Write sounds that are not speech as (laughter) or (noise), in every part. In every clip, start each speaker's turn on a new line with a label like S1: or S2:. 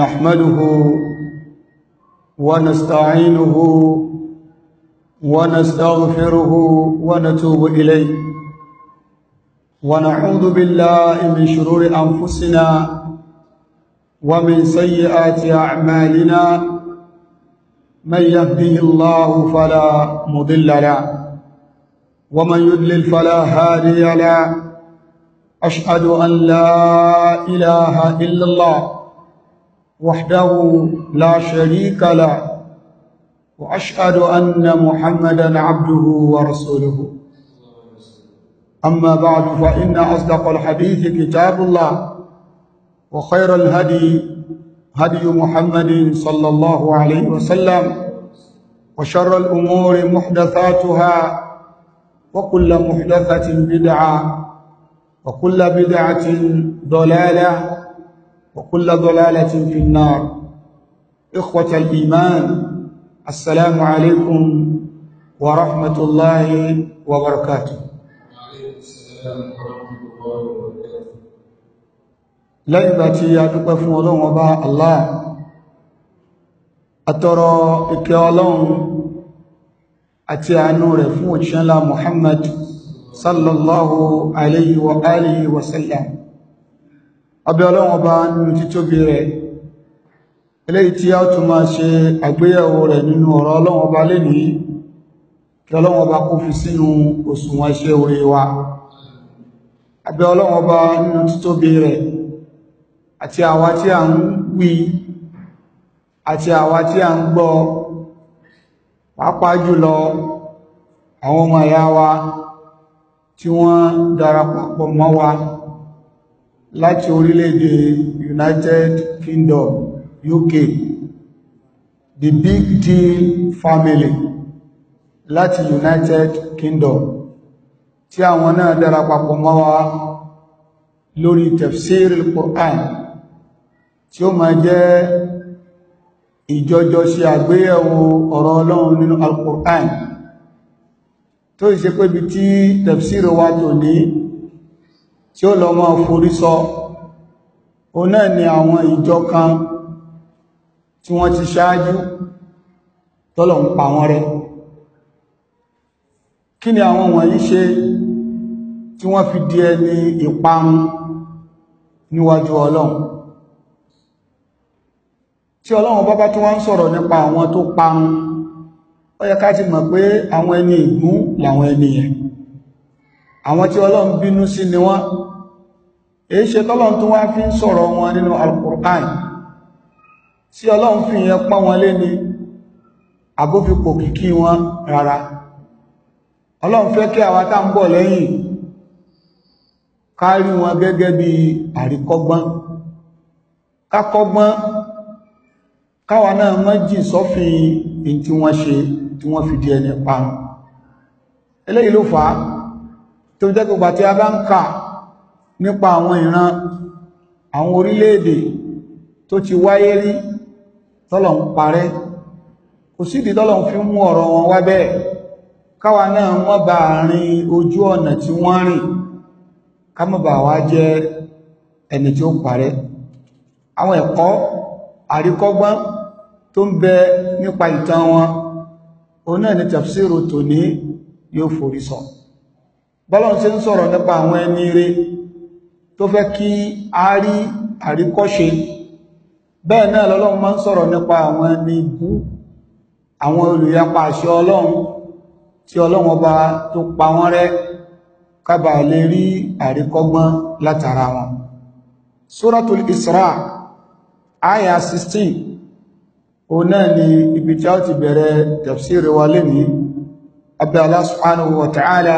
S1: نحمده ونستعينه ونستغفره ونتوب إليه ونعوذ بالله من شرور أنفسنا ومن سيئات أعمالنا من يهده الله فلا مضل له ومن يدلل فلا هادي له أشهد أن لا إله إلا الله وحده لا شريك له واشهد ان محمدا عبده ورسوله اما بعد فان اصدق الحديث كتاب الله وخير الهدي هدي محمد صلى الله عليه وسلم وشر الامور محدثاتها وكل محدثه بدعه وكل بدعه ضلاله وكل ضلالة في النار إخوة الإيمان السلام عليكم ورحمة الله وبركاته لئن باتي يا وباء الله أترى إكيالون أتي أنور فوشنا محمد صلى الله عليه وآله وسلم abẹ́ ọlọ́run ọba nínú títóbi rẹ̀ eléyìí tí a tún máa ṣe àgbéyẹ̀wò rẹ̀ nínú ọ̀rọ̀ ọlọ́run ọba lénìí kí ọlọ́run ọba kó fi sínú òṣùwọ̀n iṣẹ́ orí wa abẹ́ ọlọ́run ọba nínú títóbi rẹ̀ àti àwa tí a ń wí àti àwa tí a ń gbọ́ pàápàá jùlọ àwọn ọmọ ẹ̀yà wa tí wọ́n darapọ̀ mọ́ wa láti orílẹ̀-èdè United Kingdom UK the big deal family láti United Kingdom tí àwọn náà dára papọ̀ mọ́ wa lórí tafsir al-Qur'an tí ó máa jẹ́ ìjọjọ ṣe àgbéyẹ̀wò ọ̀rọ̀ Ọlọ́run nínú al-Qur'an tó ìṣe pé bí tí tafsir wa tò ní tí ó lọ mọ́ forí o náà ni àwọn ìjọ kan tí wọ́n ti ṣáájú tọ́lọ̀ ń pa wọ́n rẹ́ kí ni àwọn wọ̀nyí ṣe tí wọ́n fi di ẹni ìparun níwájú ọlọ́run tí ọlọ́run bá bá tí wọ́n ń sọ̀rọ̀ nípa àwọn tó parun ó yẹ ká ti mọ̀ pé àwọn ẹni ìgún làwọn ẹni àwọn tí ọlọ́run bínú sí ni wọ́n èyí ṣe tọ́lọ́run tó wá fi ń sọ̀rọ̀ wọn nínú Al-Qur'an tí ọlọ́run fi yẹn pọ́n wọn lé ní àbófipò kìkí wọn rárá ọlọ́run fẹ́ kí àwọn tá ń bọ̀ lẹ́yìn ká wọn gẹ́gẹ́ bí àríkọ́gbọ́n ká kọ́gbọ́n náà mọ́ jì sọ́fin tí wọ́n ṣe tí wọ́n fi di ẹni pa eléyìí ló fàá tó jẹ́ gbogbo àti a bá ń kà nípa àwọn ìran àwọn orílẹ̀-èdè tó ti wáyé rí tọ́lọ̀ ń parẹ́ kò sídìí tọ́lọ̀ fi mú ọ̀rọ̀ wọn wá bẹ́ẹ̀ káwa náà mọ́ bá rin ojú ọ̀nà tí wọ́n rìn ká wá jẹ́ ẹni tí ó parẹ́ àwọn ẹ̀kọ́ àríkọ́gbọ́n tó ń bẹ nípa ìtàn wọn òun náà ni tafsiru tòní yóò forí sọ so bọ́lọ́n ṣe ń sọ̀rọ̀ nípa àwọn ẹni rẹ̀ tó fẹ́ kí a rí àríkọ́ṣe bẹ́ẹ̀ náà lọ́lọ́run máa ń sọ̀rọ̀ nípa àwọn ẹni bú àwọn olùyapa àṣẹ ọlọ́run tí ọlọ́run ọba tó pa wọ́n rẹ́ kábà lè rí àríkọ́gbọ́n látara wọn suratul isra aya 16 òun náà ni ibi tí a ti bẹ̀rẹ̀ tafsiri wa lẹ́ni abẹ́ subhanahu wa ta'ala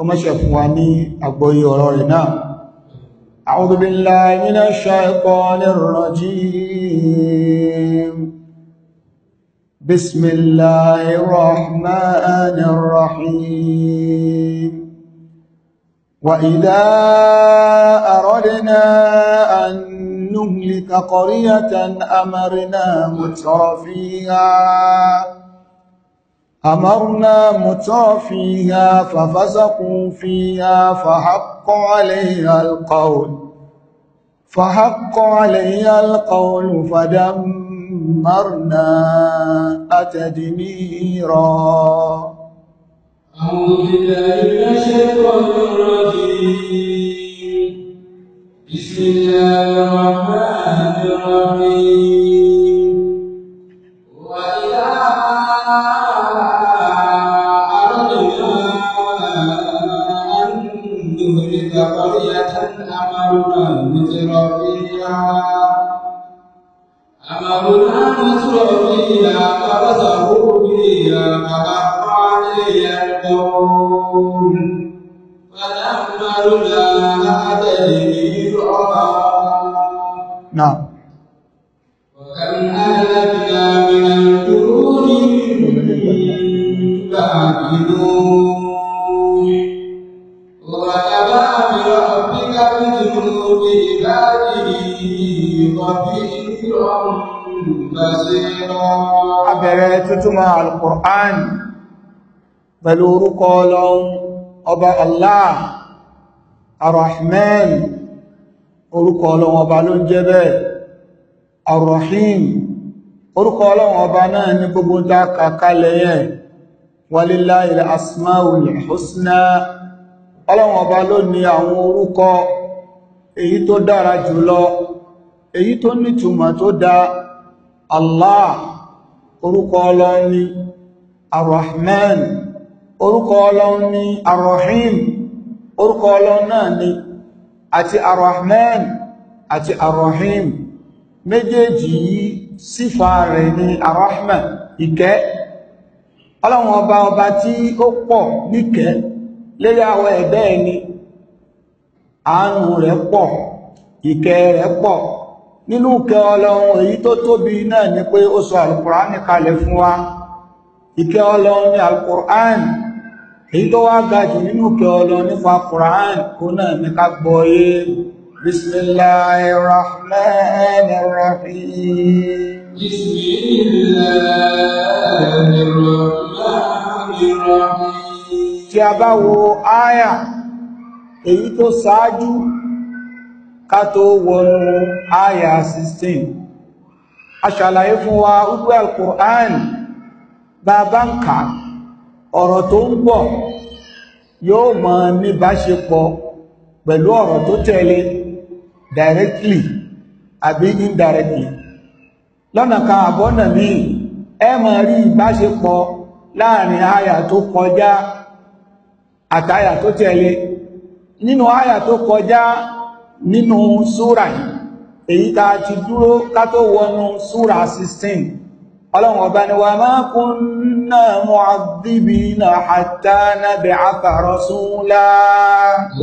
S1: kọmọ́ṣẹ̀ fún wa ní àgbọ́yé ọ̀rọ̀ rẹ̀ náà أعوذ بالله من الشيطان الرجيم بسم الله الرحمن الرحيم وإذا أردنا أن نهلك قرية أمرنا متر فيها أمرنا متع فيها ففسقوا فيها فحق عليها القول فحق عليها القول فدمرنا أتدميرا أعوذ بالله من الشيطان الرجيم بسم الله
S2: الرحمن الرحيم نعم وكم أهلكنا من القرون من بعد نوح وكفى بربك بجنود عباده خبيرا بصيرا
S1: أبريتتما القرآن pẹ̀lú orúkọ ọlọ́run ọba allah arahman orúkọ ọlọ́run ọba ló ń jẹ́ bẹ́ẹ̀ arrahim orúkọ ọlọ́run ọba náà ní gbogbo tá ka kalẹ̀ yẹn walillahi al-asmaul husna ọlọ́run ọba ló ní àwọn orúkọ èyí tó dára jùlọ èyí tó nítumọ̀ ọlọ́run ni arrahman orúkọ ọlọ́run náà ni àti arrahman àti arrahim méjèèjì yìí sífà rẹ̀ ní arrahman ìkẹ́ ọlọ́run ọba ọba tí ó pọ̀ níkẹ́ lérí àwọn ẹ̀dẹ́ ẹni àánú rẹ̀ pọ̀ ìkẹ́ rẹ̀ pọ̀ nínú ìkẹ́ ọlọ́run èyí tó tóbi náà ni pé ó sọ alukùránì kalẹ̀ fún wa ìkẹ́ ọlọ́run ni alukùránì èyí tó wá ga jù nínú kẹ ọlọ nípa Quran kó náà ní ká gbọ́ yé Bismillahirrahmanirrahim Bismillahirrahmanirrahim tí a bá wo áyà èyí tó ṣáájú ká tó wọnú áyà 16 a ṣàlàyé fún wa wípé al bá bá ń kàá ọ̀rọ̀ tó ń pọ̀ yóò mọ̀ níbáṣepọ̀ pẹ̀lú ọ̀rọ̀ tó tẹ̀lé directly àbí indirectly lọ́nà ka àbọ́nà mi ẹ máa rí ìbáṣepọ̀ láàrin àyà tó kọjá àtàyà tó tẹ̀lé nínú àyà tó kọjá nínú súra èyí ti dúró ọlọ́run ọba ni wa ma kunna mu'adhibina hatta nab'atha rasula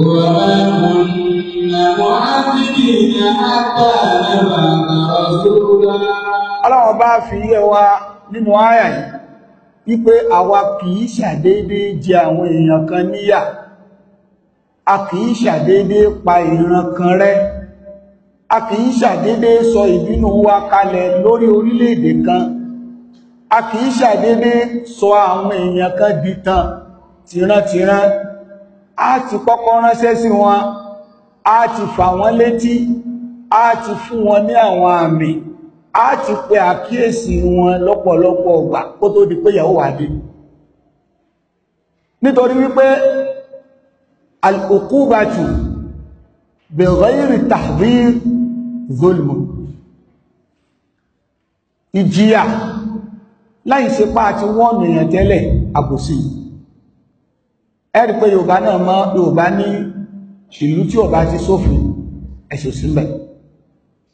S1: wa ma kunna mu'adhibina hatta nab'atha rasula ọlọ́run ọba fi yé wa nínú àyà yìí wípé àwa kìí ṣàdédé jẹ àwọn èèyàn kan níyà a kìí ṣàdédé pa ìran kan rẹ́ a kìí ṣàdédé sọ ìbínú wa kalẹ̀ lórí orílẹ̀-èdè kan a kì í ṣàdédé sọ àwọn èèyàn kan di tan tìrantìran a ti kọ́kọ́ ránṣẹ́ sí wọn a ti fà wọ́n létí a ti fún wọn ní àwọn àmì a ti pe àkíyèsí wọn lọ́pọ̀lọpọ̀ ọgbà kó tó di pé yàwó wà dé nítorí wípé al-uqubatu bi ghayri zulm ìjìyà láì se pa àti wọ́ọ̀nù èèyàn tẹ́lẹ̀ àbòsí ẹ̀rí pé yorùbá náà mọ́ yorùbá ní ìlú tí ọba ti sófin ẹ̀sùn sílẹ̀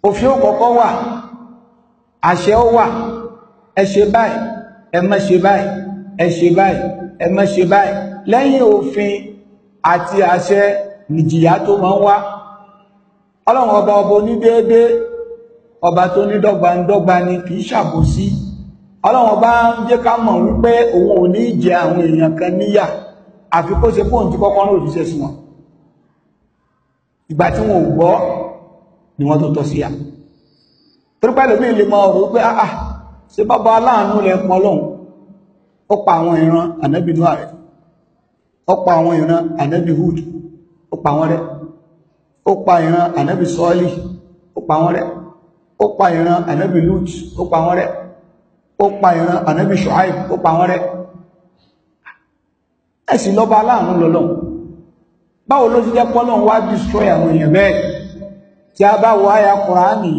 S1: òfin ó kọ́kọ́ wà àṣẹ ó wà ẹ ṣe báyìí ẹ má ṣe báyìí ẹ ṣe báyìí ẹ má ṣe báyìí lẹ́yìn òfin àti àṣẹ nìjìyà tó máa ń wá ọlọ́run ọba ọba onídéédé ọba tó ní dọ́gbandọ́gba ni kì í ṣàbòsí. Si ọlọ́run bá ń jẹ́ ká mọ̀ wípé òun ò ní jẹ àwọn èèyàn kan níyà àfi kó ṣe fóun kọ́kọ́ ní òjíṣẹ́ sí wọn ìgbà tí wọn ò gbọ́ ni wọ́n tó tọ́ sí à torípẹ́lẹ̀ mí lè máa rò pé àà ah, ah, ṣe bàbá aláàánú lẹ pọn lọ́hùn ó pa àwọn ìran ànábì Nuh ààrẹ ó pa àwọn ìran ànábì Hud ó ó pa ìran ànábì ṣùháìb ó pa wọ́n rẹ́ ẹ̀sì lọ́ba aláàánú lọ́lọ́ báwo ló ti jẹ́ pọ́lọ́n wá destroy àwọn èèyàn bẹ́ẹ̀ tí a bá wọ àyà kùránì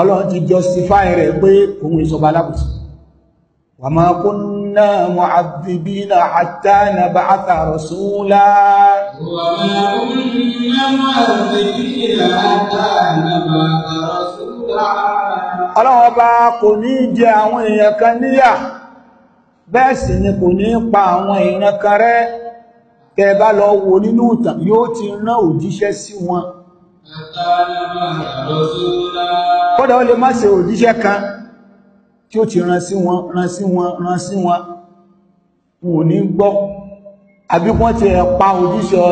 S1: ọlọ́run ti justify rẹ̀ pé òun ìsọba alábùsù wa ma kunna mu'adhibina hatta nab'atha rasula wa ma kunna mu'adhibina hatta nab'atha
S2: rasula
S1: ọlọ́run ọba kò ní jẹ àwọn èèyàn kan níyà bẹ́ẹ̀ sì ni kò ní pa àwọn èèyàn kan rẹ́ tẹ bá lọ wo nínú ìtàn yóò ti rán òjíṣẹ́ sí wọn kódà ó lè má ṣe òjíṣẹ́ kan tí ó ti rán sí wọn rán sí wọn rán sí wọn wọn ní gbọ́ àbí wọ́n ti pa òjíṣẹ́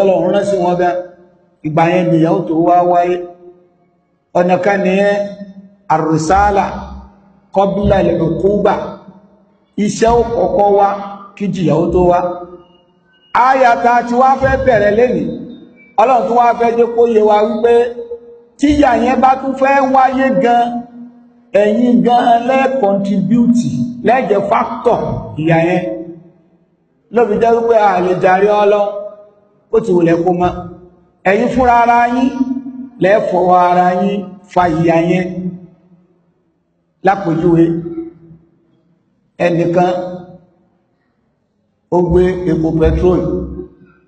S1: ọlọ́run rán sí wọn bẹ́ẹ̀ ìgbà yẹn nìyàwó tó wá wáyé ọ̀nà kan nìyẹn àrùsálà kọ́bílà lẹ́lòkúbà iṣẹ́ ó kọ́kọ́ wá kí jìyàwó tó wá Ayata tí wá fẹ́ bẹ̀rẹ̀ lẹ́nìí ọlọ́run tó wá fẹ́ jẹ́ kó wa wípé tí yẹn bá tún fẹ́ wáyé gan ẹ̀yin gan lẹ́ lẹ́jẹ̀ fáktọ̀ lóbi jẹ́ wípé ọlọ́ ó ti wùlẹ̀ kó mọ́ ara yín fa lápòjúwe ẹnìkan ó gbé epo petrol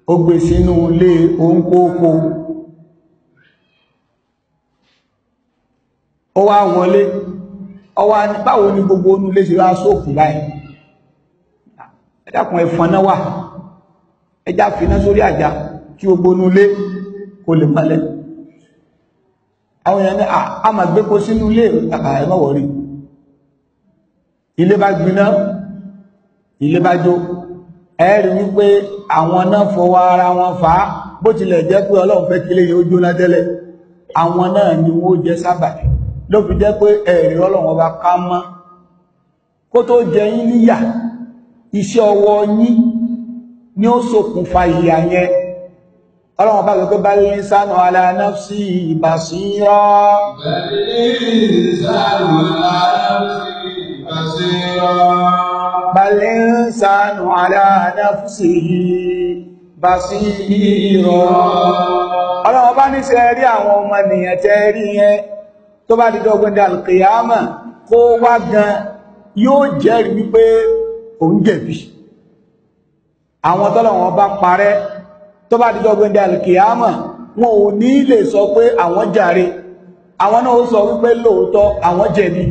S1: ó gbé sínú ilé oúnkóókó ó wá wọlé ọwá báwo ni gbogbo onú lè ṣe wá sóòkù báyìí ẹ̀dàkùn ẹ̀fọn náà wà ẹjá finá sórí àjà kí o gbónú lé kò lè mọ́lẹ̀ àwọn èèyàn ní àmàgbépo sínú ilé ẹ̀mọ́wọ̀ rí ilé bá gbiná ilé bá jó ẹ̀rí wípé àwọn náà fọwọ́ ara wọn fà á bó tilẹ̀ jẹ́ pé ọlọ́run fẹ́ kílé yóò jóná tẹ́lẹ̀ àwọn náà ni wọ́n jẹ́ sábàbí ló fi jẹ́ pé ẹ̀rí ọlọ́run ọba ká mọ́ kó tó jẹ yín níyà iṣẹ́ ọwọ́ yín ni ó ṣokùnfà ìyà yẹn ọlọ́run bá gbogbo bá lè sánà ala nafsi basira. bẹ́ẹ̀ ni sánà ala
S2: nafsi basira.
S1: بصيرا بل الإنسان على نفسه بصيرا ọlọ́wọ́ bá ní ṣe rí àwọn ọmọ ènìyàn tẹ́ rí yẹn tó bá dídọ́ gbẹ́ndẹ̀ alkiyama kó wá gan yóò jẹ́rìí wípé òun jẹ̀bi àwọn tọ́lọ̀wọ́n bá parẹ́ tó bá dídọ́ gbẹ́ndẹ̀ alkiyama wọn ò ní lè sọ pé àwọn jàre àwọn náà sọ wípé lóòótọ́ àwọn jẹ̀bi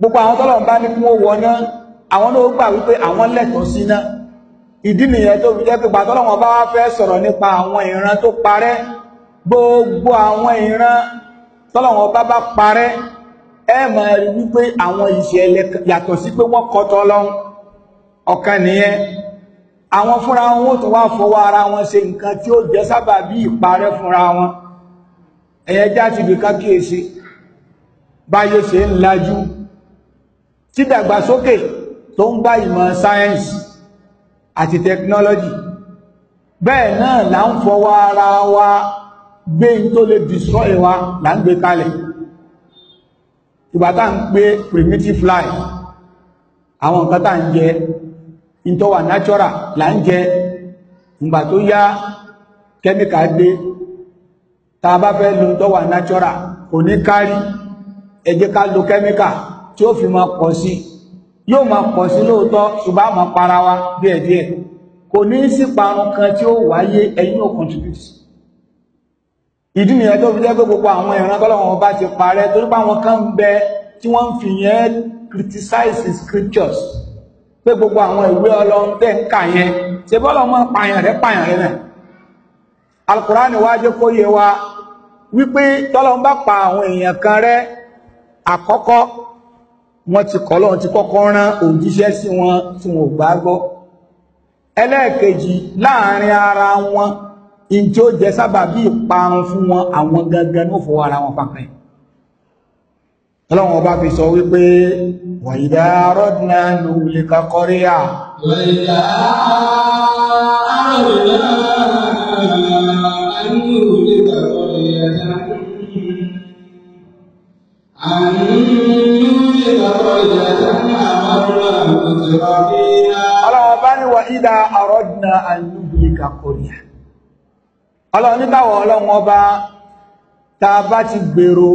S1: gbogbo àwọn tọ́lọ̀ bá ní kún ó wọ náà àwọn náà gbà wípé àwọn lẹ́tọ̀ọ́ sí náà ìdí nìyẹn tó fi jẹ́ pé gbà tọ́lọ̀ wọn bá wá fẹ́ sọ̀rọ̀ nípa àwọn ìran tó parẹ́ gbogbo àwọn ìran tọ́lọ̀ wọn bá bá parẹ́ ẹ máa rí wípé àwọn ìṣẹ̀lẹ̀ yàtọ̀ sí pé wọ́n kọ́ tọ́lọ́hún ọ̀kan nìyẹn àwọn fúnra wọn ó tún wá fọwọ́ ara wọn ṣe nǹkan tí ó jẹ́ sábà bí ìparẹ́ fúnra wọn ẹ̀yẹn já ti bìkan kíyèsí báyé ṣe ń lajú tí dàgbàsókè tó ń bá ìmọ̀ sáyẹ́ǹsì àti tẹkinọ́lọ́jì bẹ́ẹ̀ náà là ń fọwọ́ ara wa gbé in tó lè destroy wa là ń gbé kalẹ̀ ìgbàtà ń pé primitive life àwọn nǹkan tá ń jẹ in natural là ń jẹ ìgbà tó yá kẹ́míkà dé tá fẹ́ lo tó natural kò ní kárí ẹ ká lo kẹ́míkà tí ó fi máa pọ̀ sí yóò máa pọ̀ sí lóòótọ́ ṣùgbọ́n àmọ́ para wa díẹ̀díẹ̀ kò ní sí parun kan tí ó wáyé ẹ̀yin ò contribute ìdí nìyẹn tó fi jẹ́ pé gbogbo àwọn ìran tọ́lọ́wọ́n ọba ti parẹ́ torí pé àwọn kan ń bẹ tí wọ́n ń fi yẹn criticize scriptures pé gbogbo àwọn ìwé ọlọ́run tẹ́ ń kà yẹn ṣe bọ́lọ̀ mọ́ pààyàn rẹ̀ pààyàn rẹ̀ náà alkùránì wá jẹ́ kó yé wa wípé tọ́lọ́run bá pa àwọn èèyàn kan rẹ́ àkọ́kọ́ wọ́n ti kọ́ lọ́wọ́n ti kọ́kọ́ rán òjíṣẹ́ sí wọn tí wọn ò gbàgbọ́ ẹlẹ́ẹ̀kejì láàrin ara wọn ìjó jẹ sábà bí ìparun fún wọn àwọn gangan ní òfò ara wọn pàpẹ́ ọlọ́wọ́n ọba fi sọ wípé wàyídá rọ́dínà lóòlè kakọ́rí à wàyídá rọ́dínà
S2: lóòlè kakọ́rí
S1: à ọlọ́wọ́ bá ní wà ìdá àrọ́dìnà àyíkà kòríà ọlọ́wọ́ nítàwọ̀ ọlọ́wọ́ bá ta bá ti gbèrò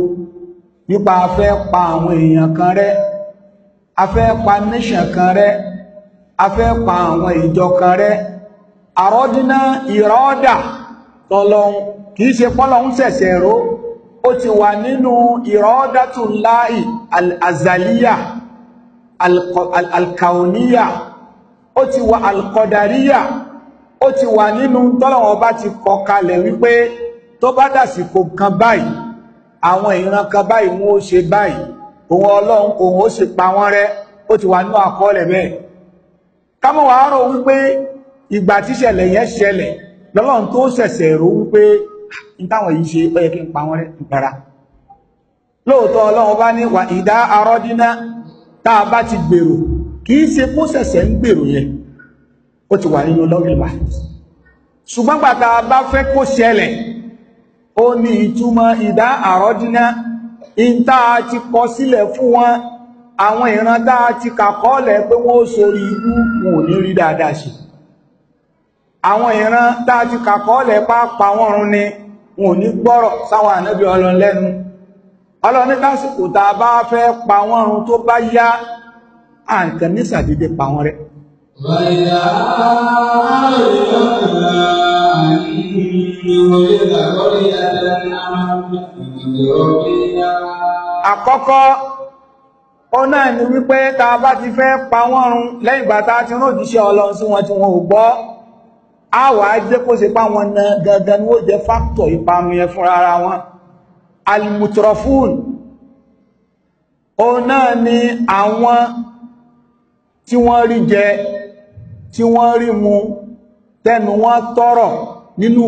S1: nípa afẹ́ pa àwọn èèyàn kan rẹ. afẹ́ pa níṣẹ̀ kan rẹ. afẹ́ pa àwọn ìjọ kan rẹ. àrọ́dìnà ìrọ́dà tọ́lọ́hun kìí ṣe pọ́lọ́hun ṣẹ̀ṣẹ̀ ròó ó ti wà nínú ìrọ́dátùláì al'azaliya alkauniya ó ti wà alkọdariya ó ti wà nínú tọ́lọ̀wọ́ bá ti kọ kalẹ̀ wípé tó bá dàsìkò kan báyìí àwọn ìran kan báyìí wọ́n ó ṣe báyìí òun ọlọ́run òun ó sì pa wọ́n rẹ́ ó ti wà nínú àkọọ́lẹ̀ bẹ́ẹ̀ kámọ́wàá rò wípé ìgbà tíṣẹ̀lẹ̀ yẹn ṣẹlẹ̀ lọ́lọ́run tó ṣẹ̀ṣẹ̀ rò wípé ìtàwọn yìí ṣe ó yẹ kí n pa wọ́n rẹ́ ìpara lóòótọ́ ọlọ́run bá ní wà ìdá arọ́dínà tá a bá ti gbèrò kì í ṣe kó ṣẹ̀ṣẹ̀ ń gbèrò yẹn ó ti wà nínú lọ́gbìmà ṣùgbọ́n gbàtà bá fẹ́ kó ṣẹlẹ̀ ó ní ìtumọ̀ ìdá àrọ́dínà ìta ti kọ sílẹ̀ fún wọn àwọn ìran tá a ti kàkọ́ọ̀lẹ̀ pé wọ́n ó sórí ibú wọn ò ní rí dáadáa ṣe àwọn ìran tá a ti kàkọ́ọ̀lẹ̀ pa pa wọ́n run ni wọn ò ní gbọ́rọ̀ sáwọn ànábì ọlọ́run lẹ́nu ọlọ́run ní lásìkò tá a bá fẹ́ pa wọ́n run tó bá yá àǹkan ní sàdédé pa wọ́n rẹ́. àkọ́kọ́ ó náà ni wípé tá a bá ti fẹ́ pa wọ́n run lẹ́yìn ìgbà tá ti rán òjíṣẹ́ ọlọ́run sí wọn tí wọn ò gbọ́ a wà á jẹ́ kó ṣe pá wọn na gangan ni ó jẹ́ fáktọ̀ ìpanu yẹn fúnra ara wọn alimutrofun òun náà ni àwọn tí wọ́n rí jẹ tí wọ́n rí mu tẹnu wọn tọ́rọ̀ nínú ìlú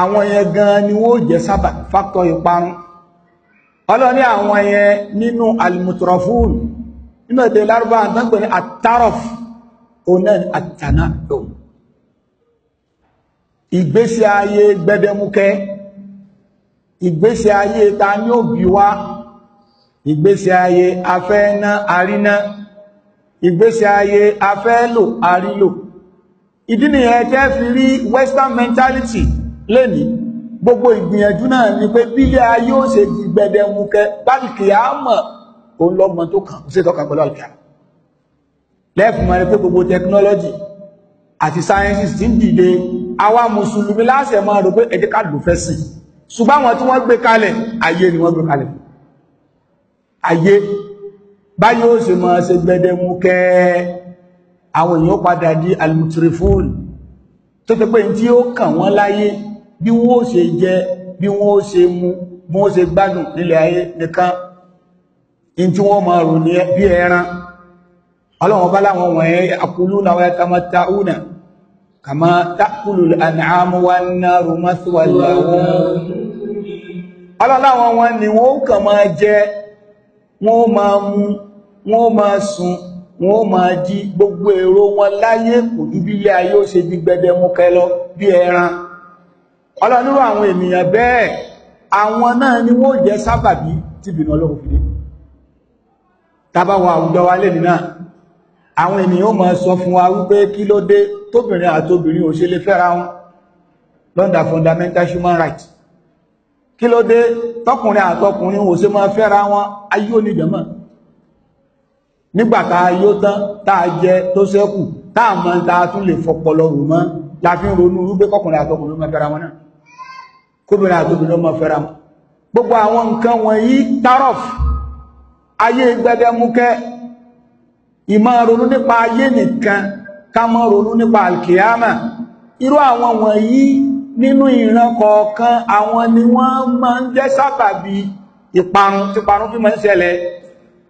S1: àwọn yẹn gan ni wọ́n jẹ́ sábà fáktọ̀ ìparun ọlọ́ni àwọn yẹn nínú alimutrofun nínú èdè lárúbá àtàkùn ní oná àtànà dùn ìgbésí ayé gbẹdẹmúkẹ ìgbésí ayé ta ní òbí wá ìgbésí ayé afẹ́ ná àríná ìgbésí ayé afẹ́ lò àrílò ìdí nìyẹn tẹ́ fi rí western mentality lẹ́ni gbogbo ìgbìyànjú náà ni pé bílẹ̀ ayé ó ṣe gbẹdẹmúkẹ báyìí kìí á mọ̀ òun lọ́gbọ̀n tó kàn ó sì tọ́ka pẹ̀lú àlùkìyà lẹ́fún mọ́ ní pé gbogbo technology àti sciences ti ń dìde àwa mùsùlùmí láṣẹ máa rò pé ẹjẹ́ káàdù fẹ́ sí ṣùgbọ́n àwọn tí wọ́n gbé kalẹ̀ ayé ni wọ́n gbé kalẹ̀ ayé báyìí ó sì máa ṣe gbẹdẹmú kẹ àwọn èèyàn padà di almutrifun tó tẹ́ pé ní tí ó kàn wọ́n láyé bí wọ́n ó ṣe jẹ bí wọ́n ó ṣe bí wọ́n ó gbádùn nílẹ̀ ayé nìkan ọlọ́run ọba láwọn wọ̀nyẹn yakuluna wa yatamatta'una kama ta'kulul an'amu wan naru mathwal lahum aláláwọn wọn ni wọ́n kàn máa jẹ wọ́n máa mu wọ́n máa sùn wọ́n máa jí gbogbo èrò wọn láyé kò ní bí ilé ayé ó ṣe bí gbẹdẹmukẹ lọ bí ẹran ọlọ́nirú àwọn ènìyàn bẹ́ẹ̀ àwọn náà ni wọ́n jẹ́ sábàbí tí bìnà ọlọ́run àwùjọ wa lè àwọn ènìyàn ó máa sọ fún wa wípé kí ló dé tóbìnrin àtobìnrin ò ṣe lè fẹ́ra wọn lọ́ndà fundamental human rights kí ló dé tọkùnrin àtọkùnrin ò ṣe máa fẹ́ra wọn ayé oníjàmọ́ nígbàtà ayó tán tá a jẹ tó ṣẹ́kù tá a mọ̀ tá a tún lè fọpọlọ rò mọ́ la fi ń ronú wípé kọkùnrin àtọkùnrin máa fẹ́ra wọn náà kóbìnrin àtobìnrin máa fẹ́ra wọn gbogbo àwọn nǹkan wọ̀nyí tarọ́f ayé gbẹdẹmukẹ́ ìmọ̀ ronú nípa ayé nìkan ká mọ́ ronú nípa alkiyama irú àwọn wọ̀nyí nínú ìran kọ̀ọ̀kan àwọn ni wọ́n máa ń jẹ́ sábàbí ìparun tí parun fi máa ń ṣẹlẹ̀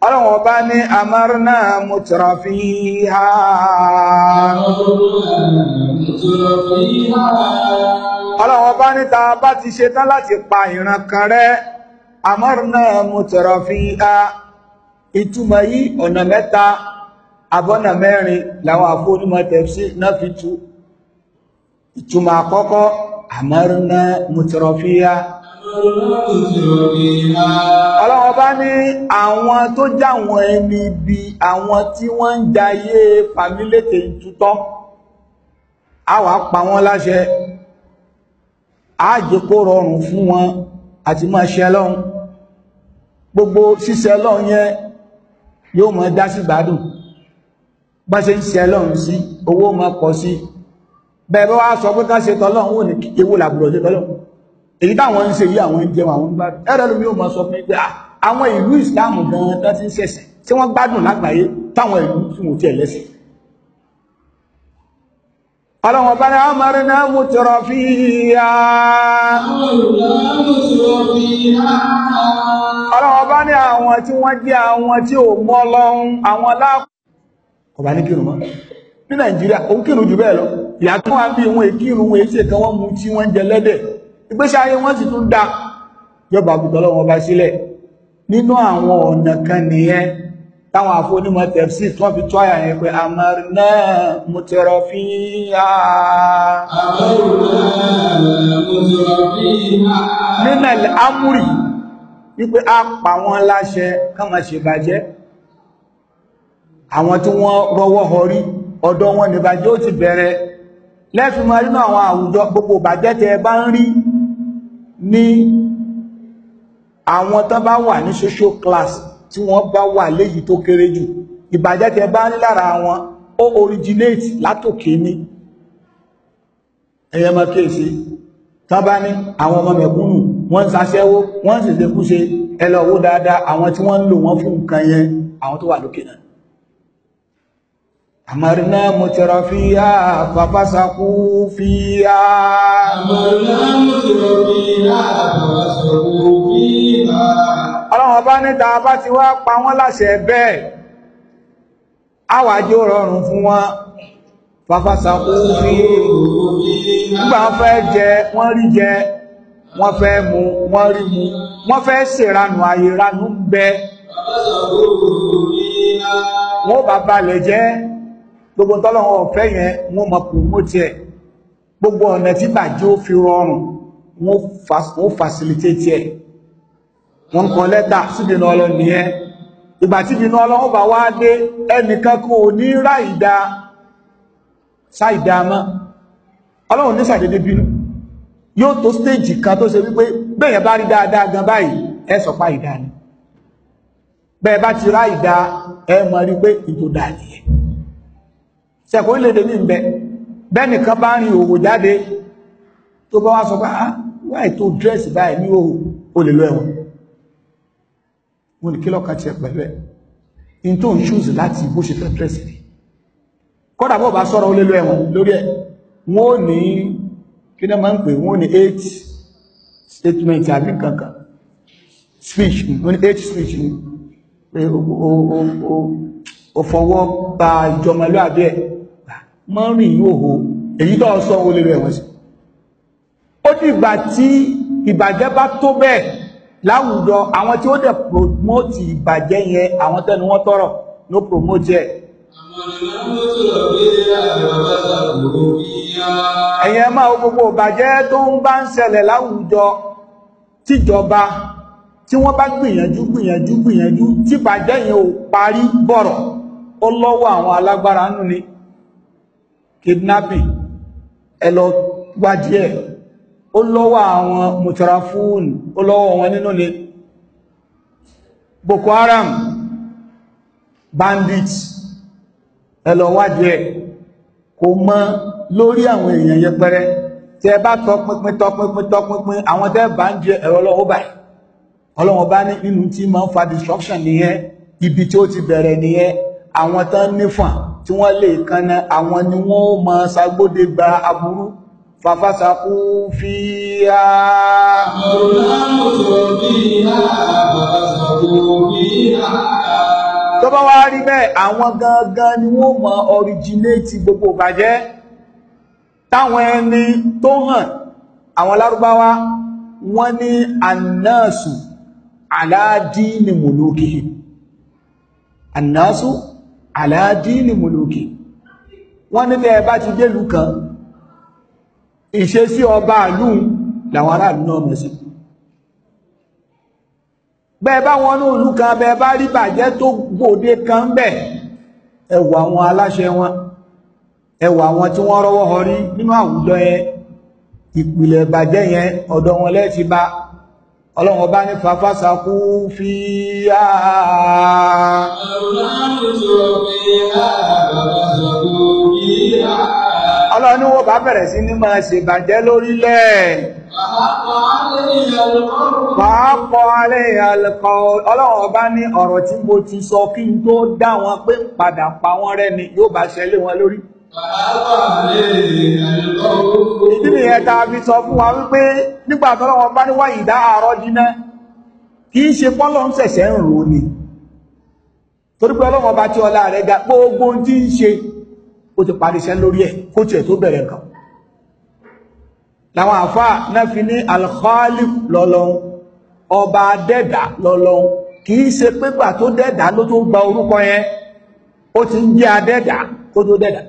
S1: ọlọ́wọ̀n bá ní amarna mutrafiha ọlọ́wọ̀n bá ní ta bá ti ṣetán láti pa ìran kan rẹ́ amarna mutrafiha ìtumọ̀ yìí ọ̀nà mẹ́ta abọ́nà mẹ́rin làwọn àfónímọ̀ tẹ̀sí náà fi tú ìtumọ̀ àkọ́kọ́ àmọ́rúnná mùtìrọ̀fíà ọlọ́wọ́n bá ní àwọn tó jáwọn ẹni bí àwọn tí wọ́n ń jayé fàmílétè ìtútọ́ a wà pa wọ́n láṣẹ ààjẹ́ kó rọrùn fún wọn àti máa ṣe lọ́hun gbogbo ṣíṣe lọ́hun yẹn yóò mọ̀ dá sí gbádùn bá ṣe ń ṣe ẹlọ́run sí owó máa pọ̀ sí bẹ̀rẹ̀ wá sọ pé ká ṣe tọ́lọ́run ò ní ewu làbúrò ṣe tọ́lọ́run èyí táwọn ń ṣe yí àwọn jẹun àwọn ń gbádùn ẹ̀rọ lómi ò máa sọ pé pé ah, àwọn ìlú ìsìláàmù gan-an tó ti ń ṣẹ̀sìn tí wọ́n gbádùn lágbàáyé táwọn ìlú tí wọ́n ti ẹ̀lẹ́sìn ọlọ́wọ̀n bá ní àmàrin náà mú tọrọ fi yá ọlọ́wọ̀n bá ní àwọn tí wọ́n jẹ́ àwọn tí ò mọ́ lọ́hun àwọn lápá ọba ní kírun mọ́ ní nàìjíríà ó ń kírun jù bẹ́ẹ̀ lọ ìyàtọ̀ wa bí wọn èkírun wọn èsì kan wọn mu tí wọn jẹ lẹ́dẹ̀ ìgbésí ayé wọn sì tún da yọba àbùtọ́ lọ́wọ́ ọba sílẹ̀ nínú àwọn ọ̀nà kan nìyẹn táwọn àfọ́nímọ̀ tẹ̀fsí tí wọ́n fi tó àyà yẹn pé àmàrínà mùtẹ̀rọ̀ fi yá nínú àmúrì wípé a pa wọ́n láṣẹ ká má ṣe àwọn tí wọ́n rọwọ́ họrí ọ̀dọ̀ wọn nìbàjẹ́ ó ti bẹ̀rẹ̀ lẹ́fì máa nínú àwọn àwùjọ gbogbo bàjẹ́ tẹ bá ń rí ní àwọn tán bá wà ní social class tí wọ́n bá wà léyìí tó kéré jù ìbàjẹ́ tẹ bá ń lára wọn ó originate látòkè ní ẹ̀yẹ mọ́ kéèsì tán bá ní àwọn ọmọ mẹ̀kúnnù wọ́n ń ṣaṣẹ́wó wọ́n ń ṣèṣekúṣe ẹlọ́wó dáadáa àwọn tí wọ́n ń lò wọ́n fún nǹkan yẹn àwọn tó wà lókè náà أمرنا متر فيها ففسقوا فيها أمرنا متر فيها
S2: ففسقوا فيها
S1: ọlọ́run ọba ní tá a bá ti wá pa wọ́n láṣẹ bẹ́ẹ̀ àwàjò rọrùn fún wọn fàfàsàkó fi nígbà wọ́n fẹ́ jẹ wọ́n rí jẹ wọ́n fẹ́ mu wọ́n rí mu wọ́n fẹ́ ṣèranù àyèrànú bẹ wọ́n bàbá lẹ̀ jẹ́ gbogbo tọ́lọ́wọ́ ọ̀fẹ́ yẹn wọ́n mọ̀ promote ẹ̀ gbogbo ọ̀nà tí bàjẹ́ ó fi rọrùn wọ́n facilitate ẹ̀ wọ́n kọ lẹ́tà síbìnà ọlọ́run nìyẹn ìgbà tíbìnà ọlọ́run bá wá dé ẹnìkan kò ní rà ìdá sáìdámọ́ ọlọ́run ní sàdédé bínú yóò tó stéèjì kan tó ṣe wípé bẹ́yẹn bá ti rá ẹ mọ̀ rí pé ìtò dáadé sẹ́kọ̀ orílẹ̀-èdè ní ìbẹ̀ bẹ́ẹ̀ni kan bá rin òwò jáde tó bá wá sọ pé ah wáì tó dírẹ́sì báyìí ní òwò ó lè lọ ẹ̀wọ̀n mo ni kí lọ́ka tiẹ̀ pẹ̀lú ẹ̀ in tó ń ṣúùsì láti bó ṣe fẹ́ dírẹ́sì ni kódà bó bá sọ̀rọ̀ ó lè lọ ẹ̀wọ̀n lórí ẹ̀ wọ́n ò ní kí ni máa ń pè wọ́n ò ní eight statement àbí kankan speech wọ́n ní eight speech ni pé o fọwọ́ pa ìjọmọlúàbí ẹ̀ mọ́ rìn yóò èyí tó sọ o lè rẹ̀ wọ́n sí ó dìgbà tí ìbàjẹ́ bá tó bẹ́ẹ̀ láwùjọ àwọn tí ó dẹ̀ promote ìbàjẹ́ yẹn àwọn tẹ́nu wọ́n tọ́rọ̀ ló promote ẹ̀ ẹ̀yẹn máa gbogbo ìbàjẹ́ tó ń bá ń ṣẹlẹ̀ láwùjọ tíjọba tí wọ́n bá gbìyànjú gbìyànjú gbìyànjú tí ìbàjẹ́ yẹn ò parí bọ̀rọ̀ ó lọ́wọ́ àwọn alágbára nù ni kidnapping ẹ lọ wádìí ẹ̀ ó lọ́wọ́ àwọn mutarafun ó lọ́wọ́ wọn nínú ni Boko Haram bandits ẹ lọ wádìí ẹ̀ kò mọ lórí àwọn èèyàn yẹpẹrẹ tí ẹ bá tọpinpin tọpinpin tọpinpin àwọn tẹ́ bá ń jẹ ẹ̀rọ lọ́wọ́ báyìí ọlọ́wọ́n bá ní nínú tí máa ń fa destruction nìyẹn ibi tí ó ti bẹ̀rẹ̀ nìyẹn àwọn tán nífàn tí wọ́n lè kanna àwọn ni wọ́n mọ sagbóde gba aburú fàfásakú fi á tó bá wá rí bẹ́ẹ̀ àwọn gangan ni wọ́n mọ ọríjìnéètì gbogbo bàjẹ́ táwọn ẹni tó hàn àwọn lárúbáwá wọ́n ní annáàsù aláàdínì mùlúkìhì annáàsù àlàádìní mùlùkì wọ́n nílẹ̀ ẹbá ti délù kan ìṣesí ọba àlú làwọn aráàlú náà mọ̀ sí bẹ́ẹ̀ bá wọn ní òlú kan bẹ́ẹ̀ bá rí bàjẹ́ tó gbòde kan bẹ̀ ẹ wo àwọn aláṣẹ wọn ẹ wo tí wọ́n rọ́wọ́ họrí nínú àwùjọ yẹn ìpìlẹ̀ bàjẹ́ yẹn ọ̀dọ̀ wọn lẹ́ẹ̀ ti bá ọlọ́run ọba ní fàfásakú fi yá ọlọ́run ní wọ́n bá bẹ̀rẹ̀ sí ní máa ṣe bàjẹ́ lórílẹ̀
S2: pàápọ̀ alẹ́
S1: alẹ́kọ̀ ọlọ́run ọba ní ọ̀rọ̀ tí mo ti sọ kí n tó dá wọn pé padà pa wọ́n rẹ́ ni yóò bá ṣẹlẹ̀ wọn lórí ìdí nìyẹn tá a fi sọ fún wa wípé nígbà tọ́lọ́wọ́ bá níwá ìdá àárọ̀ dínà kì í ṣe pọ́lọ́ ń ṣẹ̀ṣẹ̀ ń rò ni torí ọlọ́wọ́ bá tí ọlá rẹ̀ ga gbogbo tí ń ṣe ó ti parí lórí ẹ̀ kó tiẹ̀ tó bẹ̀rẹ̀ nǹkan làwọn àfáà náà fi ní alkhali lọ́lọ́hun ọba dẹ́dà lọ́lọ́hun kì í ṣe pépà tó dẹ́dà ló tó gba orúkọ yẹn ó ti ń jẹ́ adẹ́dà kó tó dẹ́dà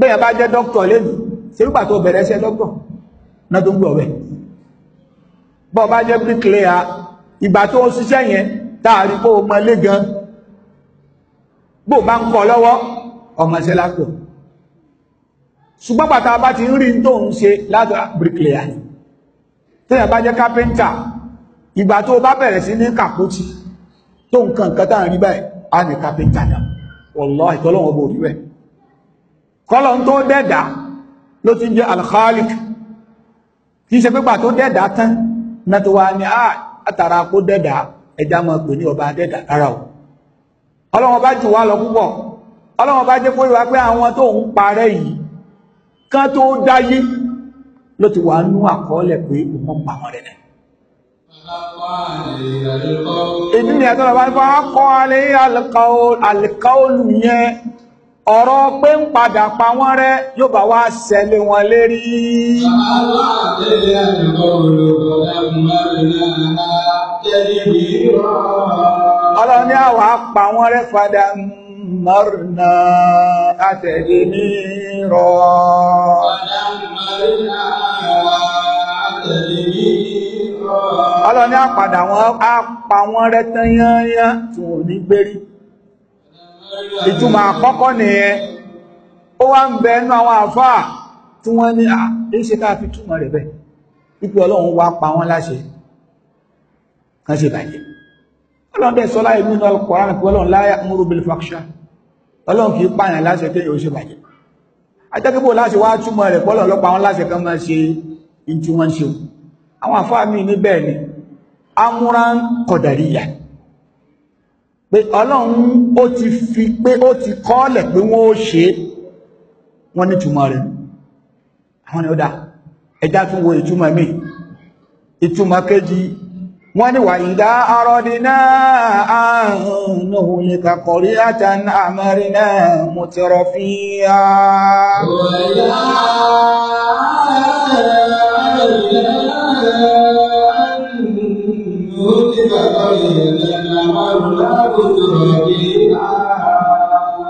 S1: bẹ́ẹ̀ bá jẹ́ dókítọ̀ lẹ́nu ṣerúgbà tó bẹ̀rẹ̀ ṣẹ́ dókítọ̀ náà tó ń gbọ̀ bẹ̀ bọ́ bá jẹ́ bricklayer ìgbà tó ń ṣiṣẹ́ yẹn táàrí kó o mọlé gan bó bá ń kọ lọ́wọ́ ọmọṣẹ́ lápò ṣùgbọ́n pàtàkì bá ti ń rí tó ń ṣe láti bricklayer tẹ́yà bá jẹ́ kápẹ́ńtà ìgbà tó bá bẹ̀rẹ̀ sí ní kàpótì tó nǹkan nǹkan táà rí báyìí á ní kápẹ́ńtà náà wọ́n lọ́ kọ́lọ̀ tó dẹ́dà ló ti jẹ́ alkhalik kì í ṣe pípa tó dẹ́dà tán na tó wà ní ah, àtàrà kó dẹ́dà ẹjá mọ́ pè ní ọba dẹ́dà rárá o ọlọ́wọ́n bá jù wá lọ púpọ̀ ọlọ́wọ́n bá jẹ́ kóríwá pé àwọn tó ń parẹ́ yìí kán tó dáyé ló ti wà nú àkọọ́lẹ̀ pé òun pa wọn rẹ̀
S2: ìdí ni ẹ̀tọ́ lọ́wọ́ bá
S1: kọ́ alẹ́ alkaolu yẹn ọ̀rọ̀ pé ń padà pa wọ́n rẹ́ yóò bá wá ṣẹlẹ̀ wọn lérí. ọlọ́run ní àwa pa wọ́n rẹ́ padà mọ́rùnà àtẹ̀lé ní rọ. ọlọ́run ní àpàdà wọn á pa rẹ́ tán yányán tó ní gbérí ìtumọ̀ àkọ́kọ́ nìyẹn ó wá ń bẹ ẹnu àwọn àfáà tí wọ́n ní àìṣe ká fi túmọ̀ rẹ̀ bẹ́ẹ̀ ipò ọlọ́run wá pa wọ́n láṣẹ kan ṣe bàjẹ́ ọlọ́run dẹ̀ sọ́lá ìlú ní Al-Qur'an pé ọlọ́run la ya'muru bil fahsha ọlọ́run kì í pààyàn láṣẹ pé yóò ṣe bàjẹ́ ajẹ́kẹ́bò láṣẹ wá túmọ̀ rẹ̀ pọ́lọ̀ lọ́pa wọn láṣẹ kan máa ṣe in ṣe àwọn àfáà mi ní bẹ́ẹ̀ ni amúra kọ̀dàríyà pé ọlọ́run ó ti fi pé ó ti kọ́ọ̀lẹ̀ pé wọ́n ó ṣe wọ́n ní túmọ̀ rẹ̀ àwọn ni ó dá ẹjá tún wo ìtumọ̀ mi ìtumọ̀ kejì wọ́n ní wà ìdá arọ́dínà ààrùn nìkàkọ̀rí àtàn àmàrínà mọ̀tẹ̀rọ̀ fíyà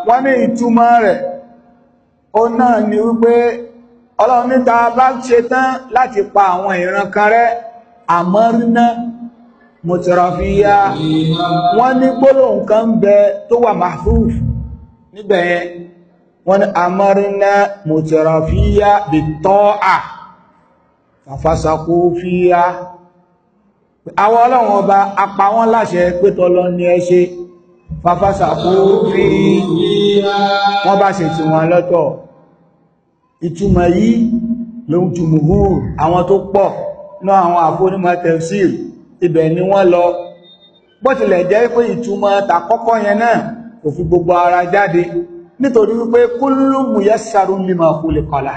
S1: wọ́n ní ìtumọ̀ rẹ̀ ó náà ni wípé ọlọ́run níta bá ṣe tán láti pa àwọn ìran kan rẹ́ àmọ́ ríná mọ̀tẹ̀rọ̀fíyá wọ́n ní gbólóhùn kan bẹ tó wà mahfuf níbẹ̀ wọ́n ní àmọ́ ríná mọ̀tẹ̀rọ̀fíyá bìtọ́ à fàfàṣàkó fíyá àwọn ọlọ́run ọba apá wọn láṣẹ pétọ́ lọ ní ẹ ṣe fàfàṣà kú rí wọ́n bá ṣe tí wọ́n lọ́tọ̀ ìtumọ̀ yìí lóhun jùmùhúrù àwọn tó pọ̀ náà àwọn àfónímọ̀ tẹ̀síl ibẹ̀ ni wọ́n lọ bó tilẹ̀ jẹ́ pé ìtumọ̀ tàkọ́kọ́ yẹn náà kò fi gbogbo ara jáde nítorí wípé kúlùmù yẹ́ sàrùn mímọ̀ kúlẹ̀ kọlà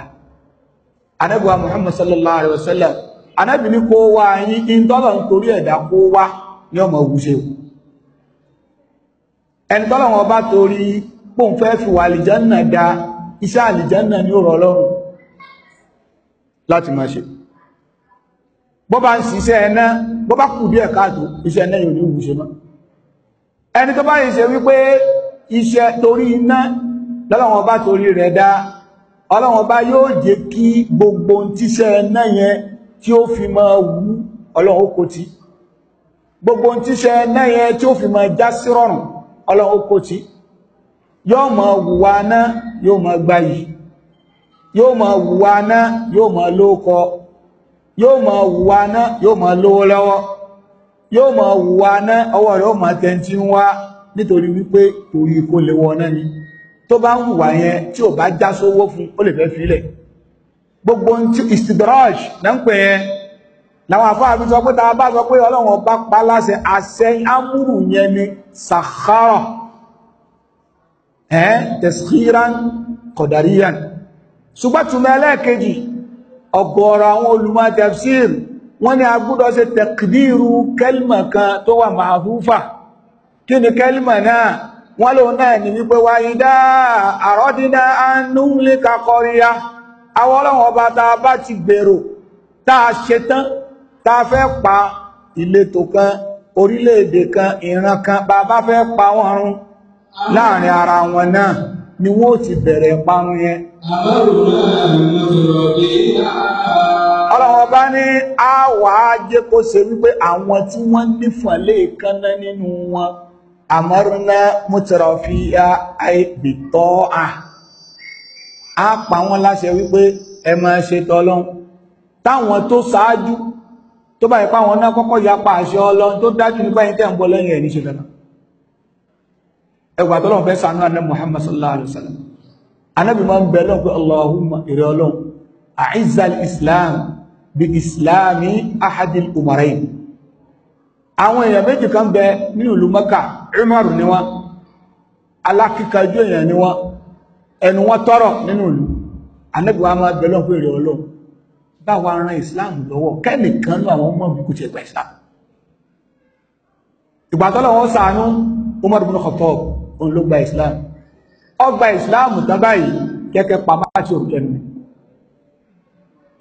S1: anẹ́gbà Muhammad sallallahu alaihi wasallam anábì ní kó wá yín ìntọ́lọ̀ ń torí ẹ̀dá kó wá ní ọmọ ògúnṣe ẹni tọ́lọ̀ wọn bá torí pòun fẹ́ fi wà àlìjánà da iṣẹ́ àlìjánà ní ọ̀rọ̀ ọlọ́run láti máa ṣe bó bá ń ṣiṣẹ́ ẹ̀ná bó bá kù díẹ̀ káàtó iṣẹ́ ẹ̀ná yóò ní ògúnṣe mọ́ ẹni tó bá yìí ṣe wípé iṣẹ́ torí iná lọ́lọ́wọ́n bá torí rẹ̀ dá ọlọ́wọ́n bá yóò jẹ́ kí gbogbo tíṣẹ́ ẹ̀ná yẹn tí ó fi ma wú ọlọ́run kò tí gbogbo ohun tíṣẹ́ yẹn tí ó fi ma já sí rọrùn ọlọ́run kò tí yóò ma wùwa náà yóò máa gbayì yóò ma wùwa náà yóò ma lóókọ yóò ma wùwa náà yóò ma lówó lọ́wọ́ yóò ọwọ́ rẹ̀ ó wá nítorí wípé torí kó lè wọ náà yẹn tí ò bá já sówó fún gbogbo ntí istidraj na ń pè yẹn làwọn afáàfin sọ pé tá a bá sọ pé ọlọ́run ọba pa láṣẹ àṣẹ amúrù yẹn ni sàkárọ̀ ẹ̀ tẹ̀síran kọ̀dàríyàn ṣùgbọ́n túnmọ̀ ẹlẹ́ẹ̀kejì ọ̀gọ̀ọ̀rọ̀ àwọn olùmọ̀ tafsir wọ́n ní a gbọ́dọ̀ ṣe tẹ̀kìdírú kẹlmà náà ní wípé wáyé dáa àrọ́dínà anúlé kakọríyá àwọn ọlọ́run ọba tá a bá ti gbèrò tá a ṣetán tá a fẹ́ pa ìletò kan orílẹ̀-èdè kan ìran kan bá a bá fẹ́ pa wọ́n run láàrin ara wọn náà ni wọ́n ti bẹ̀rẹ̀ parun yẹn. ọlọ́run ọba ní a wà á jẹ́ kó ṣe wípé àwọn tí wọ́n nífọ̀n léèkan náà nínú wọn àmọ́rún náà mú fi ya àìbìtọ́ à á pa wọ́n láṣẹ wípé ẹ máa ṣe tọlọ́hun táwọn tó ṣáájú tó bá ipá wọn náà kọ́kọ́ yapa àṣẹ ọlọ́run tó dájú nípa ẹni tẹ́ ń bọ́ lẹ́yìn ẹ̀ní ṣe fẹ́ràn ẹgbà tọ́lọ́run fẹ́ sànú àná Muhammad sallallahu alaihi wasallam anábì máa ń bẹ lọ́pẹ́ Allahumma ìrẹ́ ọlọ́run àìzàl islam bí islami ahadil umarain àwọn èèyàn méjì kan bẹ ní ìlú Mẹ́kà Umaru ni wọn alákìkájú èèyàn ni wọn ẹnu wọn tọrọ nínú ìlú Ànábì wa máa bẹ lọ́pọ̀ èrè ọlọ́run bá wa ran Islam lọ́wọ́ kẹ́nìkan ló àwọn ọmọ mi kò tiẹ̀ gba Islam ìgbà tọ́lọ̀ wọn sàánú Umar bin Khattab òun ló gba Islam ó Islam tán báyìí kẹ́kẹ́ pamọ́ àti òkè nù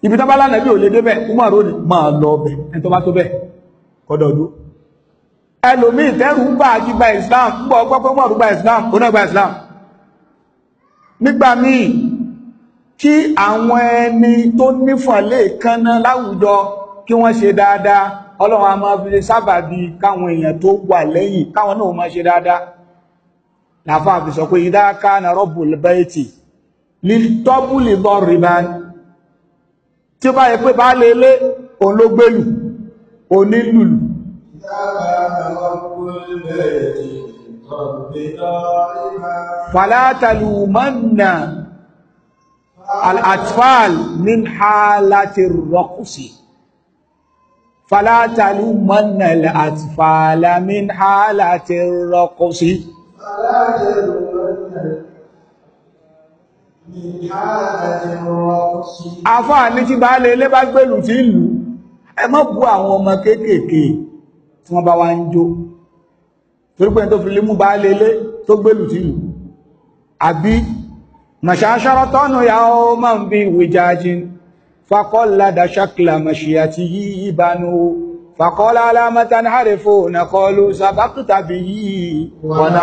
S1: ibi tán bá lánàá bí ò lè débẹ̀ Umar ó máa lọ ọbẹ̀ ẹni tó bá tó bẹ́ẹ̀ kọ́dọ̀ ọdún ẹlòmíì tẹ́rù ń bá àjígba Islam ń bọ̀ ọgbọ́pẹ́ Umar Islam ó náà gba Islam nígbà míì kí àwọn ẹni tó nífọ̀lẹ́ ìkanná láwùjọ kí wọ́n ṣe dáadáa ọlọ́run a máa fi ṣe sábàbí káwọn èèyàn tó wà lẹ́yìn káwọn náà máa ṣe dáadáa làfáà fi sọ pé ìdáká na rọ́bù lẹ́bẹ̀ẹ́tì lítọ́bùlì bọ́ rìbá tí ó bá yẹ pé bá lè òun ló gbélù onílùlù فلا تلومن الأطفال من حالة الرقص فلا تلومن الأطفال من حالة الرقص
S2: فلا تلومن
S1: من حالة الرقص àfáà ní tí baálé ilé bá gbèlù tí ìlú ẹ má bú àwọn ọmọ kéékèèké tí wọ́n bá wá ń jó torípẹ́ tó fi lè mú bá lélé tó gbélù tí lù àbí màṣáṣọ́rọ́ tọ́nù ya ó máa ń bí wìjájín fakọ́lá dáṣákìlá àti ti yí ìbánu fakọ́lá alámátà ní àrífò nàkọlù sàbákùtà bí yí ọ̀nà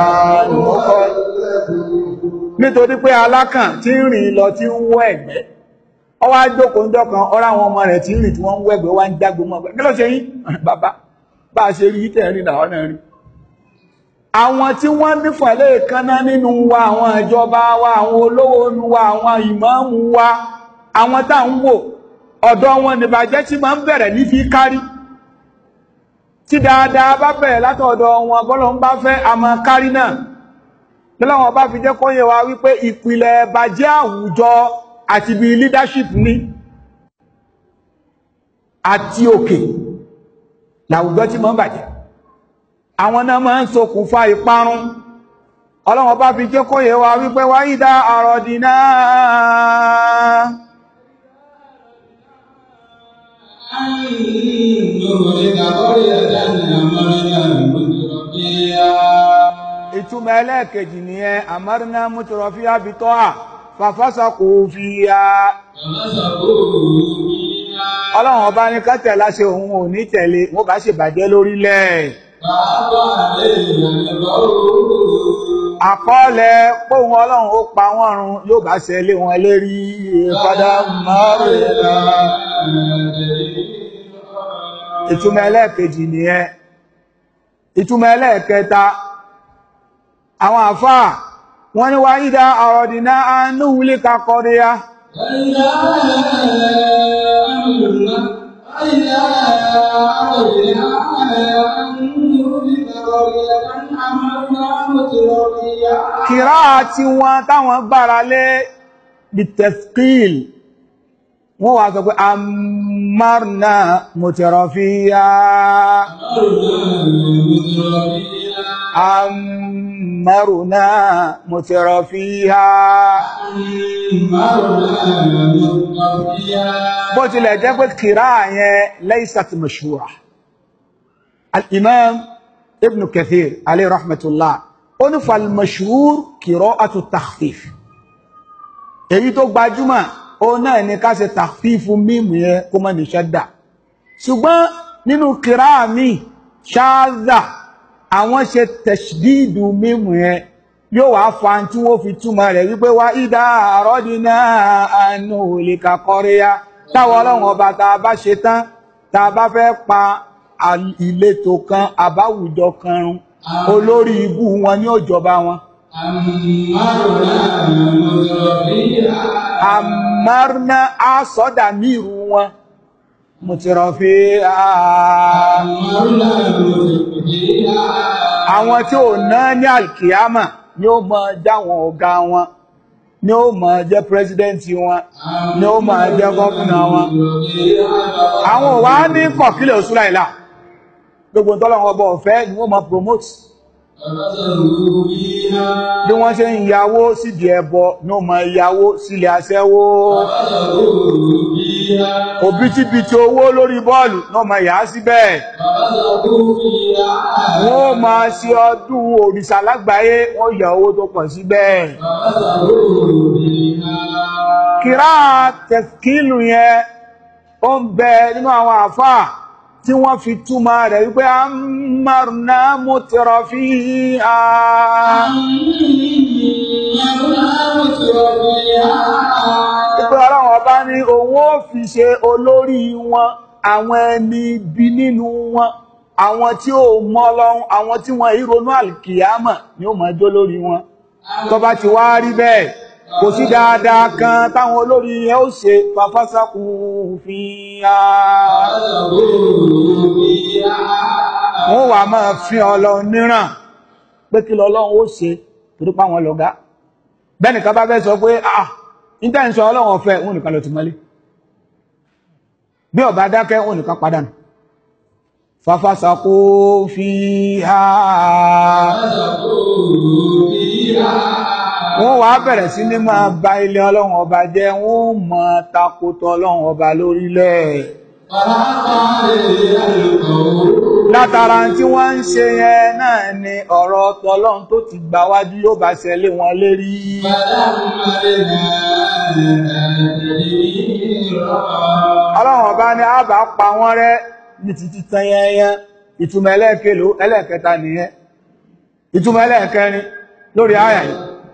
S1: ìmọ́kọ́ nítorí pé alákàn tí ń rìn lọ tí ń wọ́ ọ wá jókòó ń dọ́kan àwọn ọmọ rẹ̀ tí ń tí wọ́n ń wá ń (laughs) àwọn tí wọ́n nífàlẹ́ ìkaná nínú wa àwọn ìjọba wa àwọn olówó nu wa àwọn ìmáàmù wa àwọn tá ń wò ọ̀dọ̀ wọn nìbàjẹ́ tí máa ń bẹ̀rẹ̀ ní fi kárí tí dáadáa bá bẹ̀rẹ̀ látọ̀dọ̀ wọn bọ́lọ̀ ń bá fẹ́ àmọ́ kárí náà lọ́lọ́wọ́n bá fi jẹ́ kó wa wípé ìpìlẹ̀ bàjẹ́ àwùjọ àti bí leadership ní àti òkè làwùjọ tí máa ń bàjẹ́ àwọn náà máa ń ṣokùnfà ìparun ọlọ́run bá fi jẹ́ kóyè wa wípé wá ìdá àrọ̀dìnà ìtumọ̀ ẹlẹ́ẹ̀kejì ni ẹ àmárínà mútùrọ̀fí àbítọ́ à fàfásàkò fi ya ọlọ́run bá ní ká tẹ̀láṣẹ òun ò ní tẹ̀lé wọ́n bá ṣe bàjẹ́ lórílẹ̀ Àkọọ́lẹ̀ póhun ọlọ́run ó pa wọ́n run yóò bá ṣe lé wọn lérí ìpadà mọ́rìnlá. Ìtumọ̀ ẹlẹ́ẹ̀kejì nìyẹn. Ìtumọ̀ ẹlẹ́ẹ̀kẹta. Àwọn àfáà wọ́n ní wá ìdá àrọ̀dìná anúhulé kakọrí ya. Ìdá kìrá àti wọn táwọn gbára lé bitefkil wọ́n wá sọ pé amarna mutirofiya amarna mutirofiya bó tilẹ̀ jẹ́ pé kìrá yẹn laysat ibn kathir alayhi rahmatullah ó ní falmashhur qira'atu takhfif èyí tó gbajúmọ̀ ó náà ní ká ṣe takhfifu mímu yẹn kó má ní ṣadda ṣùgbọ́n nínú kìrá mi ṣáàzà àwọn ṣe tẹ̀ṣdídù mímu yẹn yóò wá fa tí wọ́n fi túmọ̀ rẹ̀ wípé wá ìdá àrọ́dínà àánú òlìkà kọríya táwọn ọlọ́run ọba tá a bá ṣe tán tá a bá fẹ́ pa ìletò kan àbáwùjọ kan run olórí ibú wọn ní òjọba wọn. àmọ́rná á sọ́dà ní ìrù wọn mo ti rọ̀ fi àwọn tí ò ná ní alkiyama ni ó mọ dáwọn ọ̀gá wọn ni ó mọ̀ jẹ́ pírẹsidẹ́ǹtì wọn ni ó mọ̀ jẹ́ gọ́ọ̀nà wọn àwọn ò wá ní kọ̀kílẹ̀ òṣùlá ìlà gbogbo tọ́lọ́wọ́ ọba ọ̀fẹ́ ni wọ́n máa promote bí wọ́n ṣe ń yàwó síbi ẹbọ ní ọmọ ìyàwó sílẹ̀ aṣẹ́wó òbítíbitì owó lórí bọ́ọ̀lù ní ọmọ ìyà síbẹ̀ wọ́n máa ṣe ọdún òrìṣà lágbàáyé wọ́n yà owó tó pọ̀ síbẹ̀ kìrá tẹ̀kílù yẹn ó ń bẹ nínú àwọn àfáà tí wọ́n fi túmọ̀ rẹ̀ wípé a ń márùnà mú tẹ̀rọ fi à. Ìpé ọlọ́run ọba ní owó fi ṣe olórí wọn, àwọn ẹni ibi nínú wọn, àwọn tí ó mọ Ọlọ́run, àwọn tí wọ́n ìrònú àlìkìyámà ni ó máa jó lórí wọn. Tó bá ti wá rí bẹ́ẹ̀ kò sí dáadáa kan táwọn olórí ẹ ó ṣe fàfásàkù fi á wọ́n wà máa fi ọlọ́run níràn pé kí lọ́lọ́run ó ṣe torí páwọn lọ́gá bẹ́nìkan bá fẹ́ sọ pé ah intention ọlọ́run ọ̀fẹ́ òun nìkan lọ ti mọ́lé bí ọba dákẹ́ òun nìkan padànù fàfàsàkó fi ha wọ́n wá bẹ̀rẹ̀ sí ní máa ba ilé ọlọ́run ọba jẹ́ wọ́n mọ takotọ́ ọlọ́run ọba lórílẹ̀ látara tí wọ́n ń ṣe yẹn náà ni ọ̀rọ̀ tọlọ́run tó ti gbà wájú yóò bá ṣẹlẹ̀ wọn lérí ọlọ́run ọba ni a pa wọ́n rẹ́ ní títí tan yẹnyẹn ìtumọ̀ ẹlẹ́ẹ̀kẹ́lò nìyẹn ìtumọ̀ ẹlẹ́ẹ̀kẹrin lórí àyà yìí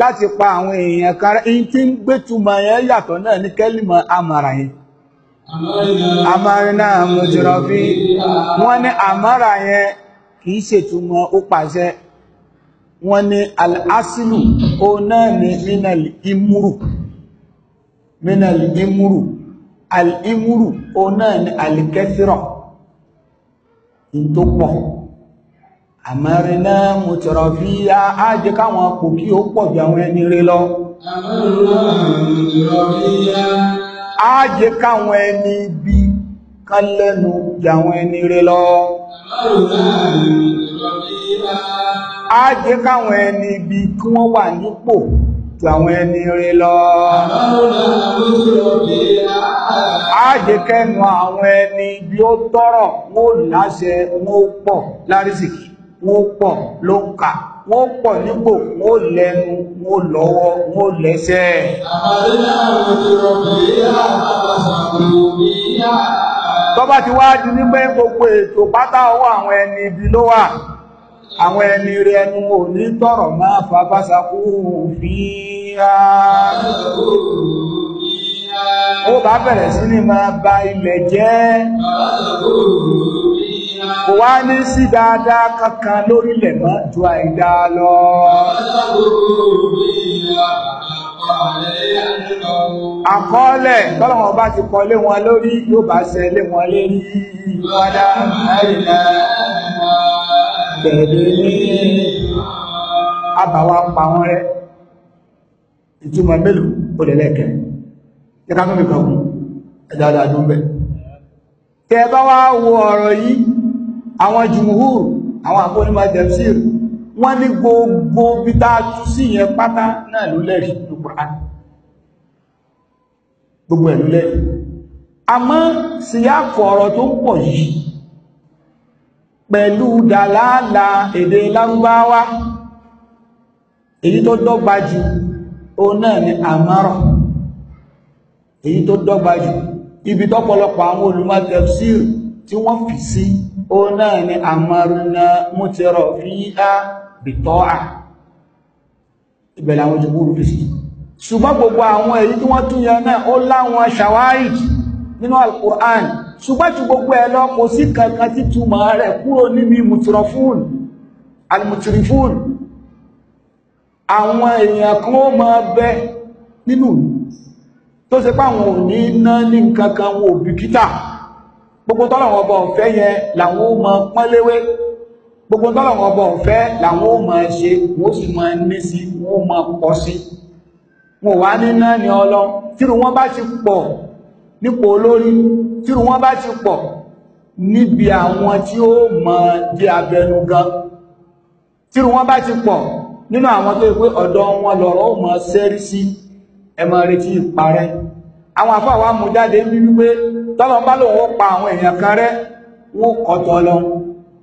S1: láti pa àwọn èèyàn kan in tí ń gbétumọ̀ yẹn yàtọ̀ náà ní kẹ́lìmọ̀ amara yẹn
S2: amara náà mọ̀jọ̀rọ̀ bí wọ́n ní
S1: amara yẹn kì í ṣètumọ̀ ó pàṣẹ wọ́n ní alásìlù ó náà ní minal imuru minal imuru al imuru ó náà ní alikẹ́sìrọ̀ ìtòpọ̀ àmọ́rinà mo tọ̀rọ̀ fi ájẹ́ káwọn kò kí ó pọ̀ jù àwọn ẹni rí lọ ájẹ́ káwọn ẹni bí kán lẹ́nu jù àwọn ẹni rí lọ ájẹ́ káwọn ẹni bí kí wọ́n wà nípò jù àwọn ẹni rí lọ ájẹ́ kẹ́nu àwọn ẹni bí ó tọ́rọ̀ wọ́n láṣẹ wọ́n pọ̀ lárísìkì wọ́n pọ̀ ló ń kà wọ́n pọ̀ nípò wọ́n lẹ́nu wọ́n lọ́wọ́ wọ́n lẹ́sẹ̀ tọ́bá ti wá di nígbà gbogbo ètò pátá ọwọ́ àwọn ẹni ibi ló wà àwọn ẹni rẹ̀ ẹnu ò máa fa fi ó bá bẹ̀rẹ̀ sí máa ilẹ̀ jẹ́ kò wá ní sí dáadáa kankan lórílẹ̀ mọ́ ju àìdá lọ. àkọọ́lẹ̀ tọ́lọ́wọ́n bá ti kọ lé wọn lórí yóò bá ṣẹ lé wọn lérí wádà àìdá tẹ̀lé àbáwá pa wọn rẹ ìtumọ̀ mélòó ó lè lẹ́kẹ̀ẹ́ yẹ mi kàn kú ẹ̀dá dáadọ́ bẹ́ẹ̀ tẹ́ bá wá wo ọ̀rọ̀ yìí àwọn jùmùhúrù àwọn àbónímọ̀ tẹ̀síìrì wọ́n ní gbogbo bí tá a tú sí yẹn pátá náà ló lẹ́rìí ní Qur'an gbogbo ẹ̀ ló lẹ́rìí àmọ́ síyáàkọ̀ ọ̀rọ̀ tó ń pọ̀ yìí pẹ̀lú dàláàlà èdè lárúbáwá èyí tó dọ́gba jù o náà ni àmárọ̀ èyí tó dọ́gba jù ibi tọ́pọ̀lọpọ̀ àwọn olùmọ̀ tafsir tí wọ́n fi sí ó náà ni àmàrúnà mútẹrọ fíà bìtọ́à ìbẹ̀lẹ̀ àwọn jùgbúrú fi sí ṣùgbọ́n gbogbo àwọn èyí tí wọ́n tún yan náà ó láwọn ṣàwárì nínú al-Qur'an ṣùgbọ́n tí gbogbo ẹ̀ lọ kò sí kankan tí túmọ̀ rẹ̀ kúrò níbi mutrafun al gbogbo tọ́lọ̀wọ̀n ọba ọ̀fẹ́ yẹn làwọn ó mọ pọ́nléwé gbogbo tọ́lọ̀wọ̀n ọba ọ̀fẹ́ làwọn ó mọ ṣe wọ́n sì mọ ní sí wọ́n mọ pọ̀ sí wọn wá ní náà ní ọlọ tírù wọn bá ti pọ̀ nípò olórí tírù wọn bá ti pọ̀ níbi àwọn tí ó mọ di abẹnugan tírù wọn bá ti pọ̀ nínú àwọn tó pé ọ̀dọ̀ wọn lọ̀rọ̀ ó mọ sẹ́rí sí ẹ retí ìparẹ́ àwọn àfọwà mú jáde ń bí wípé tọ́lọ́ bá lòun ó pa àwọn èèyàn kan rẹ́ wọ́n kọ́tọ̀ ọlọ́run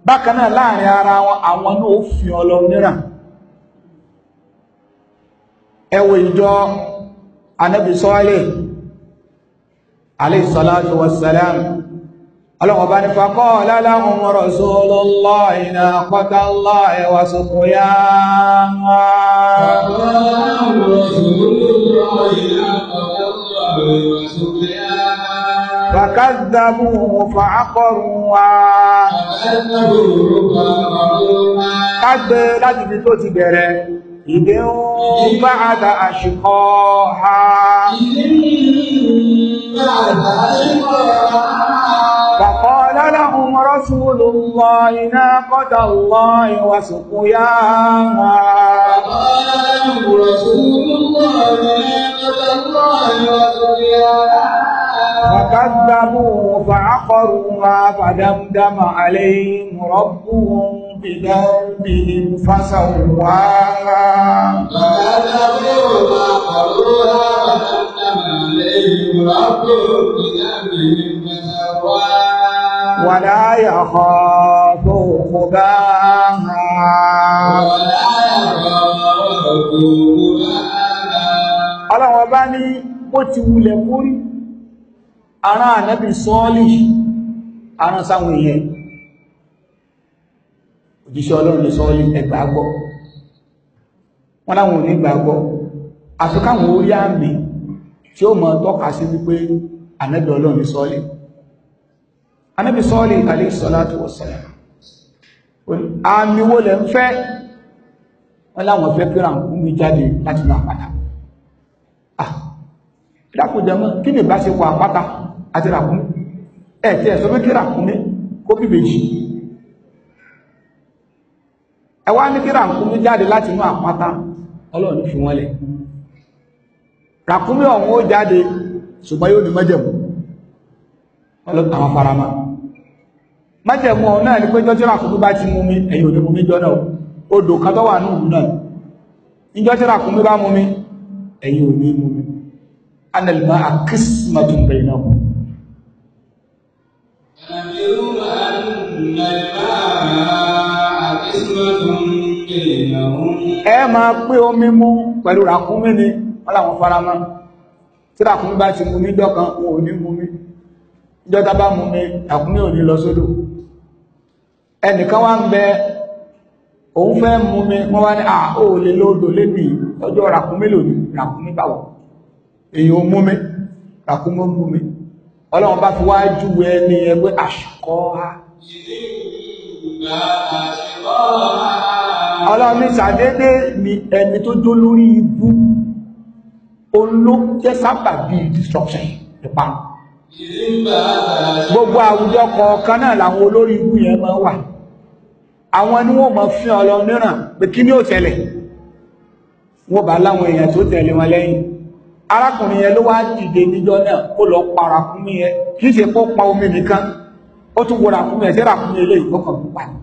S1: bákan náà láàrin ara wọn àwọn náà ó fi ọlọ́run níra ẹ wo ìjọ Ànábì Sọ́ọ́lẹ̀ alayhi salatu wassalam ọlọ́wọ́ bá ní faqala lahum rasulullahi naqata Allahi wa suqyanaha faqala lahum
S2: rasulullahi naqata
S1: فكذبوه فعقروها ká gbé láti ibi tó ti bẹ̀rẹ̀ إذ انبعث أشقاها فقال لهم رسول الله ناقة الله وسقياها فقال لهم رسول الله ناقة الله وسقياها فكذبوا فعقروها فدمدم عليهم ربهم بذنبهم فسواها ولا يخاف عقباها ọlọ́run ọba ní bó ti wulẹ̀ kórí ara ànẹ́bì sọ́ọ́lì ara sáwọn èèyàn òjíṣẹ́ ọlọ́run ní sọ́ọ́lì ẹgbàá wọ́n láwọn onígbàgbọ́ àfikáwọn orí àmì tí ó mọ̀ tọ́ka sí wípé ànábì ọlọ́run sọ́ọ̀lì ànábì sọ́ọ̀lì alayhi salatu wassalam àmì wo lẹ ń fẹ́ wọ́n láwọn fẹ́ pẹ́rà ń kú mi jáde láti máa padà ìdákùnjẹmọ́ kí ni ìbáṣepọ̀ àpáta àti ràkúnmí ẹ̀ tí ẹ̀ sọ pé kí ràkúnmí kó bíbèjì ẹ wá ní kí ràkúnmí jáde láti inú àpáta ọlọ́run fi wọ́n lẹ̀ ràkúnmí ọ̀hún ó jáde ṣùgbọ́n yóò ní májẹ̀mú àwọn farama májẹ̀mú ọ̀hún náà ni pé jọ́jọ́ ràkúnmí bá ti mú mi ẹ̀yìn òní mú mi jọ náà odò kan tó wà ní náà níjọ́ tí bá mú mi ẹ̀yìn òní mú mi anàlùmọ́ àkísìmọ̀tún bẹ̀rẹ̀ náà
S2: Àbẹ̀rù àrùn nàìjíríà ẹ máa
S1: pé omi mú pẹ̀lú ràkúnmí ni wọ́n làwọn faramọ́ tí ràkúnmí bá ti mú mi dọ́kan wọn ò ní mú mi ìjọta bá mú mi ràkúnmí ò ní lọ sódò ẹnìkan wá ń bẹ òun fẹ́ mú mi wọ́n wá ní àó lè lóòdò lébì ọjọ́ ràkúnmí lòdì ràkúnmí báwọ̀ èyàn mú mi ràkúnmí mú mi ọlọ́run bá fi wá júwe ẹni ẹgbẹ́ àṣùkọ́ ọlọ́ni ṣàdédé ni ẹni tó jó lórí ibú olójẹ́ sábà bí destruction nípa gbogbo àwùjọ kọ̀ọ̀kan náà làwọn olórí ibú yẹn máa wà àwọn ni wọ́n máa fi ọlọ mìíràn pé kí ni ó tẹ̀lẹ̀ wọ́n bá láwọn èèyàn tó tẹ̀lé wọn lẹ́yìn arákùnrin yẹn ló wá dìde níjọ́ náà kó lọ pa ràkúnmí yẹn kì í ṣe kó pa omi nìkan ó tún wo ràkúnmí yẹn sí ràkúnmí eléyìí tó kàn pa ni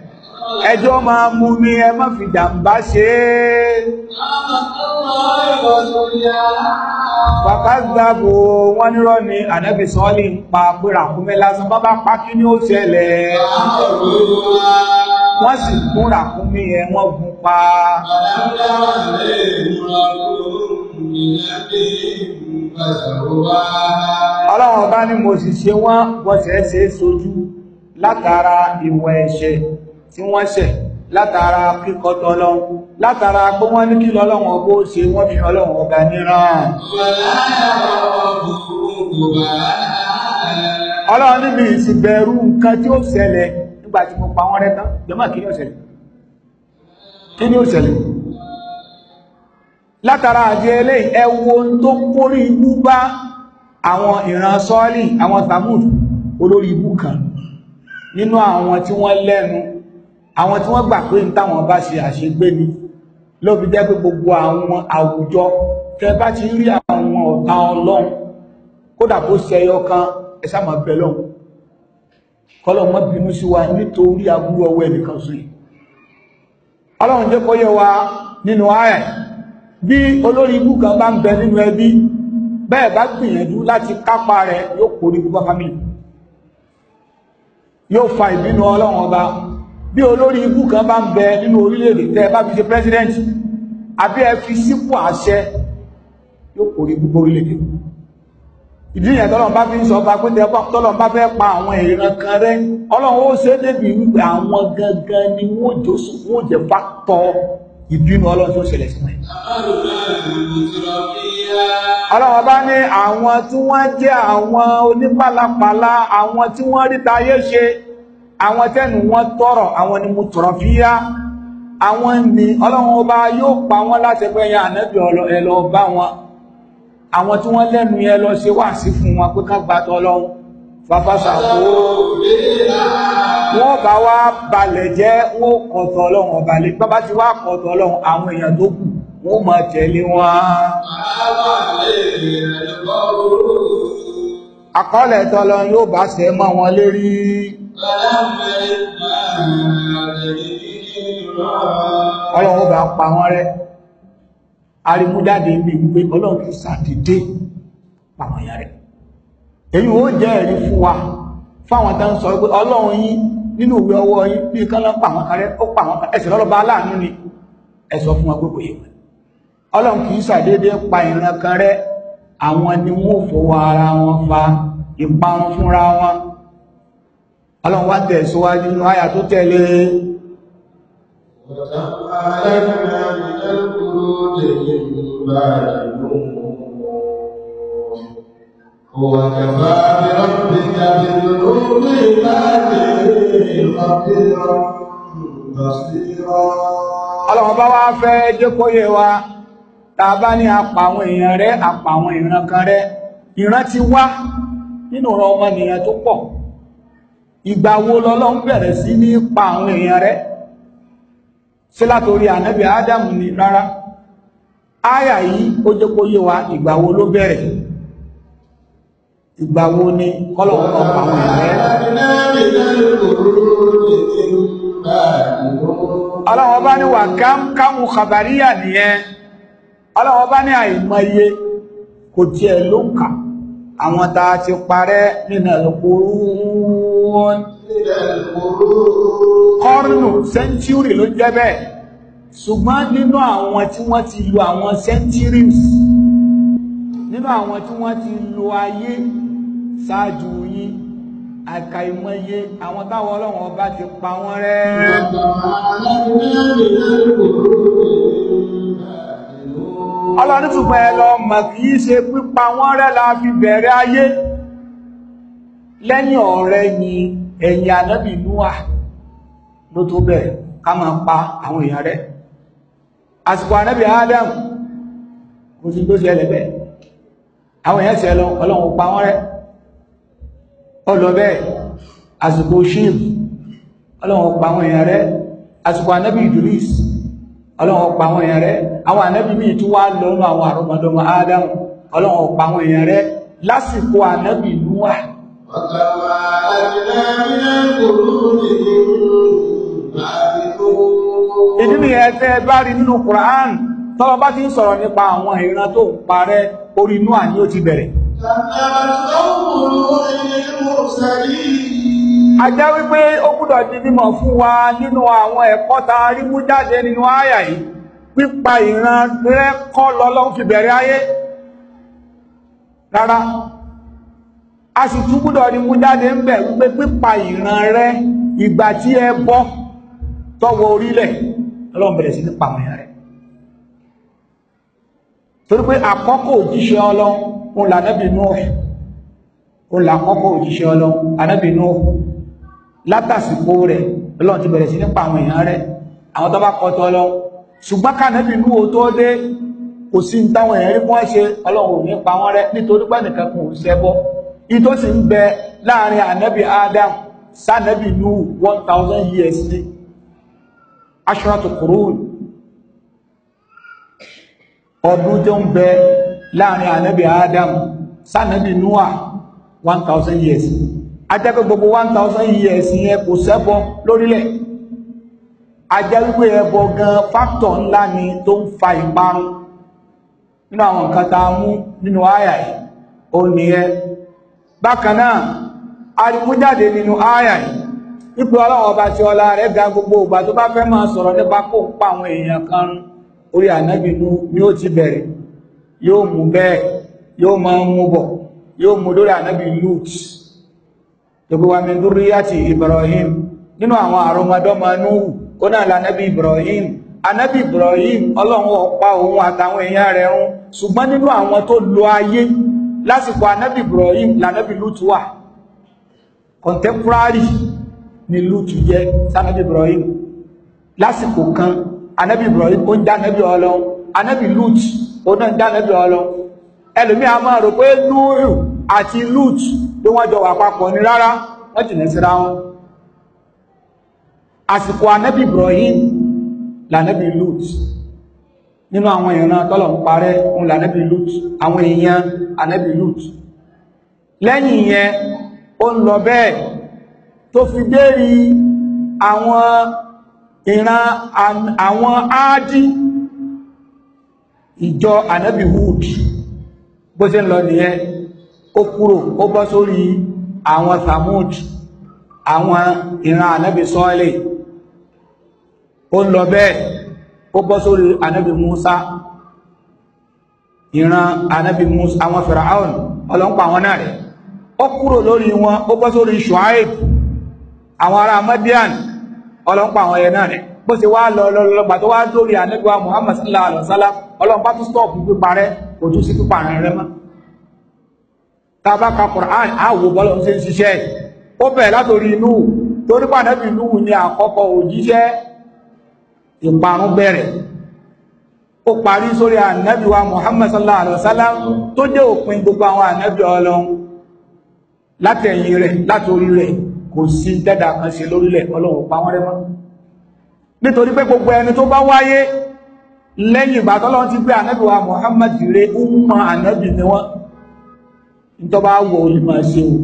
S1: ẹjọ́ máa mú mi ẹ má fi jàǹbá ṣe é. bàbá gbàgbó wọn nírọ̀ ni ànábì sọ́ọ́lì ń pa pèrà kúmẹ́ lásán bàbá pa kí ni ó ṣẹlẹ̀. wọ́n sì kúnra kúmí ẹ wọ́n gun pa. ọlọ́run ọba ni mo sì ṣe wọ́n bọ́sẹ̀ ṣe sojú látara ìwọ̀ ẹ̀ṣẹ̀ tí wọ́n ṣẹ̀ látara kíkọ́ tọ́lọ́run látara pé wọ́n ní kí lọ́lọ́run ọgbó ṣe wọ́n fi ọlọ́run ọba níran ọlọ́run níbi ìsìnbẹ̀rù nǹkan tí ó ṣẹlẹ̀ nígbà tí mo pa wọ́n rẹ́ tán jọmọ́ kí ni ó ṣẹlẹ̀ kí ni ó ṣẹlẹ̀ látara àjẹ eléyìí ẹ wo tó kórí ibú bá nínú àwọn tí wọ́n lẹ́nu àwọn tí wọ́n gbà pé ní táwọn bá ṣe àṣegbé ni ló fi jẹ́ pé gbogbo àwọn àwùjọ tẹ bá ti rí àwọn ọ̀tá ọlọ́run kódà kó ṣẹyọ kan ẹ sáàmà bẹ lọ́hùn kọ́lọ̀ mọ́ bínú sí wa nítorí agbúrú ọwọ́ ẹnìkan sí ọlọ́run jẹ́ kó yé wa nínú ààrẹ bí olórí ibú kan bá ń bẹ nínú ẹbí bẹ́ẹ̀ bá gbìyànjú láti kápa rẹ̀ yóò kórí gbogbo fámìlì yóò fa ìbínú ọlọ́run ọba bí olórí ikú kan bá ń bẹ nínú orílẹ̀-èdè tẹ́ bá fi ṣe president àbí ẹ fi sípò àṣẹ yóò kò rí gbogbo orílẹ̀-èdè ìdí ìyẹn tọ́lọ́n bá fi ń sọ bá pé tọ́lọ́n bá fẹ́ pa àwọn èèyàn kan rẹ́ ọlọ́run ó ṣe débi wípé àwọn gangan ni wọ́n jọ wọ́n jẹ pátọ́ ìbínú ọlọ́run tó ṣẹlẹ̀ sí wọn. ọlọ́run bá ní àwọn tí wọ́n jẹ́ àwọn onípàlàpàlà àwọn tí wọ́n rí tayé ṣe àwọn tẹ́nu wọn tọrọ àwọn ni mo tọrọ fíyá àwọn ni ọlọ́run ọba yóò pa wọn láti ẹgbẹ́ yẹn ànábì ẹlọ bá wọn àwọn tí wọ́n lẹ́nu yẹn lọ ṣe wà sí fún wọn pé ká gba tọlọ́run fàfàṣà kó wọ́n bá wá balẹ̀ jẹ́ wọ́n kọ̀tọ̀ ọlọ́run ọba lè bá bá ti wá kọ̀tọ̀ ọlọ́run àwọn èèyàn tó kù wọ́n mọ̀ tẹ̀lé wọn. àkọọ́lẹ̀ tọlọ́run yóò bá ṣẹ́ mọ́ wọn lérí ọlọ́run bá pa wọ́n rẹ́ arimúdáde ń bí wípé ọlọ́run tó sàdédé pàwọn yà rẹ̀ èyí ó jẹ́ ẹ̀rí fún wa fáwọn tán sọ pé ọlọ́run yín nínú ìwé ọwọ́ yín bí kán lọ pàwọn kan ó pàwọn ẹsẹ̀ lọ́lọ́ba aláàánú ni ẹ sọ fún wa pé kò yẹ wọn ọlọ́run kì í sàdédé ọlọ́run wá tẹ̀ síwájú nínú àyà tó tẹ̀lé ọlọ́run bá wá fẹ́ jẹ́kóyè wa tàbá ní apà èèyàn rẹ̀ apà ìran kan rẹ̀ ìran ti wá nínú ọmọ ènìyàn tó pọ̀ ìgbà wo lọ́lọ́run bẹ̀rẹ̀ sí ní pa àwọn èèyàn rẹ̀ sí látorí ànábì ádámù ni rárá áyà yìí ó jẹ́ yé wa ìgbà wo ló bẹ̀rẹ̀ ìgbà wo ni kọ́lọ̀wọ́ kan pa àwọn èèyàn rẹ̀ ọlọ́wọ́ bá ní wà kámkámù kàbàríyà nìyẹn ọlọ́wọ́ bá ní àìmọye kò tiẹ̀ ló ń kà àwọn ta ti parẹ́ nínú ẹ̀lùkúrún kọ́rùnù sẹ́ńtúrì ló jẹ́ bẹ́ẹ̀ ṣùgbọ́n nínú àwọn tí wọ́n ti lo àwọn centuries nínú àwọn tí wọ́n ti lo ayé ṣáájú yín àkàìmọye àwọn táwọn ọlọ́wọ́n bá ti pa wọ́n rẹ́ ọlọ́ni ṣùgbọ́n ẹ lọ mọ̀ kì í ṣe pípa wọ́n rẹ́ la fi bẹ̀rẹ̀ ayé lẹ́yìn ọ̀rẹ́ ni ẹ̀yìn ànábì núwà ló tó bẹ̀rẹ̀ ká máa pa àwọn èèyàn rẹ̀ àsìkò ànábì Adam kò sí tó ṣẹlẹ̀ bẹ́ẹ̀ àwọn èèyàn ṣe lọ ọlọ́run pa wọ́n rẹ́ ọlọ bẹ́ẹ̀ àsìkò Shif ọlọ́run pa àwọn èèyàn rẹ̀ àsìkò ànábì Idris ọlọ́run pa àwọn èèyàn rẹ àwọn ànábì míì tún wá lọ́nà àwọn àrọ́mọdọ́mọ ádámù ọlọ́run pa àwọn èèyàn rẹ lásìkò ànábì Núà. ìdí nìyẹn tẹ́ ẹ bá rí nínú Quran tọ́wọ́ bá ti ń sọ̀rọ̀ nípa àwọn ìran tó ń parẹ́ orí Núà ni ti bẹ̀rẹ̀.
S2: tàbí àwọn ọmọ òun
S1: ni mo sẹ́yìn a jẹ́ wípé ó gbúdọ̀ di mímọ̀ fún wa nínú àwọn ẹ̀kọ́ ta rí mú jáde nínú àyà yìí pípa ìran rẹ kọ́ lọ́lọ́ fi bẹ̀rẹ̀ ayé rárá a sì tún gbúdọ̀ rí mú jáde ń bẹ̀ wípé pípa ìran rẹ ìgbà tí ẹ bọ́ tọwọ́ orílẹ̀ ọlọ́run bẹ̀rẹ̀ sí ní pàwọn rẹ̀ torí pé àkọ́kọ́ òjíṣẹ́ ọlọ́run òun lànàbì Nuh òun làkọ́kọ́ òjíṣẹ́ ọlọ́run ànàbì Nuh látàsìkò rẹ̀ ọlọ́run ti bẹ̀rẹ̀ sí nípa àwọn èèyàn rẹ̀ àwọn tó bá kọtọ lọ ṣùgbọ́n kànẹ́bì inú o tó dé kò sí táwọn èèyàn rí wọ́n ṣe ọlọ́run ò ní pa wọ́n rẹ̀ nítorí pé nìkan kò ṣẹbọ sì ń bẹ láàrin ànẹ́bì Adam sànẹ́bì inú one thousand years ní ọdún tó ń bẹ láàrin ànẹ́bì Adam sànẹ́bì one thousand years ajẹ́pẹ́ gbogbo 1000 years yẹn kò sẹ́bọ lórílẹ̀ ajẹ́ wípé ẹbọ gan fáktọ̀ ńlá ni tó ń fa ìparun nínú àwọn nǹkan tá a mú nínú àyà yìí ó nìyẹn bákan náà arimújáde nínú àyà yìí ipò ọlọ́wọ́ ọba tí ọlá rẹ̀ ga gbogbo ìgbà tó bá fẹ́ máa sọ̀rọ̀ nípa kó ń pa àwọn èèyàn kan orí ànábìnú ni ó ti bẹ̀rẹ̀ yóò mú bẹ́ẹ̀ yóò máa mú bọ̀ yóò mú lórí ànábì lute ìgbówà min durriyati Ibrahim nínú àwọn àrọmọdọ́mọ Nuhu kó náà lànàbí Ibrahim anábì Ibrahim ọlọ́run ọ̀pá òun àtàwọn èèyàn rẹ̀ run ṣùgbọ́n nínú àwọn tó lo ayé lásìkò anábì Ibrahim lànàbí Lútù wà contemporary ni Lútù jẹ́ sánábì Ibrahim lásìkò kan anábì Ibrahim ó ń dá anábì ọlọ́run anábì Lútù ó náà ń dá anábì ọlọ́run ẹlòmíà máa rò pé Nuhu àti Lútù wọ́n jọ wà papọ̀ ní rárá wọ́n jìnà síra wọn àsìkò ànábì Ibrahim lànábì Lut nínú àwọn ìran tọ́lọ̀ ń parẹ́ òun lànábì Lut àwọn èèyàn ànábì Lut lẹ́yìn yẹn ó ń lọ bẹ́ẹ̀ tó fi dérí àwọn ìran àwọn áádí ìjọ ànábì Hud bó ṣe ń lọ nìyẹn ó kúrò ó bọ́ sórí àwọn Thamud àwọn ìran ànábì sọ́ọ̀lẹ̀ ó ń lọ bẹ́ẹ̀ ó bọ́ sórí ànábì Musa ìran ànábì Musa àwọn Fìràáùn ọlọ́pàá àwọn náà rẹ̀ ó kúrò lórí wọn ó bọ́ sórí Shuaib àwọn ará Madian ọlọ́pàá àwọn ẹ̀yẹ náà rẹ̀ bó ṣe wá lọ lọ́lọ́gbà tó wá lórí ànábì wa Muhammad sallallahu alaihi wasallam ọlọ́pàá tó stọ́ọ̀pù píparẹ́ kò tún sí píparẹ́ rẹ̀ mọ́ tàbá ka Qur'an àwò bọ́lọ̀ ṣe ń ṣiṣẹ́ ó bẹ̀rẹ̀ látòrí inú torí pàdánù inú ni àkọ́kọ́ òjíṣẹ́ ìparun bẹ̀rẹ̀ ó parí sórí ànábì wa Muhammad sallallahu alaihi wasallam tó jẹ́ òpin gbogbo àwọn ànábì ọlọ́run látẹ̀yìn rẹ̀ látòrí rẹ̀ kò sí dẹ́dà kan ṣe lórílẹ̀ ọlọ́run pa wọ́n rẹ́ mọ́ nítorí pé gbogbo ẹni tó bá wáyé lẹ́yìn ìgbà tọ́lọ́run ti gbé ànábì wa Muhammad rẹ̀ ó mọ ànábì ni wọ́n ntọ́ba wọ o lè máa ṣe o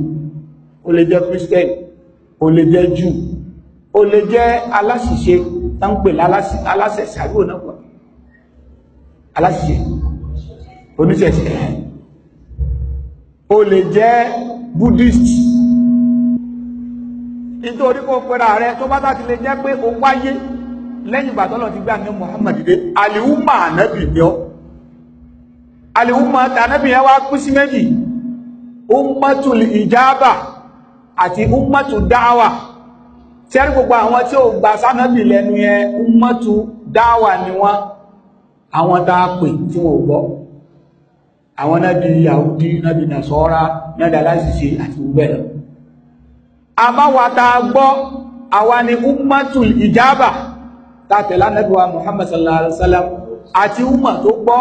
S1: o lè jẹ́ christian o lè jẹ́ jew o lè jẹ́ aláṣìṣe tá ń pè aláṣẹ̀ṣẹ̀ àbí òun náà pọ̀ aláṣìṣe oníṣẹ̀ṣẹ̀ o lè jẹ́ buddhist nítorí kó pẹ́ra rẹ tó bá láti lè jẹ́ pé o wáyé lẹ́yìn ìgbà ti gbà ní Muhammad dé aliwuma anabi ni aliwuma anabi yẹn wá pín sí méjì ummatul ijaba ati ummatu dáwà tí ẹ̀rí gbogbo àwọn tí ó gba sánábì lẹ́nu yẹn ummatul dáwà ni wọ́n àwọn tá a pè tí wọ́n gbọ́ àwọn di Yahudi náà di Nasara náà di aláṣìṣe àti gbogbo ẹ̀ lọ àbáwàta gbọ́ ni ummatul ijaba tàtẹ̀lá nẹ́bíwá Muhammad sallallahu alaihi wasallam àti umma tó gbọ́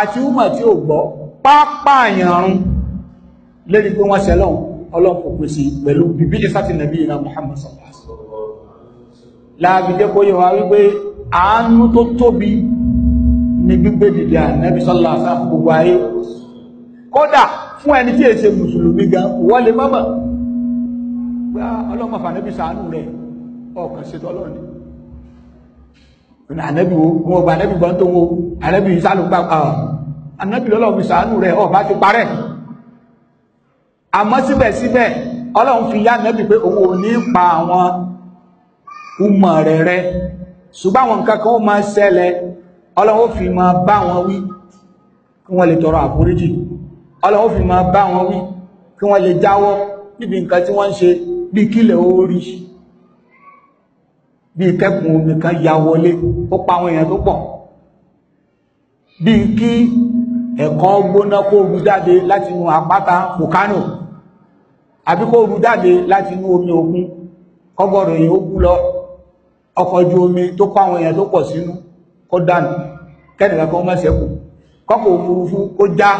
S1: àti umma tí ó gbọ́ pápá ìyàrún lórí pé wọ́n ṣe lọ́wọ́ ọlọ́pù pèsè pẹ̀lú bíbí ní sátì nàbí ìlà Muhammad sallallahu alaihi wasallam láàbí jẹ́ kó yẹ wá wípé àánú tó tóbi ní gbígbé dìde ànábì sallallahu alaihi wasallam gbogbo ayé kódà fún ẹni tí èsè mùsùlùmí gan wọ́n mọ́mọ́ pé ah, ọlọ́mọ fànábì rẹ̀ ọkàn àmọ́ síbẹ̀síbẹ̀ ọlọ́run fi yá nẹ́bì pé owó ní pa àwọn umọ̀ rẹ̀ rẹ̀ ṣùgbọ́n àwọn nǹkan kan ó máa ṣẹlẹ̀ ọlọ́run ó fi máa bá wọn wí kí wọ́n lè tọrọ àforíjì ọlọ́run ó fi máa bá wọn wí kí wọ́n lè jáwọ́ níbi nǹkan tí wọ́n ń ṣe bí kílẹ̀ orí bí kẹ́kùn omi kan ya wọlé ó pa àwọn èèyàn tó pọ̀ bí kí ẹ̀kan gbóná kó jáde láti inú àpáta àbí kó rú jáde láti inú omi òkun kọ́gọ́rùn yìí ó kú lọ ọkọ̀ ojú omi tó kọ́ àwọn èèyàn tó pọ̀ sínú kó dànù kẹ́nìkan kan má ṣẹ́kù kọ́kọ̀ òfurufú kó já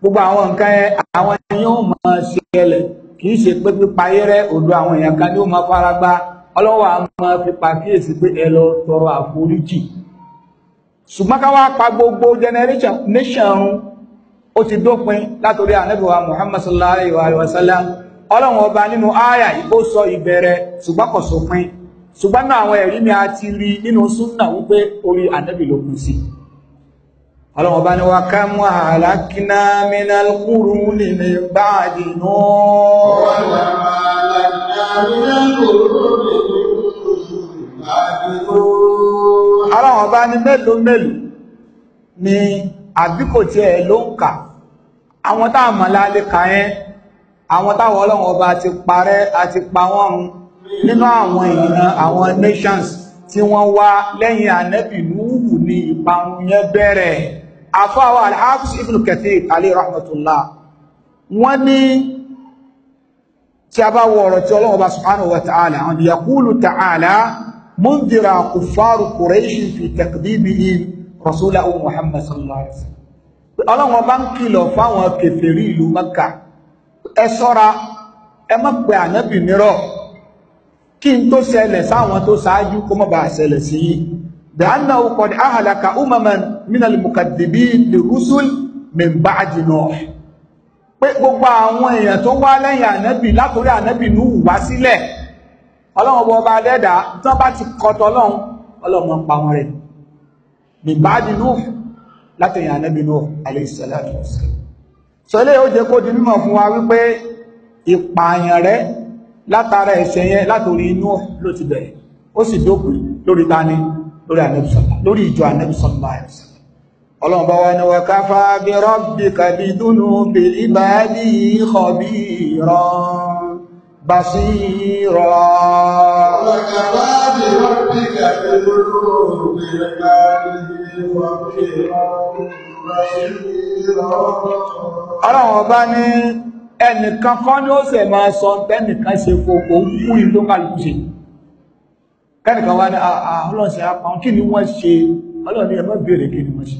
S1: gbogbo àwọn nǹkan ẹ àwọn ẹ̀yìn ó máa ṣe ẹlẹ̀ kì í ṣe pé pípa ayẹ́rẹ́ òdo àwọn èèyàn kan ní ó máa fara gbá ọlọ́wọ́ a máa fi pàkíyèsí pé ẹ lọ tọrọ àforíjì ṣùgbọ́n ká wá pa gbogbo generation nation ó ti dópin látorí ànábìwá Muhammad sallallahu alayhi wa sallam ọlọ́run ọba nínú àyà ó sọ ìbẹ̀rẹ̀ ṣùgbọ́n kò sópin ṣùgbọ́n náà àwọn ẹ̀rí mi a ti rí nínú súnnà wípé orí ànábì ló kù sí ọlọ́run ọba ní wa ká mú àlákíná minal báàdì náà àbíkò tí ẹ̀ ló ń kà àwọn tá a mọ̀ lálẹ́ kà yẹn àwọn táwọn ọlọ́run ọba ti parẹ́ àti pa wọ́n run nínú àwọn ìran àwọn nations tí wọ́n wá lẹ́yìn ànẹ́bì lúwù ní ìparun yẹn bẹ̀rẹ̀ afáwà alhafiz ibn kathir alayhi rahmatullah wọ́n ní tí a bá wọ ọ̀rọ̀ tí ọlọ́run ọba subhanahu ọlọ́run bá ń kìlọ̀ fáwọn kèfèrí ìlú mẹ́ka ẹ sọ́ra ẹ má pe ànábì nírọ́ kí n tó ṣẹlẹ̀ sáwọn tó ṣáájú kó má bàa sí yìí dàánà qad ahlaka umaman minal mukaddibin lirusul min ba'di Nuh pé gbogbo àwọn èèyàn tó wá lẹ́yìn ànábì látòrí ànábì ní wà sílẹ̀ ọlọ́run ọba ọba adẹ́dà tán bá ti kọtọ ọlọ́run ọlọ́run pa wọn rẹ̀ min ba'di látẹ̀yìn ànábì Nuh alayhi salatu wassalam sọ ilé ó jẹ́ kó di mímọ̀ fún wa wípé ìpààyàn rẹ̀ látara ẹ̀ṣẹ̀ yẹn látòrí Nuh ló ti bẹ̀rẹ̀ ó sì dópin lórí tani lórí ànábì sallallahu lórí ìjọ ànábì بصيرا وكفى بربك بالذنوب عباده وكيلا ọlọ́run ọba ní ẹnìkan kan ní ó sẹ̀ máa sọ tẹ́nìkan ṣe fòkó mú ìlú kàlùkù ṣe kẹ́nìkan wá ní ah, ah, ọlọ́run ṣe apá kí ni wọ́n ṣe ọlọ́run ní ẹ má béèrè kí ni wọ́n ṣe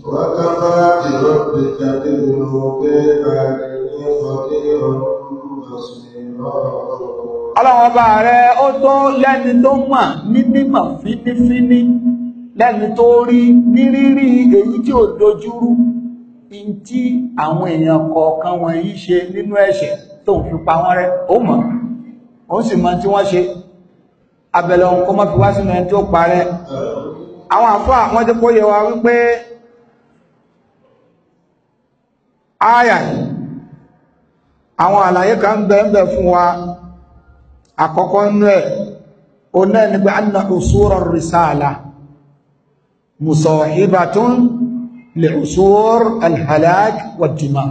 S1: wọ́n ọlọ́wọ́n bá rẹ ó tó lẹ́ni tó mọ̀ ní mímọ̀ fínífíní lẹ́ni tó rí ní rírí èyí tí ò dojúrú in tí àwọn èèyàn kọ̀ọ̀kan wọn yí ṣe nínú ẹ̀ṣẹ̀ tó ń fi pa wọ́n rẹ́ ó mọ̀ ó sì mọ̀ tí wọ́n ṣe abẹ̀lẹ̀ ohun kó mọ́ fi wá sínú ẹni tó parẹ́ àwọn àfáà wọ́n jẹ́ kó yẹ wa wípé áyà àwọn àlàyé kan ń bẹ ń bẹ fún wa àkọ́kọ́ nú ẹ̀ o náà ni pé anna usura risala musahibatun li usur alhalak wa dima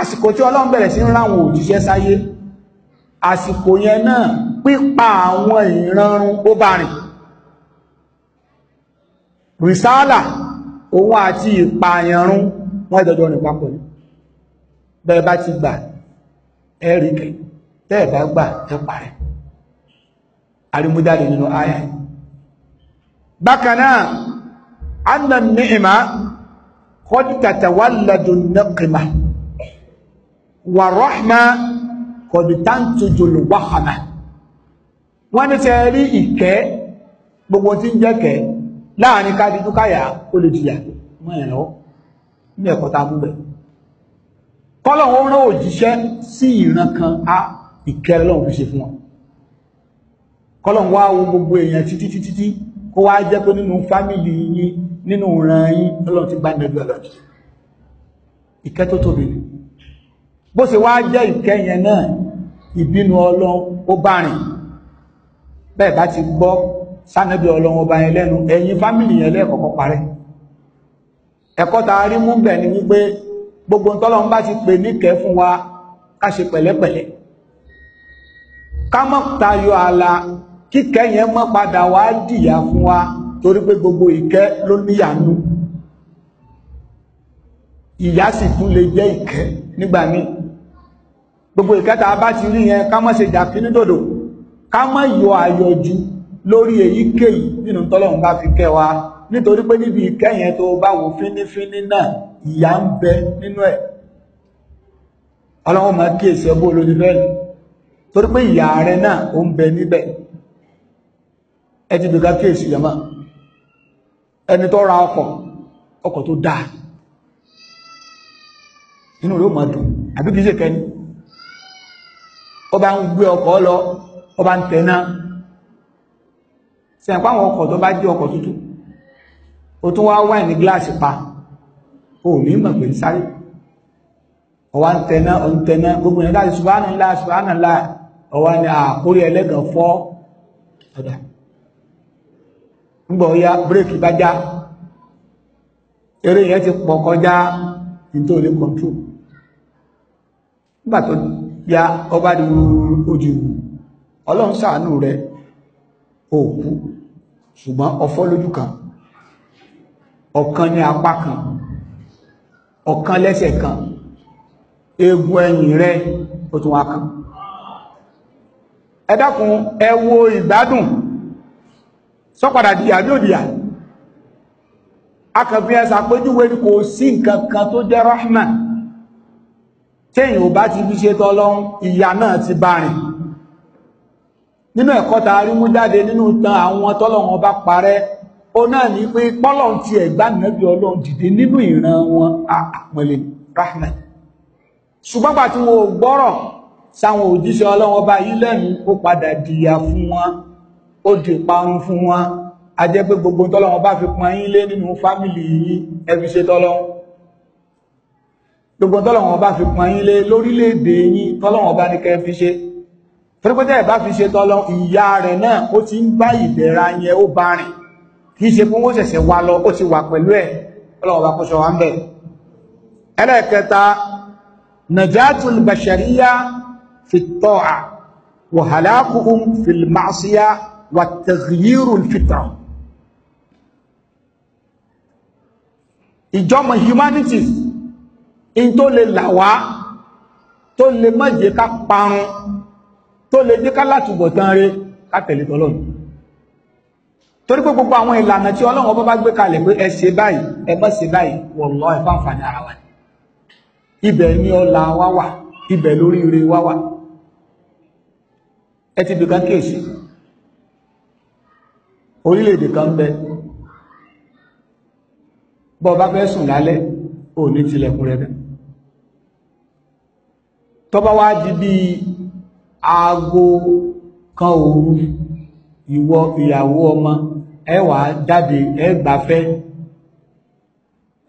S1: àsìkò tí ọlọ́run bẹ̀rẹ̀ sí ń ráwọn òjíṣẹ́ sáyé àsìkò yẹn náà pípa àwọn ìranrun ó bá rìn rìsáàlà òun àti ìpààyànrún wọ́n ìdọ̀dọ̀ rìn papọ̀ bẹ́ẹ̀ bá ti gbà ẹ̀rìnkẹ̀ tẹ́ẹ̀bá gbà ẹ̀pà rẹ̀ arimúdáre nínú ayá bákanáà anna ni'ima qad tatawalladu naqima wa rahma qad tantuju al-wahma wọ́n ní tẹ́ rí ìkẹ́ gbogbo tí ń jẹ́kẹ́ láàrin ká dídú káyà ó lè jìyà mọ́ ẹ̀rọ ní ẹ̀kọ́ ta kọ́lọ̀ wọn rán òjíṣẹ́ sí ìran kan a ìkẹrẹ lọ́wọ́ fi ṣe fún wọn kọ́lọ̀ wá wo gbogbo èèyàn títí títí kó wá jẹ́ pé nínú fámìlì yín nínú ìran yín ọlọ́run ti gbá nẹ́gbẹ́ ọlọ́dún ìkẹ́ tó tóbi ni bó ṣe wá jẹ́ ìkẹ́ yẹn náà ìbínú ọlọ́run ó bá rìn bẹ́ẹ̀ bá ti gbọ́ sánẹ́bí ọlọ́run ọba yẹn lẹ́nu ẹ̀yin fámìlì yẹn lẹ́ẹ̀kọ̀ọ̀kan parẹ́ ẹ̀kọ́ ni wípé gbogbo ntọ́lọ́run bá ti pè níkẹ́ fún ká ṣe pẹ̀lẹ́pẹ̀lẹ́ ká mọ̀ tayọ ààlà kíkẹ́ yẹn mọ́ padà wá dìyà fún wa torí pé gbogbo ìkẹ́ ló níyànú ìyá sì tún lè jẹ́ ìkẹ́ nígbà míì gbogbo ìkẹta bá ti rí yẹn ká mọ́ ṣe jàfí nídòdò ká mọ́ yọ àyọjú lórí èyíkéyìí nínú tọ́lọ́run bá fi kẹ́ wa nítorí pé níbi ìkẹ́ yẹn tó bá wò fínífíní náà ìyá ń bẹ nínú ẹ̀ ọlọ́run máa kíyèsí ọgbó olódìbẹ́ẹ̀lì torí pé ìyá rẹ náà ó ń bẹ níbẹ̀ ẹ ti bìkà kíyèsí yàmá ẹni tó ra ọkọ̀ ọkọ̀ tó dáa inú rẹ̀ ó máa dùn àbí kìí ṣe kẹni ó bá ń gbé ọkọ̀ lọ ó bá ń tẹ̀ná sẹ̀ǹpá àwọn ọkọ̀ tó bá jẹ́ ọkọ̀ tútù ó tún wá wáìn ní gíláàsì pa ò ní mọ̀ pé ń sáré ọwá ń tẹ̀ná ọ̀ ń tẹ̀ná gbogbo ìrìnlá subhanallah subhanallah ọwá ni àkórí ah, ẹlẹ́gàn fọ́ ọ̀dà ńgbọ̀ ya bírèkì bá já eré yẹn ti pọ̀ kọjá nítorí olè kọ̀ntró nígbà tó ya ọba di ojú ọlọ́run ṣàánú rẹ̀ òkú ṣùgbọ́n ọfọ́ lójú kan ọ̀kan ní apá kan ọ̀kan lẹ́sẹ̀ kan eegun ẹ̀yìn rẹ̀ ó tún wá kan ẹ dákun ẹ wo ìgbádùn sọ́padà dìyà ní òdìyà akànfin ẹsà péjúwé ní kò sí nǹkan kan tó jẹ́ rahman téèyàn ò bá ti fi ṣe tọ́lọ́hún ìyà náà ti bá rìn nínú ẹ̀kọ́ ta rí mú jáde nínú tan àwọn tọ́lọ́hún ọba parẹ́ ó náà ní pé pọ́lọ́hún ti ẹ̀gbá nàbí dìde nínú ìran wọn àpẹẹlẹ rahman ṣùgbọ́n gbà gbọ́rọ̀ sáwọn òjíṣẹ́ ọlọ́run ọba yìí lẹ́nu ó padà dìyà fún wọn ó di parun fún wọn a jẹ́ pé gbogbo tọ́lọ́run bá fi pọn yín lé nínú fámìlì yìí ẹ fi ṣe tọ́lọ́run gbogbo tọ́lọ́run ọba fi pọn yín lé lórílẹ̀-èdè yín tọ́lọ́run ọba ní kẹ́ fi ṣe torípẹ́tẹ́ ẹ̀ bá fi ṣe tọ́lọ́run ìyá rẹ̀ náà ó ti ń bá ìdẹ̀ra yẹn ó bá rìn kì í ṣe fún ó ṣẹ̀ṣẹ̀ wá lọ ó ti wà pẹ̀lú ẹ̀ ọlọ́run bá kó wá ń bẹ̀ ẹlẹ́ẹ̀kẹta najatul bashariya في الطاعة وهلاكهم في المعصية والتغيير الفطرة ìjọmọ̀ humanities in tó lè làwá tó lè má jẹ́ ká parun tó lè jẹ́ ká látùbọ̀tán rẹ̀ ká tẹ̀lé tọ́lọ́nù torí pé gbogbo àwọn ìlànà tí Ọlọ́run bá bá gbé kalẹ̀ pé ẹ ṣe báyìí ẹ má báyìí wallahi ẹ ẹ ti bìkan kéèsì orílẹ̀-èdè kan bẹ bọ́ bá fẹ́ sùn lálẹ́ ò ní tilẹ̀kùn rẹ̀ bẹ́ tọ́bá wá di bí aago kan òru ìwọ ìyàwó ọmọ ẹ wá jáde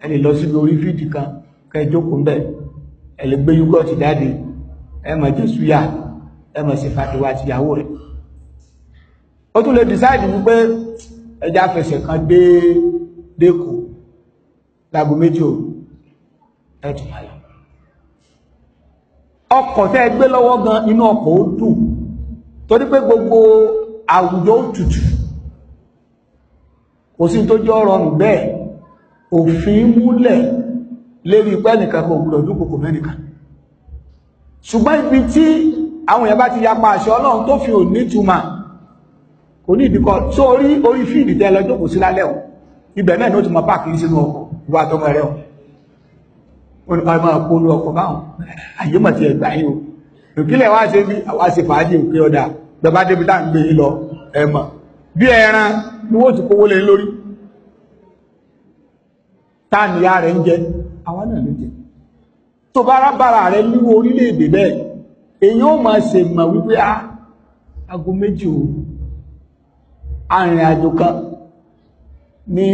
S1: ẹ lọ síbi orí fídì kan kẹ́ jókòó ń bẹ̀ ẹ lè gbé ẹmọ̀ sí fàtíwà àti ìyàwó rẹ̀ ó tún lè decide wípé ẹja fẹsẹ̀ kan dé dẹ́kù lágbo méjì òru ẹ̀tù máa lọ ọkọ̀ tẹ́ gbé lọ́wọ́ gan inú ọkọ̀ ó dùn torí pé gbogbo àwùjọ ó tutù kò sí tó jọ rọrùn bẹ́ẹ̀ òfin múlẹ̀ lérí pẹ́nìkan kò gbọdọ̀ dúkòkò mẹ́nìkan ṣùgbọ́n ibi tí àwọn èèyàn bá ti yapa àṣẹ ọlọ́run tó fi ò nítumà kò ní ìdíkọ tó orí orí fíìdì tẹ lọ jókòó sí lálẹ́ o ibẹ̀ náà ni ó ti mọ páàkì sínú ọkọ̀ ìwà tọmọ rẹ o ọmọ àpolú ọkọ̀ báwọn àyè mọ̀ ti ẹ̀gbà yìí o òkílẹ̀ wá ṣe bí àwa ṣe fàájì òkè ọ̀dà gbẹ̀bá débi tá à ń gbé yìí lọ ẹ̀mọ̀ bí ẹran ni wọ́n ti kówó lé lórí táà níyà rẹ̀ ń jẹ àwa náà ló jẹ tó bá rábàrà rẹ níwó orílẹ̀-èdè bẹ́ẹ̀ èyí ó máa ṣe mọ̀ wípé á ah, aago méjì o arìnrìn àjò kan ní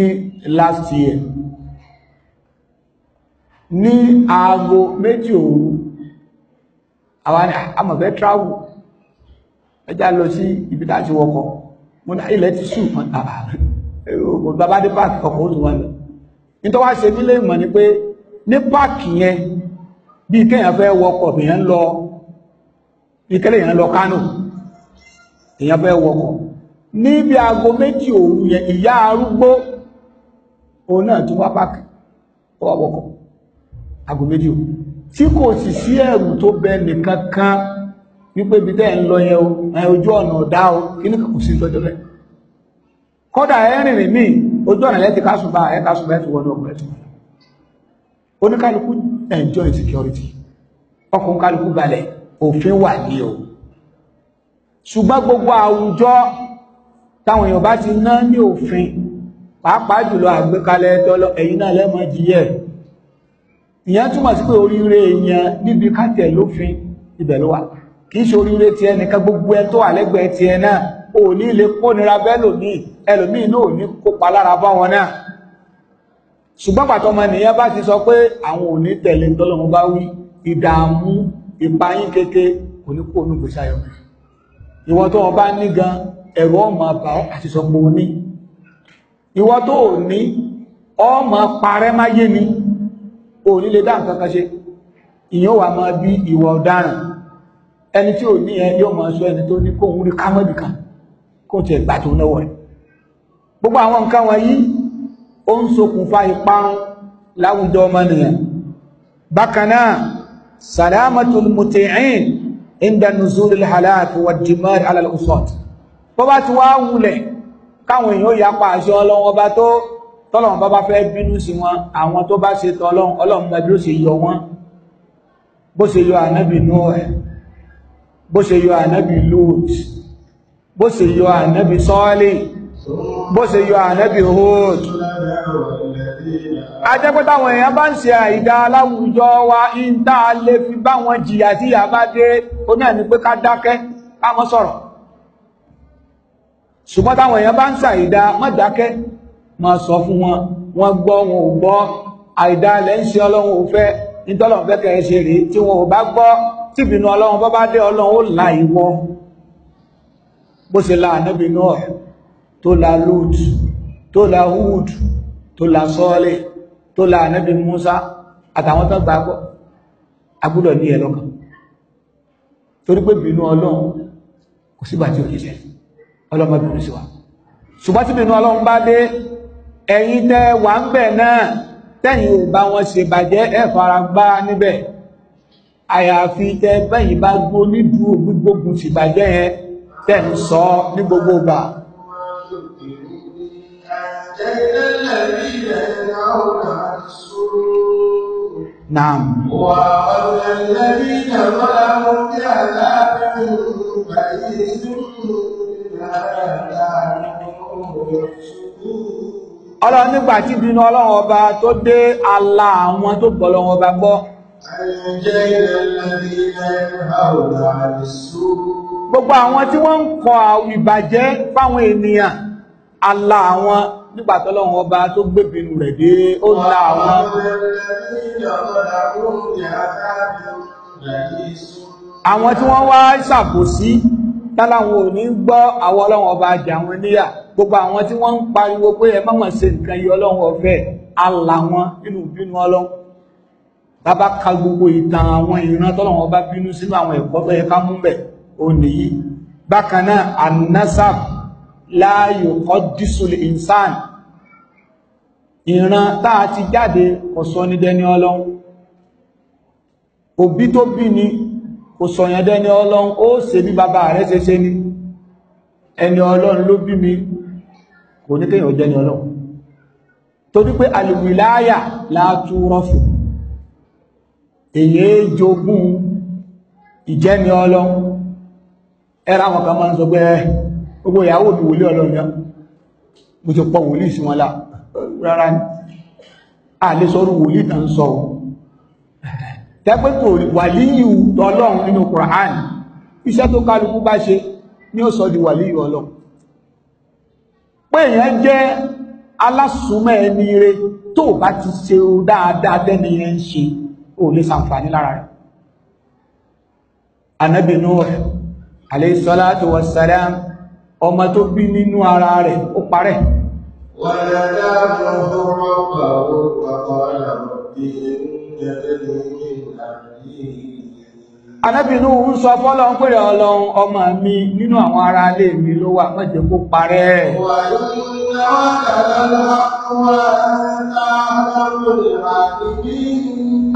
S1: last year ní aago méjì òru àwọn amọ̀fẹ́ ah, travel ẹjá lọ sí ibi láti wọkọ̀ mo ní ah, ilẹ̀ ti sùn mọ́ ọ̀pọ̀ bàbá dé páàkì ọkọ̀ ó tún wà lọ nítorí wá ṣe nílé ìmọ̀ ni pé ní páàkì yẹn bí kéèyàn fẹ́ wọkọ̀ bìyàn lọ bí kẹ́lẹ̀ yẹn lọ Kánò èèyàn fẹ́ wọkọ̀ níbi aago méjì òru yẹn ìyá arúgbó òun náà tún wá páàkì ó wá wọkọ̀ aago méjì òru tí kò sì sí ẹ̀rù tó bẹ nìkan kan wípé ibi tẹ́ ń lọ yẹn o ojú ọ̀nà ọ̀dá o kí ní kò sí tọ́jọ́ bẹ́ẹ̀ kọ́dà ẹ̀rìnrìn míì ojú ọ̀nà lẹ́ti kásùn ẹ̀ka sùn bẹ́ẹ̀ tó ọkùnrin ẹ̀tùn oníkálukú enjoy security ọkùnrin kálukú balẹ̀ òfin wà ní o ṣùgbọ́n gbogbo àwùjọ táwọn èèyàn bá ti ná ní òfin pàápàá jùlọ àgbékalẹ̀ tọ́lọ ẹ̀yìn náà lẹ́mọ̀ jíyẹ̀ ìyẹn túmọ̀ sí pé oríire èèyàn níbi kátẹ̀ lófin ibẹ̀ ló wà kìí ṣe oríire ti ẹnìkan gbogbo ẹ tó wà lẹ́gbẹ̀ẹ́ ti ẹ náà ò ní lè kónira bẹ́lòmíì ẹlòmíì náà ò ní kópa lára báwọn náà ṣùgbọ́n pàtọ́mọ nìyẹn bá ti sọ pé àwọn ò ní tẹ̀lé tọ́lọ́mọ bá wí ìdààmú ìpayín kéke kò ní kó onúgbè sáyọ ìwọ tó o bá ní gan ẹ̀rù ọmọ àbá àti sọpọ ní ìwọ tó o ní ọmọ parẹ́ máyé ni o ní lè dá nǹkan kan ṣe ìyẹn wà máa bí ìwọ ọ̀daràn ẹni tí ò ní ẹ yóò máa sọ ẹni tó ní kóhun rí kámọ́dì kan kó tiẹ̀ gbà tó náwó rẹ̀ gbogbo àwọn nǹkan wọ̀nyí ó ń ṣokùnfà ìparun láwùjọ ọmọnìyàn bákan náà salamatul muti'in inda nuzulil halak wa dimar ala al-usat bó bá ti wá wulẹ̀ káwọn èèyàn yapa àṣẹ ọlọ́wọ́ bá tó tọ́lọ́wọ́n bá bá fẹ́ bínú sí wọn àwọn tó bá ṣe tọ́lọ́wọ́n ọlọ́run bá bí ó ṣe yọ wọn bó ṣe yọ ànábì Nuh bó ṣe yọ ànábì Lut bó ṣe yọ ànábì Salih bó ṣe yọ ànábì Hud ajẹ́pẹ́tà àwọn èèyàn bá ń ṣe àìdá aláwùjọ wa ń dá a lè fi bá wọn jìyà tí ìyà bá dé ó náà ní pé ká dákẹ́ ká mọ́ sọ̀rọ̀ ṣùgbọ́n táwọn èèyàn bá ń ṣàìdá má dákẹ́ má sọ fún wọn wọn gbọ́ wọn ò gbọ́ àìdá lẹ́ ń ṣe ọlọ́run ò fẹ́ nítọ́lọ́run fẹ́ kẹ́ ẹ ṣe rèé tí wọn ò bá gbọ́ tíbìnú ọlọ́run bọ́ bá dé ọlọ́run ó la ìwọ bó ṣe la ànábìnú ọ̀ tó la lóòtù tó la húùdù tó la sọ́ọ́lẹ̀ tó la ànábì Musa àtàwọn tó gbà gbọ́ agbúdọ̀ ní ẹlọ́kàn torí pé bínú ọlọ́run kò sígbà tí ó lè jẹ ọlọ́mọbìnrin sí wa ṣùgbọ́n tí bínú ọlọ́run bá dé ẹ̀yin tẹ́ wà ń bẹ̀ náà tẹ́yìn ò bá wọn ṣe bàjẹ́ ẹ fara gbá níbẹ̀ àyàfi tẹ́ bẹ́yìn bá gbó nídùú gbígbógun ti bàjẹ́ yẹn tẹ́ ń sọ ní gbogbo gbà Ẹ̀yẹ́ lẹ́bí ẹ̀ náà السوء نعم وأولى الذين ظلموا بعذاب
S2: بئيس
S1: Ọlọ́run nígbà tí bínú ọlọ́run ọba tó dé ala àwọn tó gbọ́ lọ́wọ́ ọba gbọ́. Gbogbo àwọn tí wọ́n ń kọ ìbàjẹ́ fáwọn ènìyàn, ala àwọn nígbà tọ́lọ́run ọba tó gbébinú rẹ̀ dé ó la àwọn àwọn tí wọ́n wá ṣàkósí táláwọn ò ní gbọ́ àwọn ọlọ́run ọba àjà wọn níyà gbogbo àwọn tí wọ́n ń pariwo pé ẹ mọ̀mọ̀ ṣe nǹkan yìí ọlọ́run ọ̀fẹ́ àlà wọn nínú ọlọ́run bàbá ka gbogbo ìtàn àwọn ìran tọ́lọ́run ọba bínú sínú àwọn ẹ̀kọ́ tó yẹ ká mú bẹ̀ ò nìyí bákan náà anasaf láàyò ọdísùlẹ̀ ìnsán ìran tá a ti jáde kò sọ ní dẹni ọlọ́run òbí tó bí ni kò sọ̀yàn dẹni ọlọ́run ó ṣe bí bàbá rẹ̀ ṣe ṣe ni ẹni ọlọ́run ló bí mi kò ní kéèyàn jẹ́ ni ọlọ́run torí pé alìwìláyà látúrọ́fù èyí e jogún ìjẹ́ni ọlọ́run ẹ̀rọ àwọn kan máa ń sọ pé gbogbo ìyàwó mi wòlé ọlọ́run yá mo ti pọ̀ wòlíì sí wọn láà rárá ní àlésọ́rù wòlí tàn sọ tẹ́pẹ́kò wàlíyù ọlọ́run nínú Qur'an iṣẹ́ tó kálukú bá ṣe ní ó sọ di wàlíyù ọlọ́run pé èèyàn jẹ́ alásùnmọ́ ẹni rẹ tó bá ti ṣe o dáadáa tẹ́ni yẹn ń ṣe ò lè ṣàǹfààní lára rẹ̀ Ànábì Nuh alayhi salatu wassalam ọmọ tó bí nínú ara rẹ̀ ó parẹ́
S2: وناداه ربه وقال رب إن ابني من أهلي
S1: anábìnú ń sọ fọ́lọ́ ń pèrè ọlọ́run ọmọ mi nínú àwọn ará ilé mi ló wà má jẹ́ kó parẹ́ wà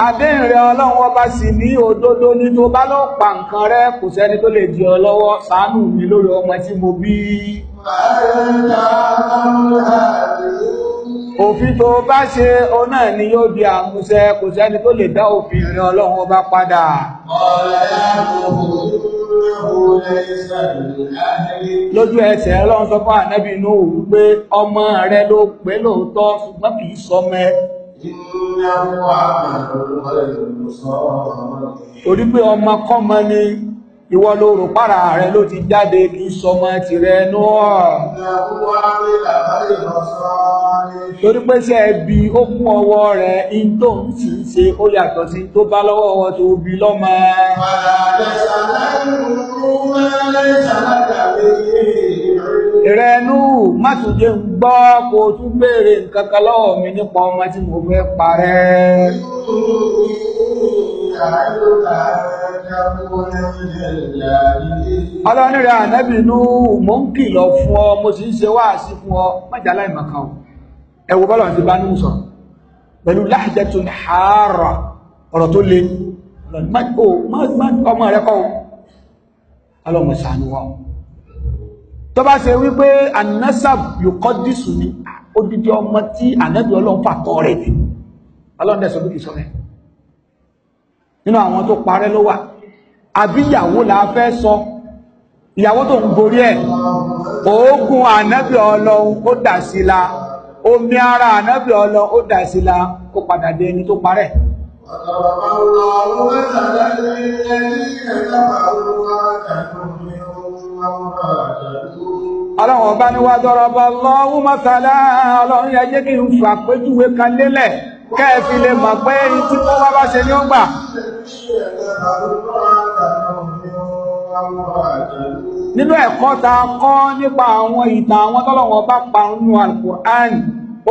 S1: àdéhùn rẹ ọlọ́run ọba sì ní òdodo ní tó bá lọ pa nǹkan rẹ kò sẹ́ni tó lè di ọ lọ́wọ́ ṣàánú mi lórí ọmọ tí mo bí òfin tó bá ṣe o náà ni yóò di àmúṣẹ kò sẹ́ni tó lè dá òfin rẹ ọlọ́run ọba padà lójú ẹsẹ̀ ọlọ́run sọ fún ànábì Nuhu wípé ọmọ rẹ ló pé lóòótọ́ ṣùgbọ́n kì í sọmọ ẹ Orí pé ọmọ kọ́mọ ni ìwọ ló rò rẹ ló ti jáde kí sọmọ ti rẹ núọ̀. Torí pé ṣe ẹbí ó kún ọwọ́ rẹ̀ in tó ń sì ń ṣe ó yàtọ̀ sí tó bá lọ́wọ́ ọwọ́ tó bí lọ́mọ. Fàdà
S2: lẹ́sàlẹ́
S1: ìrẹnú má tún jẹ́ ń gbọ́ kó tún béèrè nǹkan kan lọ́wọ́ mi nípa ọmọ tí mo fẹ́ parẹ́
S2: ọlọ́nìrẹ̀ ànẹ́bì
S1: inú mò ń kìlọ̀ fún ọ mo sì ń ṣe wá sí fún ọ májà láìmọ̀kan ẹ wo bọ́lọ̀ ti bá ní sọ pẹ̀lú lahjatun hara ọ̀rọ̀ tó le ọmọ rẹ̀ kọ́ ọlọ́mọ̀ sàánúwọ́ tó bá ṣe wípé anasab yòókọ́ dísù ni odidi ọmọ tí ànábì ọlọ́run fàtọ́ rẹ̀ ni ọlọ́run dẹ̀ sọ bí kì í sọ rẹ̀ nínú àwọn tó parẹ́ ló wà àbí ìyàwó la fẹ́ sọ ìyàwó tó ń gorí ẹ̀ òógùn ànábì ọlọ́run ó dà sí la omi ara ànábì ọlọ́run ó dà sí la kó padà dé ẹni tó parẹ́
S2: ọ̀tọ̀rọ̀ máa ń lọ ọ̀rọ̀ mẹ́tàlá ní ẹni ẹ̀dá àwọn ọmọ àtàkùn ọlọ́run ọba ni wá
S1: dọ́rọ̀bọ̀ lọ́wọ́ mọ́sálá ọlọ́run yẹ jẹ́ kí n fà péjúwe kan lélẹ̀ kẹ́ẹ̀fì lè mọ̀ pé tí kó wá bá ṣe ní ó nínú ẹ̀kọ́ ta kọ́ nípa àwọn ìtàn àwọn tọ́lọ̀wọ́ bá pa nínú Al-Qur'an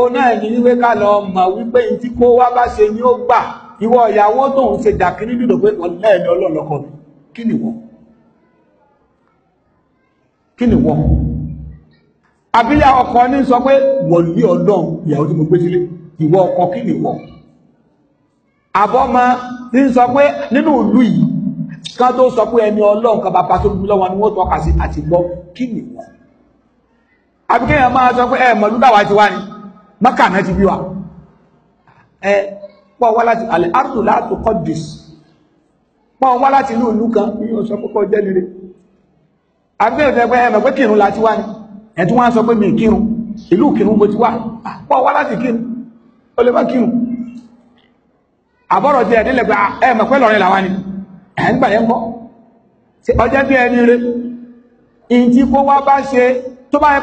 S1: ó wípé ká lọ mọ̀ wípé tí kó wá bá ṣe ní ó ìwọ ìyàwó tóun ṣe dàkíní dùdò pé ọ̀lẹ́ẹ̀ni ọlọ́lọ́kọ̀ kí nìwọ̀n kí ni wọ́n àbílẹ̀ ọkọ ní sọ pé wọ̀lú ọlọ́run ìyàwó tí mo gbé sílé ìwọ ọkọ kí ni wọ́n àbọ́mọ ní sọ pé nínú ìlú yìí ká tó sọ pé ẹni ọlọ́run kan bàbá tó gbé lọ́wọ́ ni wọ́n tọ́ka sí àti gbọ́ kí ni wọ́n àbí kéèyàn máa sọ pé ẹ mọ̀lú dáwà ti wá ni mọ́kà náà ti bí wa ẹ pọ̀ wá láti àlẹ́ àrùtù látò kọ́dùs pọ̀ wá láti inú ìlú kan ní ọ̀sán kọ́kọ́ jẹ́ nílé agbẹ́rẹ̀ pé ẹmẹ̀ pé kírun láti wá ní ẹ̀tún wá ń sọ pé mi kírun ìlú kírun mo ti wá pọ̀ ah, wá láti kírun ó lè bá kírun àbọ̀rọ̀ ti ẹ̀dínlẹ̀ pé ah, ẹmẹ̀ pé lọ́rin làwá ní ẹ̀ ń gbà yẹn kọ́ ọjọ́ bí ẹni rẹ̀ in tí kó wá bá ṣe tó bá yẹ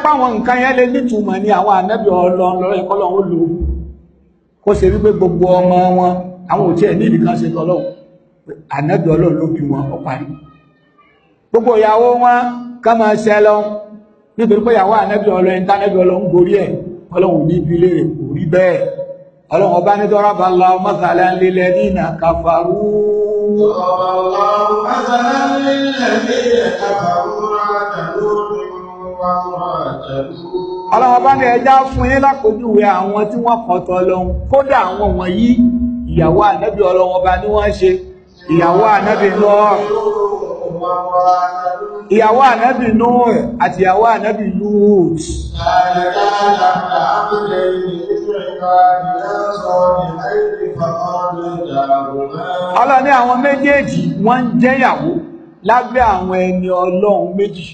S1: gbogbo ìyàwó wọn ká máa ṣẹ lọ nítorí pé ìyàwó ànẹ́bí ọlọ ẹni tánẹ́bí ọlọ ń gorí ẹ̀ ọlọ́run ní ibi ilé rẹ̀ kò rí bẹ́ẹ̀ ọlọ́run ọba ní tọ́ra bá la mọ́sàlá lílẹ̀ ní ìnà kàfàrú ọlọ́run ọba ní ẹjá fún yín lápòjúwe àwọn tí wọ́n kọ̀tọ̀ lọ́hun kódà àwọn wọ̀nyí ìyàwó ànẹ́bí ọlọ́run ọba ni wọ́n ṣe ìyàwó ànẹ́bí lọ́ọ̀ ìyàwó ànábì Nuh àti ìyàwó ànábì Lut ọlọ́ni àwọn méjèèjì wọ́n jẹ́yàwó lábẹ́ àwọn ẹni ọlọ́run méjì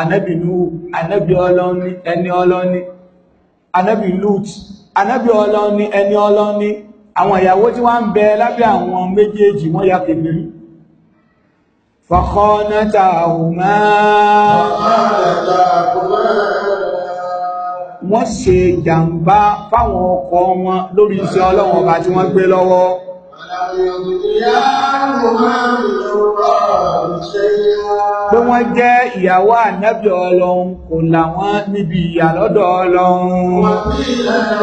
S1: ànábì Nuh ànábì ọlọ́ni ẹni ọlọ́ni ànábì Lut ànábì ọlọ́ni ẹni ọlọ́ni àwọn ìyàwó tí wọ́n ń bẹ lábẹ́ àwọn méjèèjì wọ́n ya kèbèrè فخانتاهما wọ́n ṣe jàǹbá fáwọn ọkọ wọn lórí iṣẹ́ ọlọ́wọ́n ọba tí wọ́n gbé lọ́wọ́ pé wọ́n jẹ́ ìyàwó ànábì ọlọ́run kò làwọn níbi ìyà lọ́dọ̀ ọlọ́run wọ́n tí ìlànà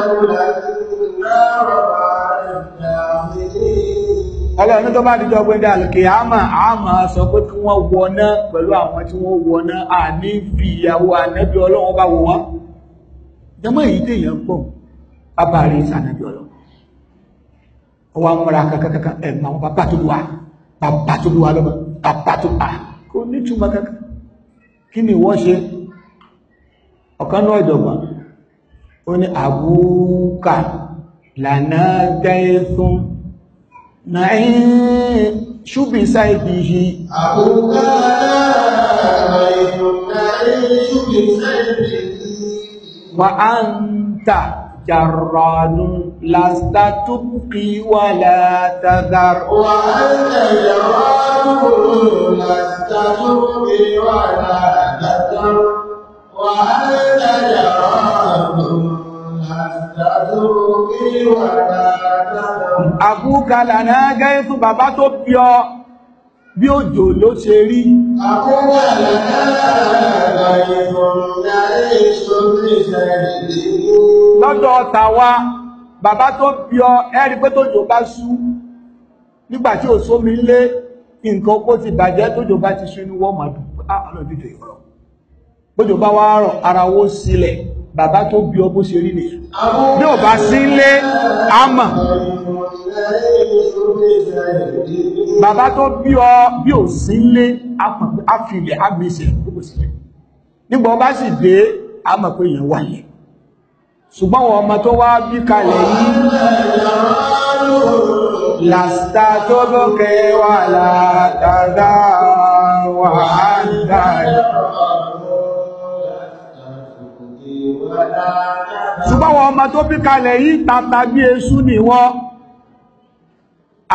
S1: ọlọ́run ní tó bá dìjọ́ pé dà lókè àmà àmà sọ pé kí wọ́n wọná pẹ̀lú àwọn tí wọ́n wọná àní fi ìyàwó ànẹ́bí ọlọ́run bá wọ wọn jọmọ́ èyí tèèyàn pọ̀ bàbá rí sànàbí ọlọ́run ọwọ́ amúra kankankan ẹ̀gbọ́n àwọn bàbá tó wà bàbá tó wà lọ́mọ bàbá tó wà kò ní túmọ̀ kankan kí ni wọ́n ṣe ọ̀kan náà ìjọba ó ní àbúkà lànà dẹ́ẹ́sùn نعيم شبس به أبوك غيث نعيم شبس به وأنت جران لست تبقي ولا تذر وأنت جران لست تبقي ولا تذر
S2: وأنت
S1: جران لست تبقي Àbúkà lànà gẹ́sù bàbá tó bí ọ bí òjò ló ṣe rí. Àbúkà lànà gẹ́sù lọ́dọ̀ tàwa bàbá tó bí ọ ẹ́rí pé tójò bá ṣú nígbàtí ò sómi lé nǹkan kó ti bàjẹ́ tójò bá ti ṣú inú wọ́n màdùn. Ah, Bójò bá wá rọ̀ ara wó sílẹ̀ bàbá tó bí ọ bó ṣe rí nìyẹn bí ò bá sí lé àmọ́ bàbá tó bí ọ bí ò sí e lé àfilẹ̀ àgbèsè gbogbo sílẹ̀ nígbà ọba sì dé àmọ́ pé èèyàn wáyé ṣùgbọ́n àwọn ọmọ tó wá bí kalẹ̀ yìí làstà tó lókè wà látàdá wà á ṣùgbọ́n wọn ọmọ tó bí kalẹ̀ yí tata bí eṣú ni wọ́n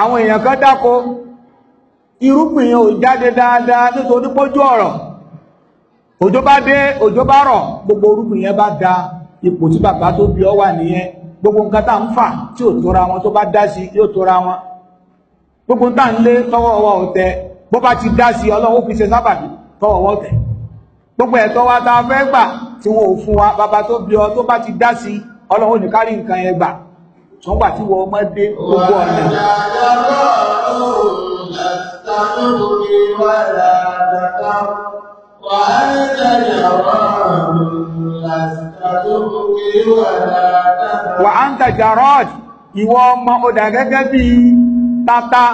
S1: àwọn èèyàn kan dáko irúgbìn ò jáde dáadáa nítorí pójú ọ̀rọ̀ òjò bá dé òjò bá rọ̀ gbogbo irúgbìn yẹn bá da ipò tí bàbá tó bí ọ nìyẹn gbogbo nǹkan tá ń fà tí wọn tó bá dá sí wọn gbogbo tá ń lé tọwọ́ ọwọ́ ọ̀tẹ bó bá ti dá sí gbogbo ẹ̀tọ́ wa tí wọ́n ò fún wa bàbá tó bí ọ tó bá ti dá sí ọlọ́run ní kárí nǹkan yẹn gbà tún gbà tí wọ́n ọmọ dé gbogbo ọ̀nà. wà á ń tajà rọ́ọ̀d ìwọ ọmọ ọdà gẹ́gẹ́ bí tata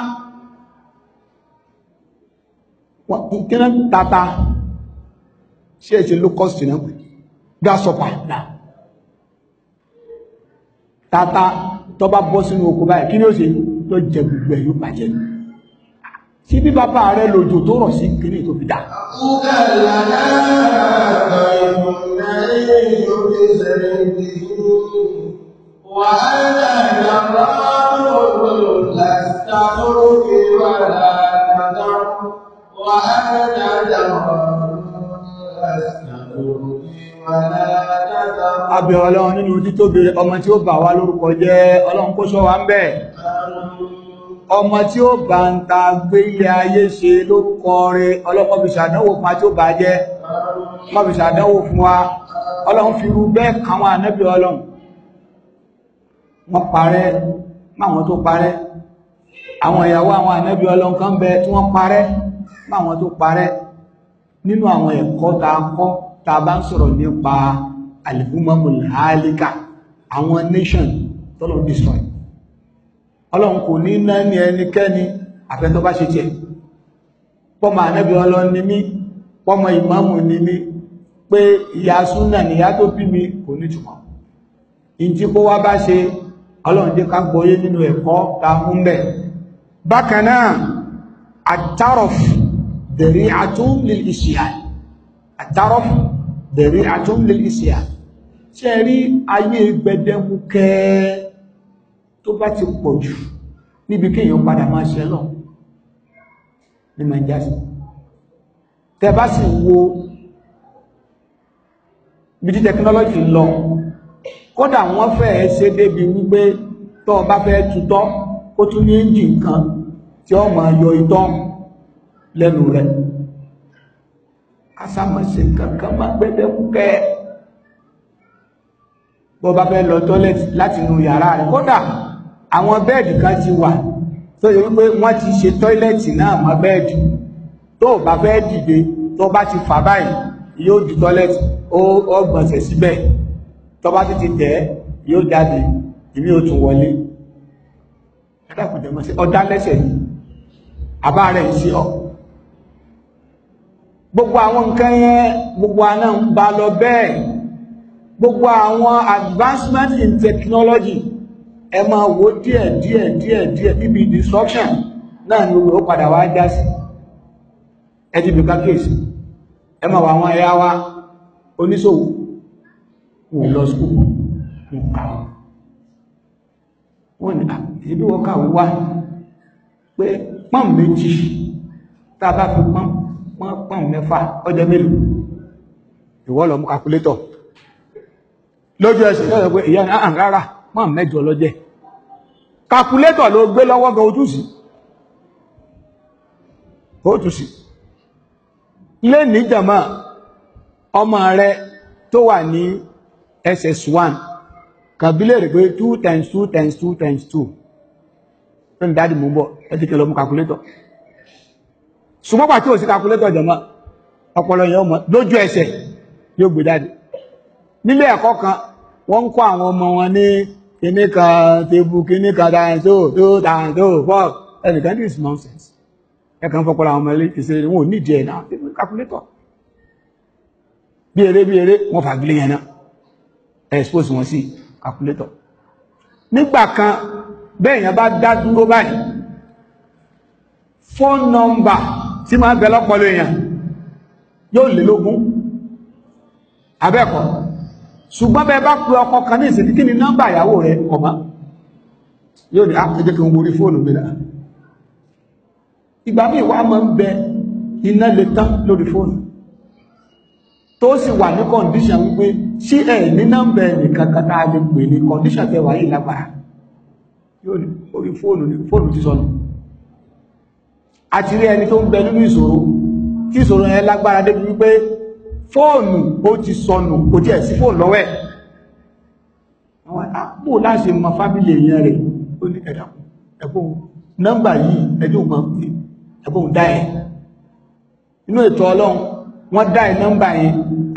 S1: ìkíni tata ṣé ẹ ṣe ló kọ́sì náà pẹ̀lú grasshopper dà tata tó bá bọ́ sínú oko báyìí kí ni ó ṣe yóò jẹ gbogbo ẹ̀ yóò bàjẹ́ ni tí bí bàbá rẹ lòjò tó rọ̀ sí kiri tó fi dà.
S2: Wàhálà
S1: abẹ ọlọ́run nínú títóbi ọmọ tí ó bà wá lórúkọ jẹ́ ọlọ́run kó ṣọ́ wa ń bẹ̀ ọmọ tí ó bá ń ta gbélé ayé ṣe lórúkọ rẹ̀ ọlọ́pọ̀ fi ṣàdánwò fún wa tí ó bà jẹ́ má fi fún wa ọlọ́run fi rú bẹ́ẹ̀ tá a bá ń sọ̀rọ̀ nípa alifumamul halika àwọn nation tọ́lọ̀ destroy ọlọ́run kò ní ná ní ẹnikẹ́ni àfẹ́tọ́ bá ṣe tiẹ̀ pọ́mọ ànábì ọlọ́run ni mí pọ́mọ ìmáàmù ni mí pé ìyá súnà níyá tó bí mi kò ní túmọ̀ ìdí kó wá bá ṣe ọlọ́run jẹ́ ká gbọ́yé nínú ẹ̀kọ́ ta ń bẹ̀ bákan náà àtàrọ̀f dẹ̀rí àtúnlẹ̀ ìṣìyà àtàrọ̀f dẹ̀rí àtúndìlì ìṣìyà ṣe rí ayé gbẹdẹmukẹ tó bá ti pọ̀ jù níbi kéèyàn padà máa ṣe lọ ní máa jásí tẹ bá sì wo bí ti tẹkinọ́lọ́jì lọ kódà wọ́n fẹ́ ṣe débi wípé tó bá fẹ́ tutọ́ ó tún ní ẹ́ńjì nǹkan tí ó máa yọ itọ́ lẹ́nu rẹ̀ asámọ̀sẹ̀ kankan má gbẹ́dẹ́kù kẹ́ bọ́ bá fẹ́ lọ tọ́lẹ̀tì láti inú yàrá rẹ̀ kódà àwọn bẹ́ẹ̀dì kan ti wà tó yẹ wípé wọ́n ti ṣe tọ́lẹ̀tì náà mọ́ bẹ́ẹ̀dì tó bá fẹ́ dìde tó bá ti fà báyìí yóò di tọ́lẹ̀tì ó gbọ̀nsẹ̀ síbẹ̀ tó bá ti ti tẹ̀ yóò jáde ìmí ò tún wọlé ẹ̀dàkùnjẹ́ mọ́ sí ọ̀dá lẹ́sẹ̀ ni àbá rẹ̀ sí ọ́ gbogbo àwọn nǹkan yẹn gbogbo àná ń ba lọ bẹ́ẹ̀ gbogbo àwọn advancement in technology ẹ máa wo díẹ̀ díẹ̀ díẹ̀ díẹ̀ ibi destruction náà ni owó padà wá já sí ẹ ti bìkà kéèsì ẹ máa wọ àwọn ẹ̀yà wa oníṣòwò wò lọ skul wò kàwé wọ́n ní ìbí wọ́n kàwé wá pé pọ́n méjì tá a bá fi pọ́n pọ́npọ́n mẹ́fà ọjọ́ mélòó ìwọ lọ mú calculator lójú ẹsẹ̀ lọ́dọ̀ pé ìyá ni àhàn rárá pọ́n mẹ́jọ lọ́jẹ́ calculator ló gbé lọ́wọ́ gan ojú sí ojú sí lé ní jàmá ọmọ rẹ tó wà ní ss1 kàbílẹ̀ rẹ̀ pé two times two times two times two tó ń dáàdì mú bọ̀ ẹ ti kí lọ mú calculator ṣùgbọ́n pàtí ò sí calculator jọmọ́ ọpọlọ yẹn ọmọ lójú ẹsẹ̀ yóò gbé jáde nílé ẹ̀kọ́ kan wọ́n ń kọ́ àwọn ọmọ wọn ní kíní kan tebu kíní kan tàǹtó tó tàǹtó fọ́ ẹnìkan this nonsense ẹ̀kan fọpọlọ àwọn ọmọ ilé ìṣeré wọn ò nídìí ẹ̀ náà calculator bí eré bí eré wọ́n fàgílé yẹn náà expose wọn sí calculator nígbà kan bẹ́ẹ̀ yẹn bá dá dúró báyìí phone number tí máa bẹ lọ́pọ̀lọ́ èèyàn yóò lè lógún abẹ́ẹ̀kọ́ ṣùgbọ́n bẹ bá pe ọkọ kan ní ìsìnkí kí ni nọ́mbà ìyàwó rẹ ọmọ yóò ní àpẹjẹ ah, kí n borí fóònù mi rà ìgbà míì wá máa ń bẹ iná lè tán lórí fóònù tó sì wà ní kọ̀ǹdíṣàn wípé ṣí ẹ̀ ní nọ́mbà ẹnìkan kan tá a lè pè ní kọ̀ǹdíṣàn tẹ yìí lágbára yóò ní orí fóònù ti sọnù àti rí ẹni tó ń bẹ nínú ìṣòro tí ìṣòro yẹn lágbára débi wípé fóònù ó ti sọnù kò díẹ̀ sí fóònù lọ́wọ́ ẹ̀ àwọn àpò láti mọ fábílì èèyàn rẹ̀ ó ní ẹ̀dà ẹ̀kọ́ nọ́mbà yìí ẹjọ́ mọ̀ pé ẹ̀kọ́ dá ẹ̀ inú ètò ọlọ́run wọ́n dá ẹ̀ nọ́mbà yẹn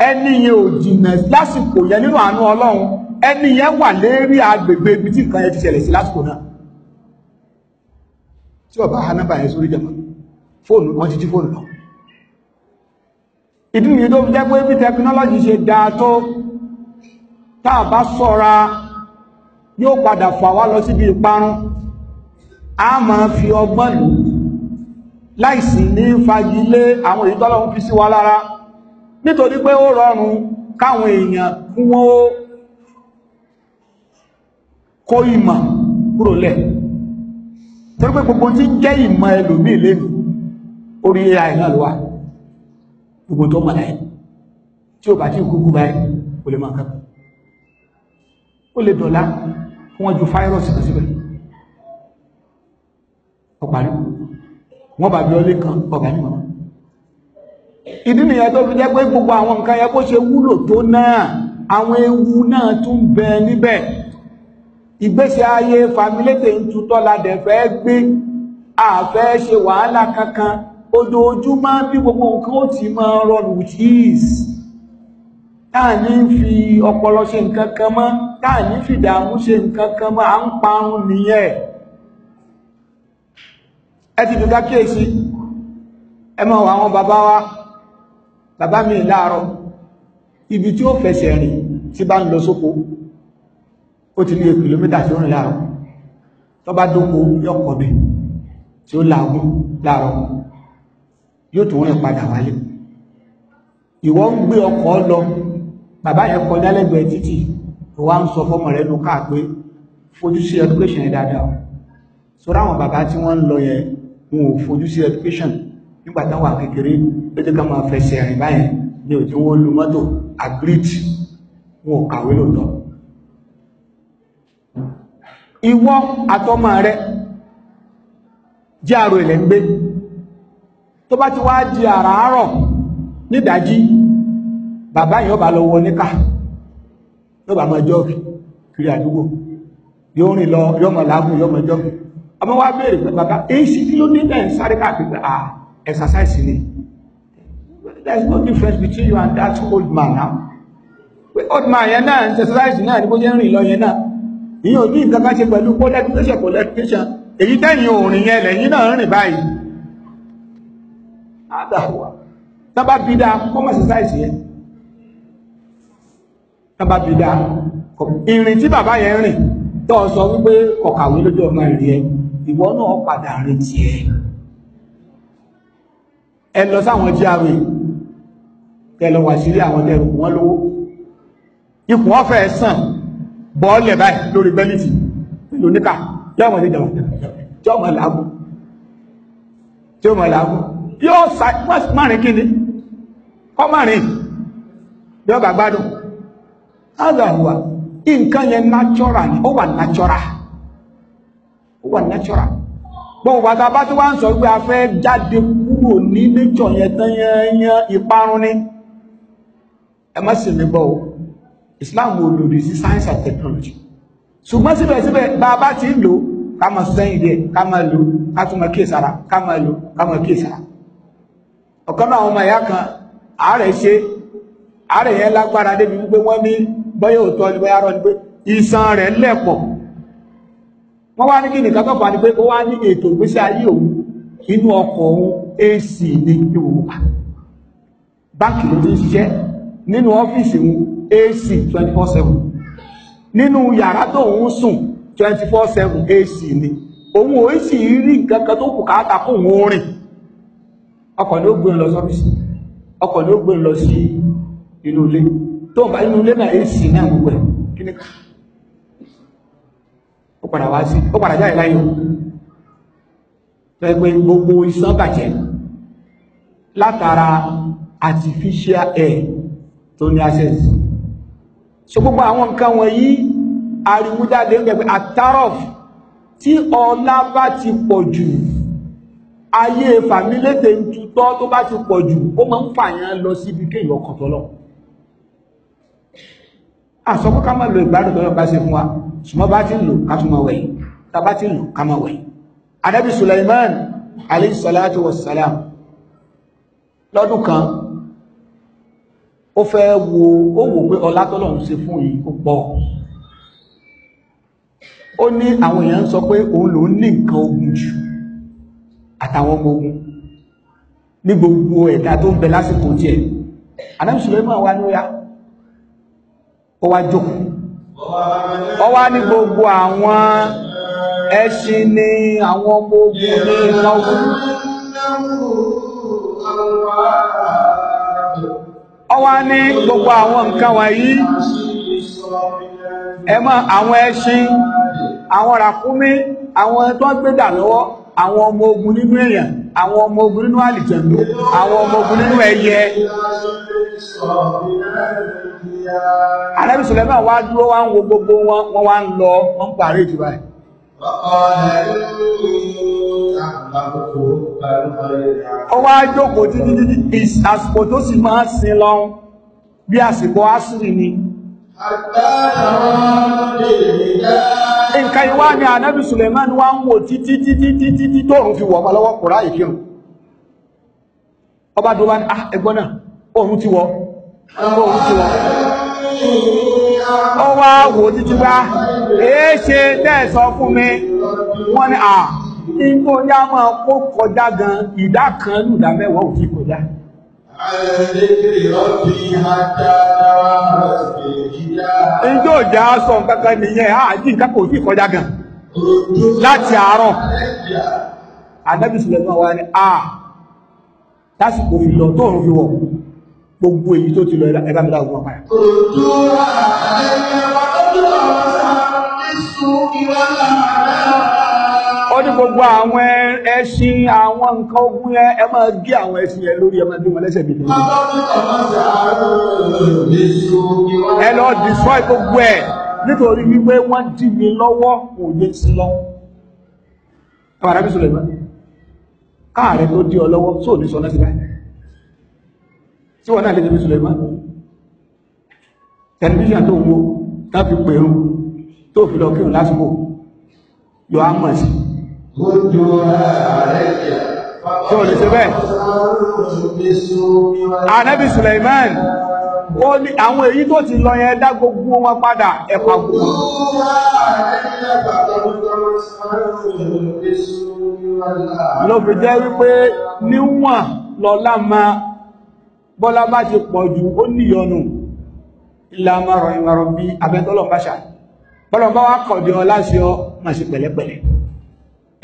S1: ẹni yẹn ò jìnà lásìkò yẹn nínú àánú ọlọ́run ẹni yẹn wà lérí agbègbè ibi tí nǹkan yẹn ti ṣẹlẹ̀ sí lásìkò náà tí ọba ha nọ́mbà yẹn sórí jẹ́ fóònù wọ́n ti jí fóònù lọ ìdí nìyí tó fi jẹ́ pé bí tẹkinọ́lọ́jì ṣe dáa tó tá a bá ṣọ́ra yóò padà fà wá lọ síbi ìparun a máa fi ọgbọ́n lù láìsí ní fagilé àwọn èyí tọ́lọ́run fi sí wa lára nítorí pé ó rọrùn káwọn èèyàn kún ó kó ìmọ̀ kúrò lẹ̀ torí pé gbogbo tí ń jẹ́ ìmọ̀ ẹlòmíì lẹ́nu orí ai náà ló wà gbogbo tó mọ̀ láyé tí ó bá tí kúkú báyìí kò lè máa kẹ́kọ̀ọ́ ó lè dọ̀lá kí wọ́n ju fáírọ̀sì kan síbẹ̀ ọ̀parí wọ́n bàbí ọlé kan ọ̀gá ní màmá ìdí nìyẹn tó fi jẹ́ pé gbogbo àwọn nǹkan yẹ kó ṣe wúlò tó náà àwọn ewu náà tún bẹ níbẹ̀ ìgbésí ayé fàmílétè ń tutọ́ la dẹ̀ fẹ́ gbé àfẹ́ ṣe wàhálà kankan ojoojúmọ́ bí gbogbo nǹkan ó ti máa rọrùn with ease táà ní fi ọpọlọ ṣe nǹkan kan mọ́ táà ní fi ìdààmú ṣe nǹkan kan mọ́ à ń parun nìyẹn ẹ ti dùn dákíyèsí ẹ máa àwọn bàbá wa bàbá mi láàárọ̀ ibi tí ó fẹsẹ̀ rìn tí bá ń lọ sóko ó ti lé kìlómítà tí ó rìn láàárọ̀ tó bá dóko yọkọ̀ bẹ̀ tí ó làágùn láàárọ̀ yóò tún rìn padà wálé ìwọ ń gbé ọkọ̀ lọ bàbá yẹn kọjá lẹ́gbẹ̀ẹ́ títì tó wá ń sọ fọmọ rẹ nù káà pé fojú sí education yẹn dáadáa sọ́rọ́ àwọn bàbá tí wọ́n ń lọ yẹn wọn ò fojú sí education nígbà táwọn akékeré lójú ká máa fẹsẹ̀ rìn báyẹn ní òjò wọn lu mọ́tò agrit wọn ò kàwé lóòótọ́ ìwọ àtọmọ rẹ jẹ́ àrò ilẹ̀ ń gbé tó bá ti wá di àràárọ̀ nídàájí bàbá yìí ọba lọ wọ níkà yóò bá máa jọ kiri àdúgbò yóò rìn lọ yóò mọ làágùn yóò mọ jọ ọmọ wa béèrè pé bàbá èyí sí ló dé ẹ̀ ń sáré káàkiri pé ah exercise ni there is no difference between you and that old man now pé old man yẹn náà exercise náà ni bó ṣe ń rìn lọ yẹn náà ìyẹn ò ní nǹkan ká ṣe pẹ̀lú kó lẹ́kùn tó ṣe kò lẹ́kùn tó ṣe èyí tẹ̀yìn òrìn yẹn lẹ́yìn náà ń rìn báyìí Ada tábà bí dáa kọ́mọ̀ ẹ̀sẹ̀sáìsì yẹn tábà bí dáa ìrìn tí bàbá yẹn rìn tó sọ wípé kọ̀kàwé lójú ọmọ ìrìn ẹ ìwọ náà padà rìn tiẹ̀ ẹ lọ sáwọn gra ẹ lọ wà sílé àwọn ẹrù wọn lówó ikùn ọ̀fẹ́ sàn bọ́ọ̀lẹ̀ báyìí lórí bẹ́lìtì lóníkà yọ́mọ̀ ní jọmọ̀ tí ó mọ̀ láàbù yóò sa márùn kí ni kọ́ márùn yóò bá gbádùn azahuwa nǹkan yẹn natural ni ó wà natural ó wà natural gbọ́n bàtà bá tí wá ń sọ pé a fẹ́ jáde kúrò ní nature yẹn tán yẹn ìparun ni ẹ má sì mi gbọ́ o Islam ò lòdì sí science and technology ṣùgbọ́n síbẹ̀síbẹ̀ bá a bá ti ń lò ká máa sẹ́yìn díẹ̀ ká máa lò ká tún máa kíyèsára ká máa lò ká máa kíyèsára ọ̀kan náà àwọn ọmọ ẹ̀yà kan àárẹ̀ ṣe àárẹ̀ yẹn lágbára débi wípé wọ́n ní bọ́yá òótọ́ ni bọ́yá rọ́ ni pé iṣan rẹ̀ lẹ̀pọ̀ wọ́n wá ní kí nìkan tọ́pàá ni pé ó wá ní ètò ìgbésí ayé òun inú ọkọ̀ òun ac ní yorùbá báńkì ló ti ń ṣiṣẹ́ nínú ọ́fíìsì òun ac twenty four seven nínú yàrá tó òun sùn twenty four seven ac ni òun ò sì rí nǹkan kan tó kù káàtà kóun ó rìn ọkọ̀ ni ó gbé e lọ sọ́fíìsì ọkọ̀ ni ó gbé e lọ sí inú ilé tó bá inú ilé náà èsì náà gbogbo ẹ̀ kí ni ká ó padà wá sí ó padà jáde láyé pẹ̀pẹ̀ gbogbo iṣan bàjẹ́ látara artificial air tó ní access so gbogbo àwọn nǹkan wọ̀nyí ariwújáde ń bẹ̀ pé àtàrọ̀f tí ọlá bá ti pọ̀ jù ayé fàmílédè ń tutọ́ tó bá ti pọ̀ jù ó máa ń fàyàn lọ síbi kéèyàn ọkàn tọ́lọ̀ àsọkọ́ ká máa lo ìgbádùn tọ́lọ̀ bá ṣe fún wa ṣùgbọ́n bá ti ń lò ká tún máa wẹ̀yìn tá bá ti ń lò ká máa wẹ̀yìn Ànábì Sulaiman alayhi salatu wassalam lọ́dún àtàwọn ọmọ ogun ní gbogbo ẹ̀dá tó ń bẹ lásìkò tiẹ̀ Ànábì Sùlẹ́mọ̀ wá ní ya ó wá jókòó ó ní gbogbo àwọn ẹṣin ní àwọn ọmọ ní ìran ogun ní gbogbo àwọn nǹkan wọ̀nyí ẹ àwọn ẹṣin àwọn ràkúnmí àwọn tó gbé dà lọ́wọ́ àwọn ọmọ ogun nínú èèyàn àwọn ọmọ ogun nínú àlìjẹ̀lú àwọn ọmọ ogun nínú ẹyẹ Ànábì Sùlẹ́mà wá dúró wá ń wo gbogbo wọn wọ́n wá ń lọ wọ́n ń parí ìjìbá ẹ̀ ó wá jókòó títí títí àsìkò tó sì máa ń sin lọ bí àsìkò àṣírí ni. àgbà àwọn ọmọdé ìdá nǹkan ìwá ni ànábì Suleiman wá ń wò títí títí títí tí tóòrùn fi wọ̀ ọmọ kùrá ìkírùn ọba tó bá ní ah, ẹgbọ́n náà oòrùn ti wọ̀ oòrùn ti wọ̀
S2: ó wá wò títí bá èé
S1: ṣe tẹ́ẹ̀sọ fún mi wọ́n ní à nígbó yá máa kó kọjá gan ìdá kan lùdá mẹ́wàá ò ti kọjá Njó ìjà sọ kankan nìyẹn, àjí ah, nǹkan kò sí kọjá gan. Láti àárọ̀, àdábì Sùlẹ̀mọ́ wa ni a ah, tásìkò fi lọ tóòrùn fi wọ̀ gbogbo èyí tó ti lọ ẹgbà mìíràn ogun ọmọ ẹ̀.
S2: Òjò àdábì wa tó lọ ní sùn ìwọ́n láàárọ̀
S1: gbogbo àwọn ẹṣin àwọn nǹkan ogun yẹn ẹ máa gé àwọn ẹṣin yẹn lórí ẹ máa dín wọn lẹ́sẹ̀ bíi tèmi. ẹ lọ destroy gbogbo ẹ nítorí wípé wọ́n dì mí lọ́wọ́ kò yé sí lọ́wọ́. àwọn arábí sọlẹ̀ ìbá káàrẹ̀ tó dí ọ lọ́wọ́ tó ní sọ náà sí báyìí tí wọ́n náà lè tẹ̀lé sọlẹ̀ ìbá tẹlifíṣàn tó wo táfi pèrú tó fi lọ kírun lásìkò yọ á mọ̀ sí i. So, lè ṣe bẹ́ẹ̀ ànábì Suleiman ó ní àwọn èyí tó ti lọ yẹn dá gbogbo wọn padà ẹ̀pà gbogbo
S2: ló fi jẹ́ wípé
S1: níwọ̀n lọ́lá máa bọ́lá bá ti pọ̀ jù ó níyọnu ìlàmọ̀rọ̀ ìmọ̀rọ̀ bí abẹ́tọ́lọ̀ báṣà bọ́lọ̀ bá wá kọ̀dẹ̀ ọlá sí ọ máa ṣe pẹ̀lẹ́pẹ̀lẹ́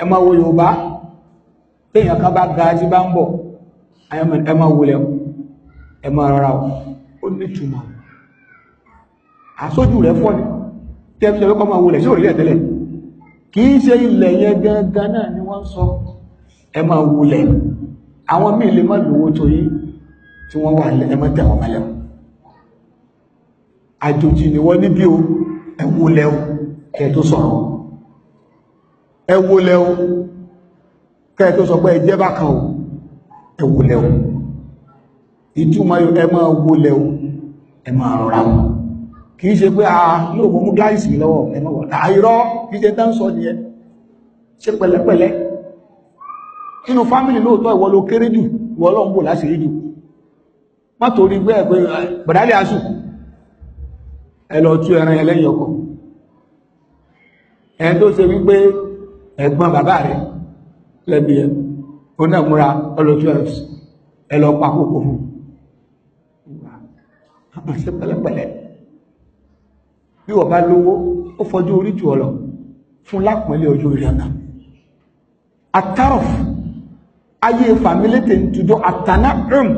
S1: ẹ máa wo yorùbá téèyàn kan bá ga tí bá ń bọ̀ ẹ máa wulẹ̀ ẹ máa rárá o ó ní ìtumọ̀ àsójú rẹ̀ fọ́ ni tẹ́fẹ́ ọkọ̀ máa wulẹ̀ sí òrílẹ̀ tẹ́lẹ̀ kì í ṣe ilẹ̀ yẹn gangan náà ni wọ́n sọ ẹ máa wulẹ̀ àwọn míì lè má lówó tó yí tí wọ́n wà lẹ́ ẹ tẹ̀ wọ́n mọ́lẹ̀ àjòjì ni wọ́n níbí o ẹ wulẹ̀ o kẹ́ tó sọ̀rọ̀ ẹwọlẹ̀ o kẹ́ẹ̀ tó sọ pé ẹjẹ́ bákan o ẹwọlẹ̀ o ìtumọ̀ ẹ máa wọlẹ̀ o ẹ máa rọra o kì í ṣe pé a lóògùn mú gláìsì mi lọ́wọ́ ẹ máa wọ̀ láìrọ́ kì í ṣe tán sọ nìyẹn ṣe pẹ̀lẹ́pẹ̀lẹ́ inú fámìlì lóòótọ́ ìwọ ló kéré jù ìwọ ọlọ́run bò láṣìírí jù má torí pé ẹ̀ pé ẹ ẹ̀ tó ṣe wípé ẹ̀gbọ́n bàbá rẹ̀ lẹ́bi ẹ̀ ó náà múra ọlọ́ 12 ẹ lọ pa kókò fún àmà sí pẹ̀lẹ́pẹ̀lẹ́ bí wọ́n bá lówó ó fọjú orí jù ọ lọ fún lápẹ̀lẹ́ ọjọ́ orí àná àtàrọ̀f ayé fàmílétè ntùdó àtàná rìm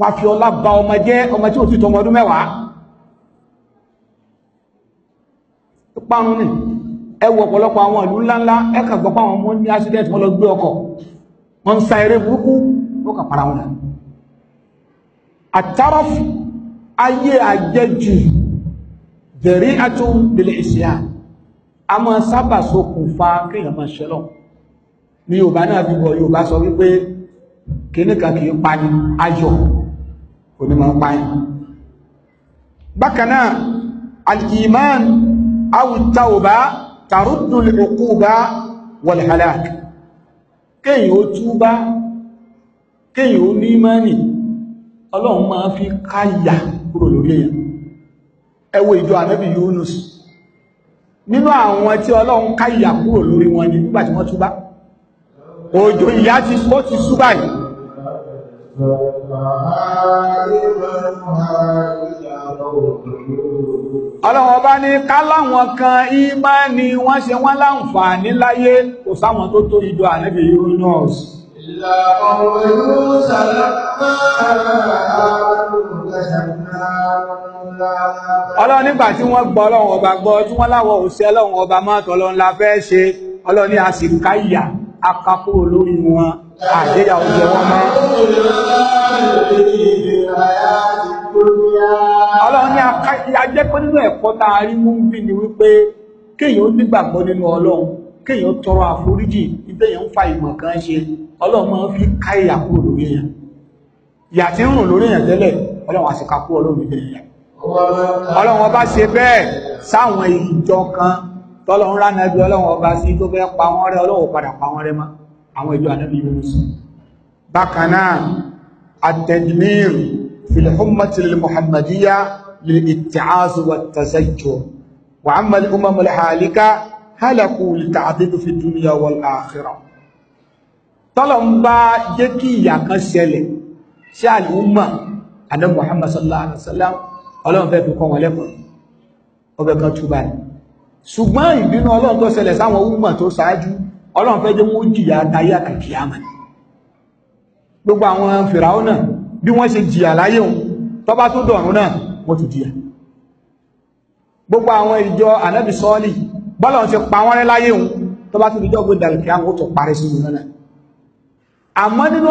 S1: wọ́n fi ọlá ba ọmọ jẹ́ ọmọ tí ó ti tọmọ ọdún mẹ́wàá parun ní ẹwọ ọ̀pọ̀lọpọ̀ àwọn ìlú ńláńlá ẹkà gbọ́pá àwọn ọmọ ní accident wọ́n lọ gbé ọkọ̀ wọ́n ń sa eré burúkú wọ́n kà para wọn náà àtàràf ayé àjẹjù jẹ̀rí àtún délé ìṣẹ́ à a máa sábà ṣokùnfà kéèyàn máa ṣẹlọ ní Yorùbá náà bí wọ Yorùbá sọ wípé kìnnìkan kì í pani ayọ̀ onímọ̀ ń páyìn bákanáà al-iman awùtawùbá tàrúdù l'uquba wal-halak kéyìn ó túbá kéyìn ó ní mẹ́rin ọlọ́run máa fi káyà kúrò lórí èyàn ẹ wo ìjọ ànábì Yunus nínú àwọn tí ọlọ́run káyà kúrò lórí wọn ni nígbàtí wọ́n túbá òjò ìyá ti sú báyìí Ọlọ́run ọba ní ká láwọn kan ìmáni wọ́n ṣe wọ́n láǹfààní láyé kò sáwọn tó tó ìjọ ànábì Yunus. Ọlọ́run nígbà tí wọ́n gbọ́ ọlọ́run ọba gbọ́ tí wọ́n láwọ̀ òṣẹ́ ọlọ́run ọba mọ́tọ̀ ọlọ́run la ni a sì káyà akapó àgbéyàwó jẹ wọ́n mọ́ ọlọ́run ní ajẹ́ pé nínú ẹ̀kọ́ tá a rí mú bí ni wípé kéèyàn nígbàgbọ́ nínú ọlọ́run kéèyàn tọrọ àforíjì ìdẹ́yàn ń fa ìmọ̀ kan ṣe ọlọ́run máa fi ká ìyà kúrò lórí èèyàn ìyà tí ń rùn lórí èèyàn tẹ́lẹ̀ ọlọ́run á sì ká kúrò lórí ọlọ́run ọba ṣe bẹ́ẹ̀ sáwọn ìjọ kan tọ́lọ́run ránà bí ọlọ́run ọba sí tó fẹ́ pa wọ́n rẹ́ ọlọ́run padà pa wọ́n rẹ́ máa àwọn ìjọ ànábì Yunus bákan náà at-tadmir fil ummati lil muhammadiyya lil itti'az wa tazajjur wa amma al umam al halika halaku li ta'dib fi dunya wal akhirah tọ́lọ̀ ń bá jẹ́ kí ìyà kan ṣẹlẹ̀ sí àlùmọ̀ àná muhammad sallallahu alaihi wasallam ọlọ́run fẹ́ ọlọ́run fẹ́ jẹ́ wọ́n jìyà táyé àkàkíyàmà gbogbo àwọn fìràó náà bí wọ́n ṣe jìyà láyé òun tó bá tó dọ̀run náà wọ́n tún jìyà gbogbo àwọn ìjọ ànábì sọ́ọ̀lì bọ́lọ̀ ti pa wọ́n rẹ́ láyé òun tó bá tó dìjọ́ gbé dàrùkì àwọn ó tó parí sínú náà àmọ́ nínú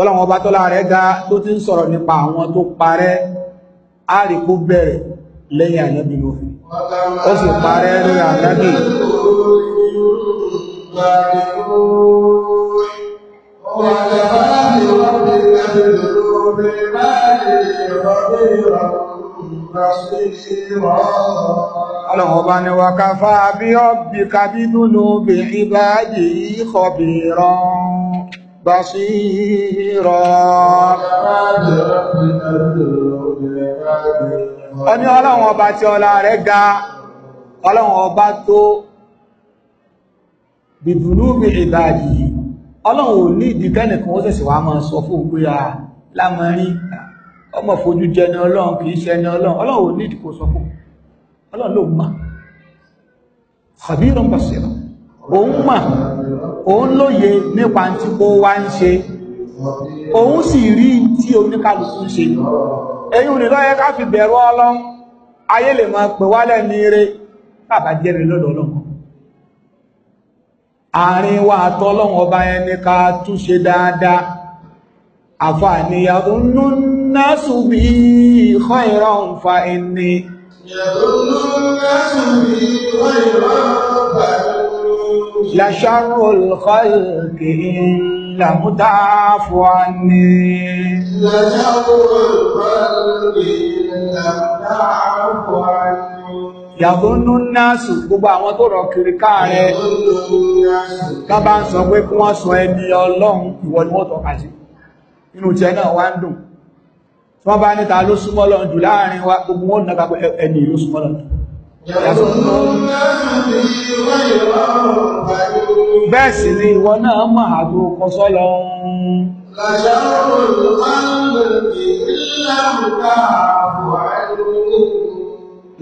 S1: tọ́lọ́wọ́n ọba tọ́lá rẹ̀ ga tó ti ń sọ̀rọ̀ nípa àwọn tó parẹ́ àríkú bẹ̀rẹ̀ lẹ́yìn ànábì lófi ó sì parẹ́ lórí ànábì Ọlọ́run ọba ni wà káfà bí ọ̀bí kábínú ló bèèrè báyìí بصيرا ọní ọlọ́run ọba tí ọlá rẹ̀ ga ọlọ́run ọba tó bìbùnú mi ìbàdì ọlọ́run ò ní ìdíkẹ́nì kan ó sẹ̀sẹ̀ wá máa sọ fún òpé à lámọ́rí ọmọ fojú jẹni ọlọ́run kìí ṣẹni ọlọ́run ò ní ìdíkò sọ fún ọlọ́run ló òun mọ̀ òun lóye nípa tí kó wá ń ṣe òun sì rí tí oníkàlùkù ṣe ẹ̀yìn òní lọ́yẹ ká fi bẹ̀rù Ọlọ́run ayé lè máa pè wálẹ̀ ní eré bàbá jẹ́rẹ̀ lọ́dọ̀ Ọlọ́run àárín wa àtọ́lọ́run ọba ẹni ká túnṣe dáadáa àfààní fa لشر الخلق إن لم تعف عني لشر الخلق إن لم تعف عني yàtọ̀nù náàsù gbogbo àwọn tó rọ̀ kiri káàrẹ tábà ń sọ pé kí wọ́n sọ ẹni ọlọ́run ìwọ ni wọ́n tọ́ka sí inú tí náà wá ń dùn tí wọ́n bá níta ló súnmọ́ lọ́run jù láàrin wa gbogbo wọn nàgbà ẹni ló súnmọ́ lọ́run bẹ́ẹ̀ sì ni ìwọ náà mọ̀ àdó kọ sọ́lọ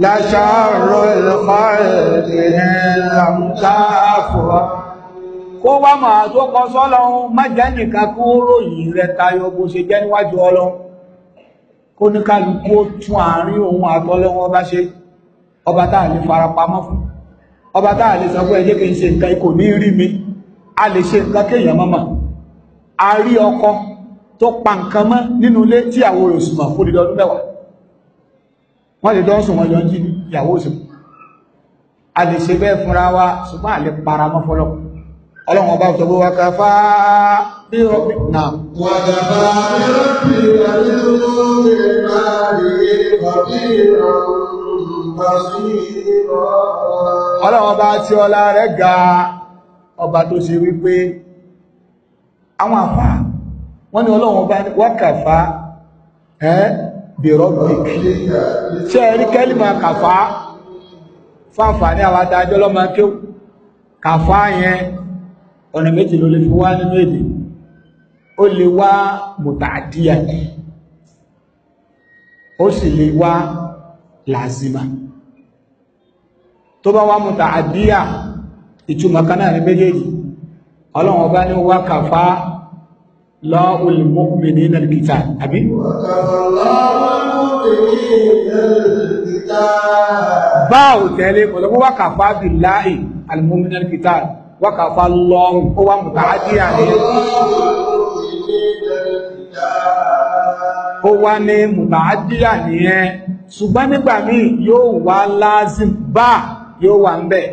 S1: láṣàárọ̀ ìlọ́pàá ẹ̀rẹ̀ kó wá máa tó kọ sọ́lọ́run má jẹ́ nìkan kí ròyìn rẹ̀ tayọ bó ṣe jẹ́ níwájú ọlọ́run ọba tá a lè farapamọ́ fún ọba tá a lè sọ pé ẹjẹ́ kí n ṣe nǹkan kò ní rí mi a lè ṣe nǹkan kéèyàn mọ́mọ́ a rí ọkọ tó pa nǹkan mọ́ nínú ilé tí àwọn òṣùmọ̀ fún dídọ́ ọdún mẹ́wàá wọ́n lè dọ́sùn wọn yọ jí ìyàwó òṣùmọ̀ a lè ṣe bẹ́ẹ̀ fúnra wa ṣùgbọ́n a paramọ́ fọlọ́ ọlọ́run ọba òṣèlú wa kà bí rọ́bì náà. wàdàbà rẹ̀ bí àlejò ló lè máa rí ọ̀bí ìrọ̀rùn ọlọ́run ọba tí ọlá rẹ̀ ga ọba tó ṣe wípé àwọn àfá wọ́n ní ọlọ́run ọba wákàfá ẹ́ bèrọ bèkì ṣe rí kẹ́lìmọ̀ kàfá fáfà ní àwọn adájọ́ lọ́mọ kí kàfá yẹn ọ̀nà méjì ló lè fi wá nínú èdè ó lè wá mùtàdíyà ó sì lè wá làzima tó bá wá mutaaddiya ìtumọ̀ kan náà ní méjèèjì ọlọ́run ọba ní wá kàfá lọ́ọ̀lù mu'minina al-kitab àbí. báwo tẹ́lẹ̀ kọ̀lọ́kọ́ wá kàfá billahi al-mu'minina al-kitab wá kàfá lọ́ọ̀hún ó wá mutaaddiya ní. ó wá ní mutaaddiya nìyẹn ṣùgbọ́n nígbà míì yóò wá lázim báà yóò wà ń bẹ̀.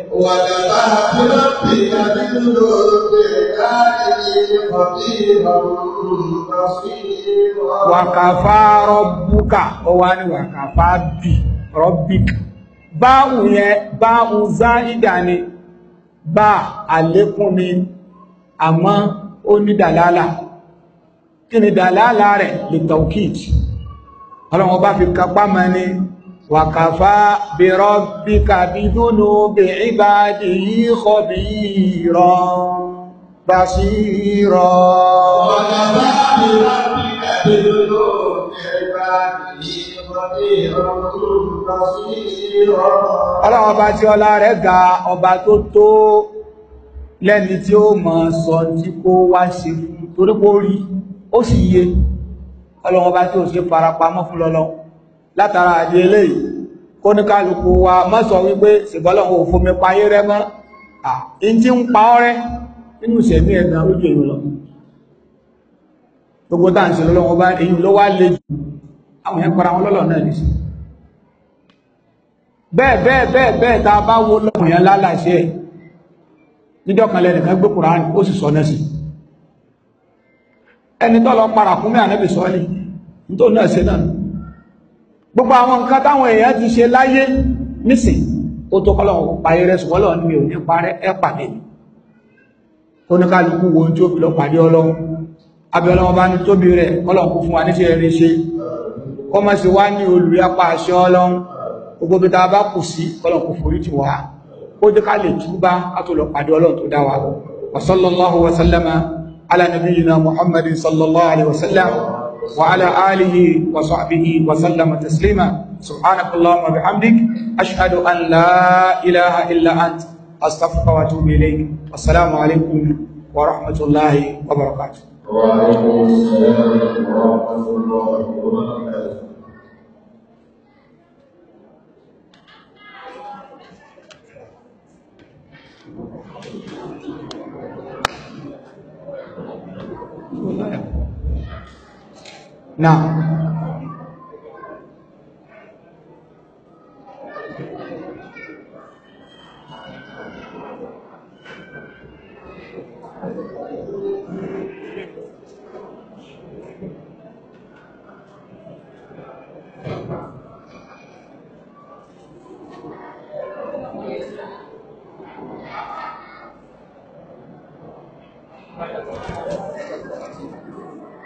S1: wàkàfà rọ́bùkà ó wá ní wàkàfà bì rọ́bìk báwù yẹn báwù záìdà ni bá àlékún ni àmọ́ ó ní dàlálà kí ni dàlálà rẹ̀ lè tàwkìtì ọlọ́run bá fi kapá mọ́ ni. وكفى بربك بذنوب عباده خبيرا بصيرا وكفى بربك بذنوب عباده خبيرا بصيرا ọlọ́run ọba tí ọlá rẹ̀ ga ọba tó tó lẹ́ni tí ó mọ̀ sọ tí kó wá ṣe torípò rí ó sì yé ọlọ́run ọba tí ó ṣe farapamọ́ fún lọ́lọ́run látara àdí eléyìí kó ní kálukú wa má sọ wípé ṣèbọ́lọ́wọ́ òfin mi payé rẹ mọ́ à ń tí ń pa ọ́rẹ́ nínú ìṣẹ̀mí ẹ̀gbọ́n ojú èyí lọ gbogbo tá à ń ṣe lọ́wọ́ bá èyí ló wá le jù àwọn yẹn para wọn lọ́lọ́ náà lè ṣe bẹ́ẹ̀ bẹ́ẹ̀ bẹ́ẹ̀ bẹ́ẹ̀ tá a bá wo lọ́wọ́ yẹn lálàṣẹ ẹ̀ níjọ́ kan lẹ́nìkan gbé kùránì ó sì sọ náà sí ẹni tó lọ para kún mẹ́ ànábì sọ ni nítorí náà ṣe náà gbogbo àwọn nǹkan táwọn èèyàn ti ṣe láyé nísìn ó tó kọ́lọ́wọ́ parí rẹ̀ ṣùgbọ́n lọ́wọ́ mi ò ní parẹ́ ẹ pàdé mi oníkálukú wo tí ó fi lọ pàdé ọlọ́run abẹ́ ọlọ́run bá ní tóbi rẹ̀ ọlọ́run kò fún wa níṣẹ́ rẹ̀ ṣe وعلى آله وصحبه وسلم تسليما سبحانك اللهم وبحمدك أشهد أن لا إله إلا أنت أستغفرك وأتوب إليك والسلام عليكم ورحمة الله وبركاته وعليكم السلام ورحمة الله
S2: وبركاته 那。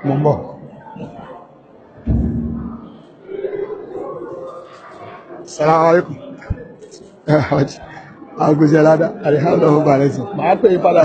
S1: 萌宝。salamu alaikum ẹ ọjọ àgùzẹ ládàá
S2: alihamdulilayi ọba rẹ sọ. màá pè é padà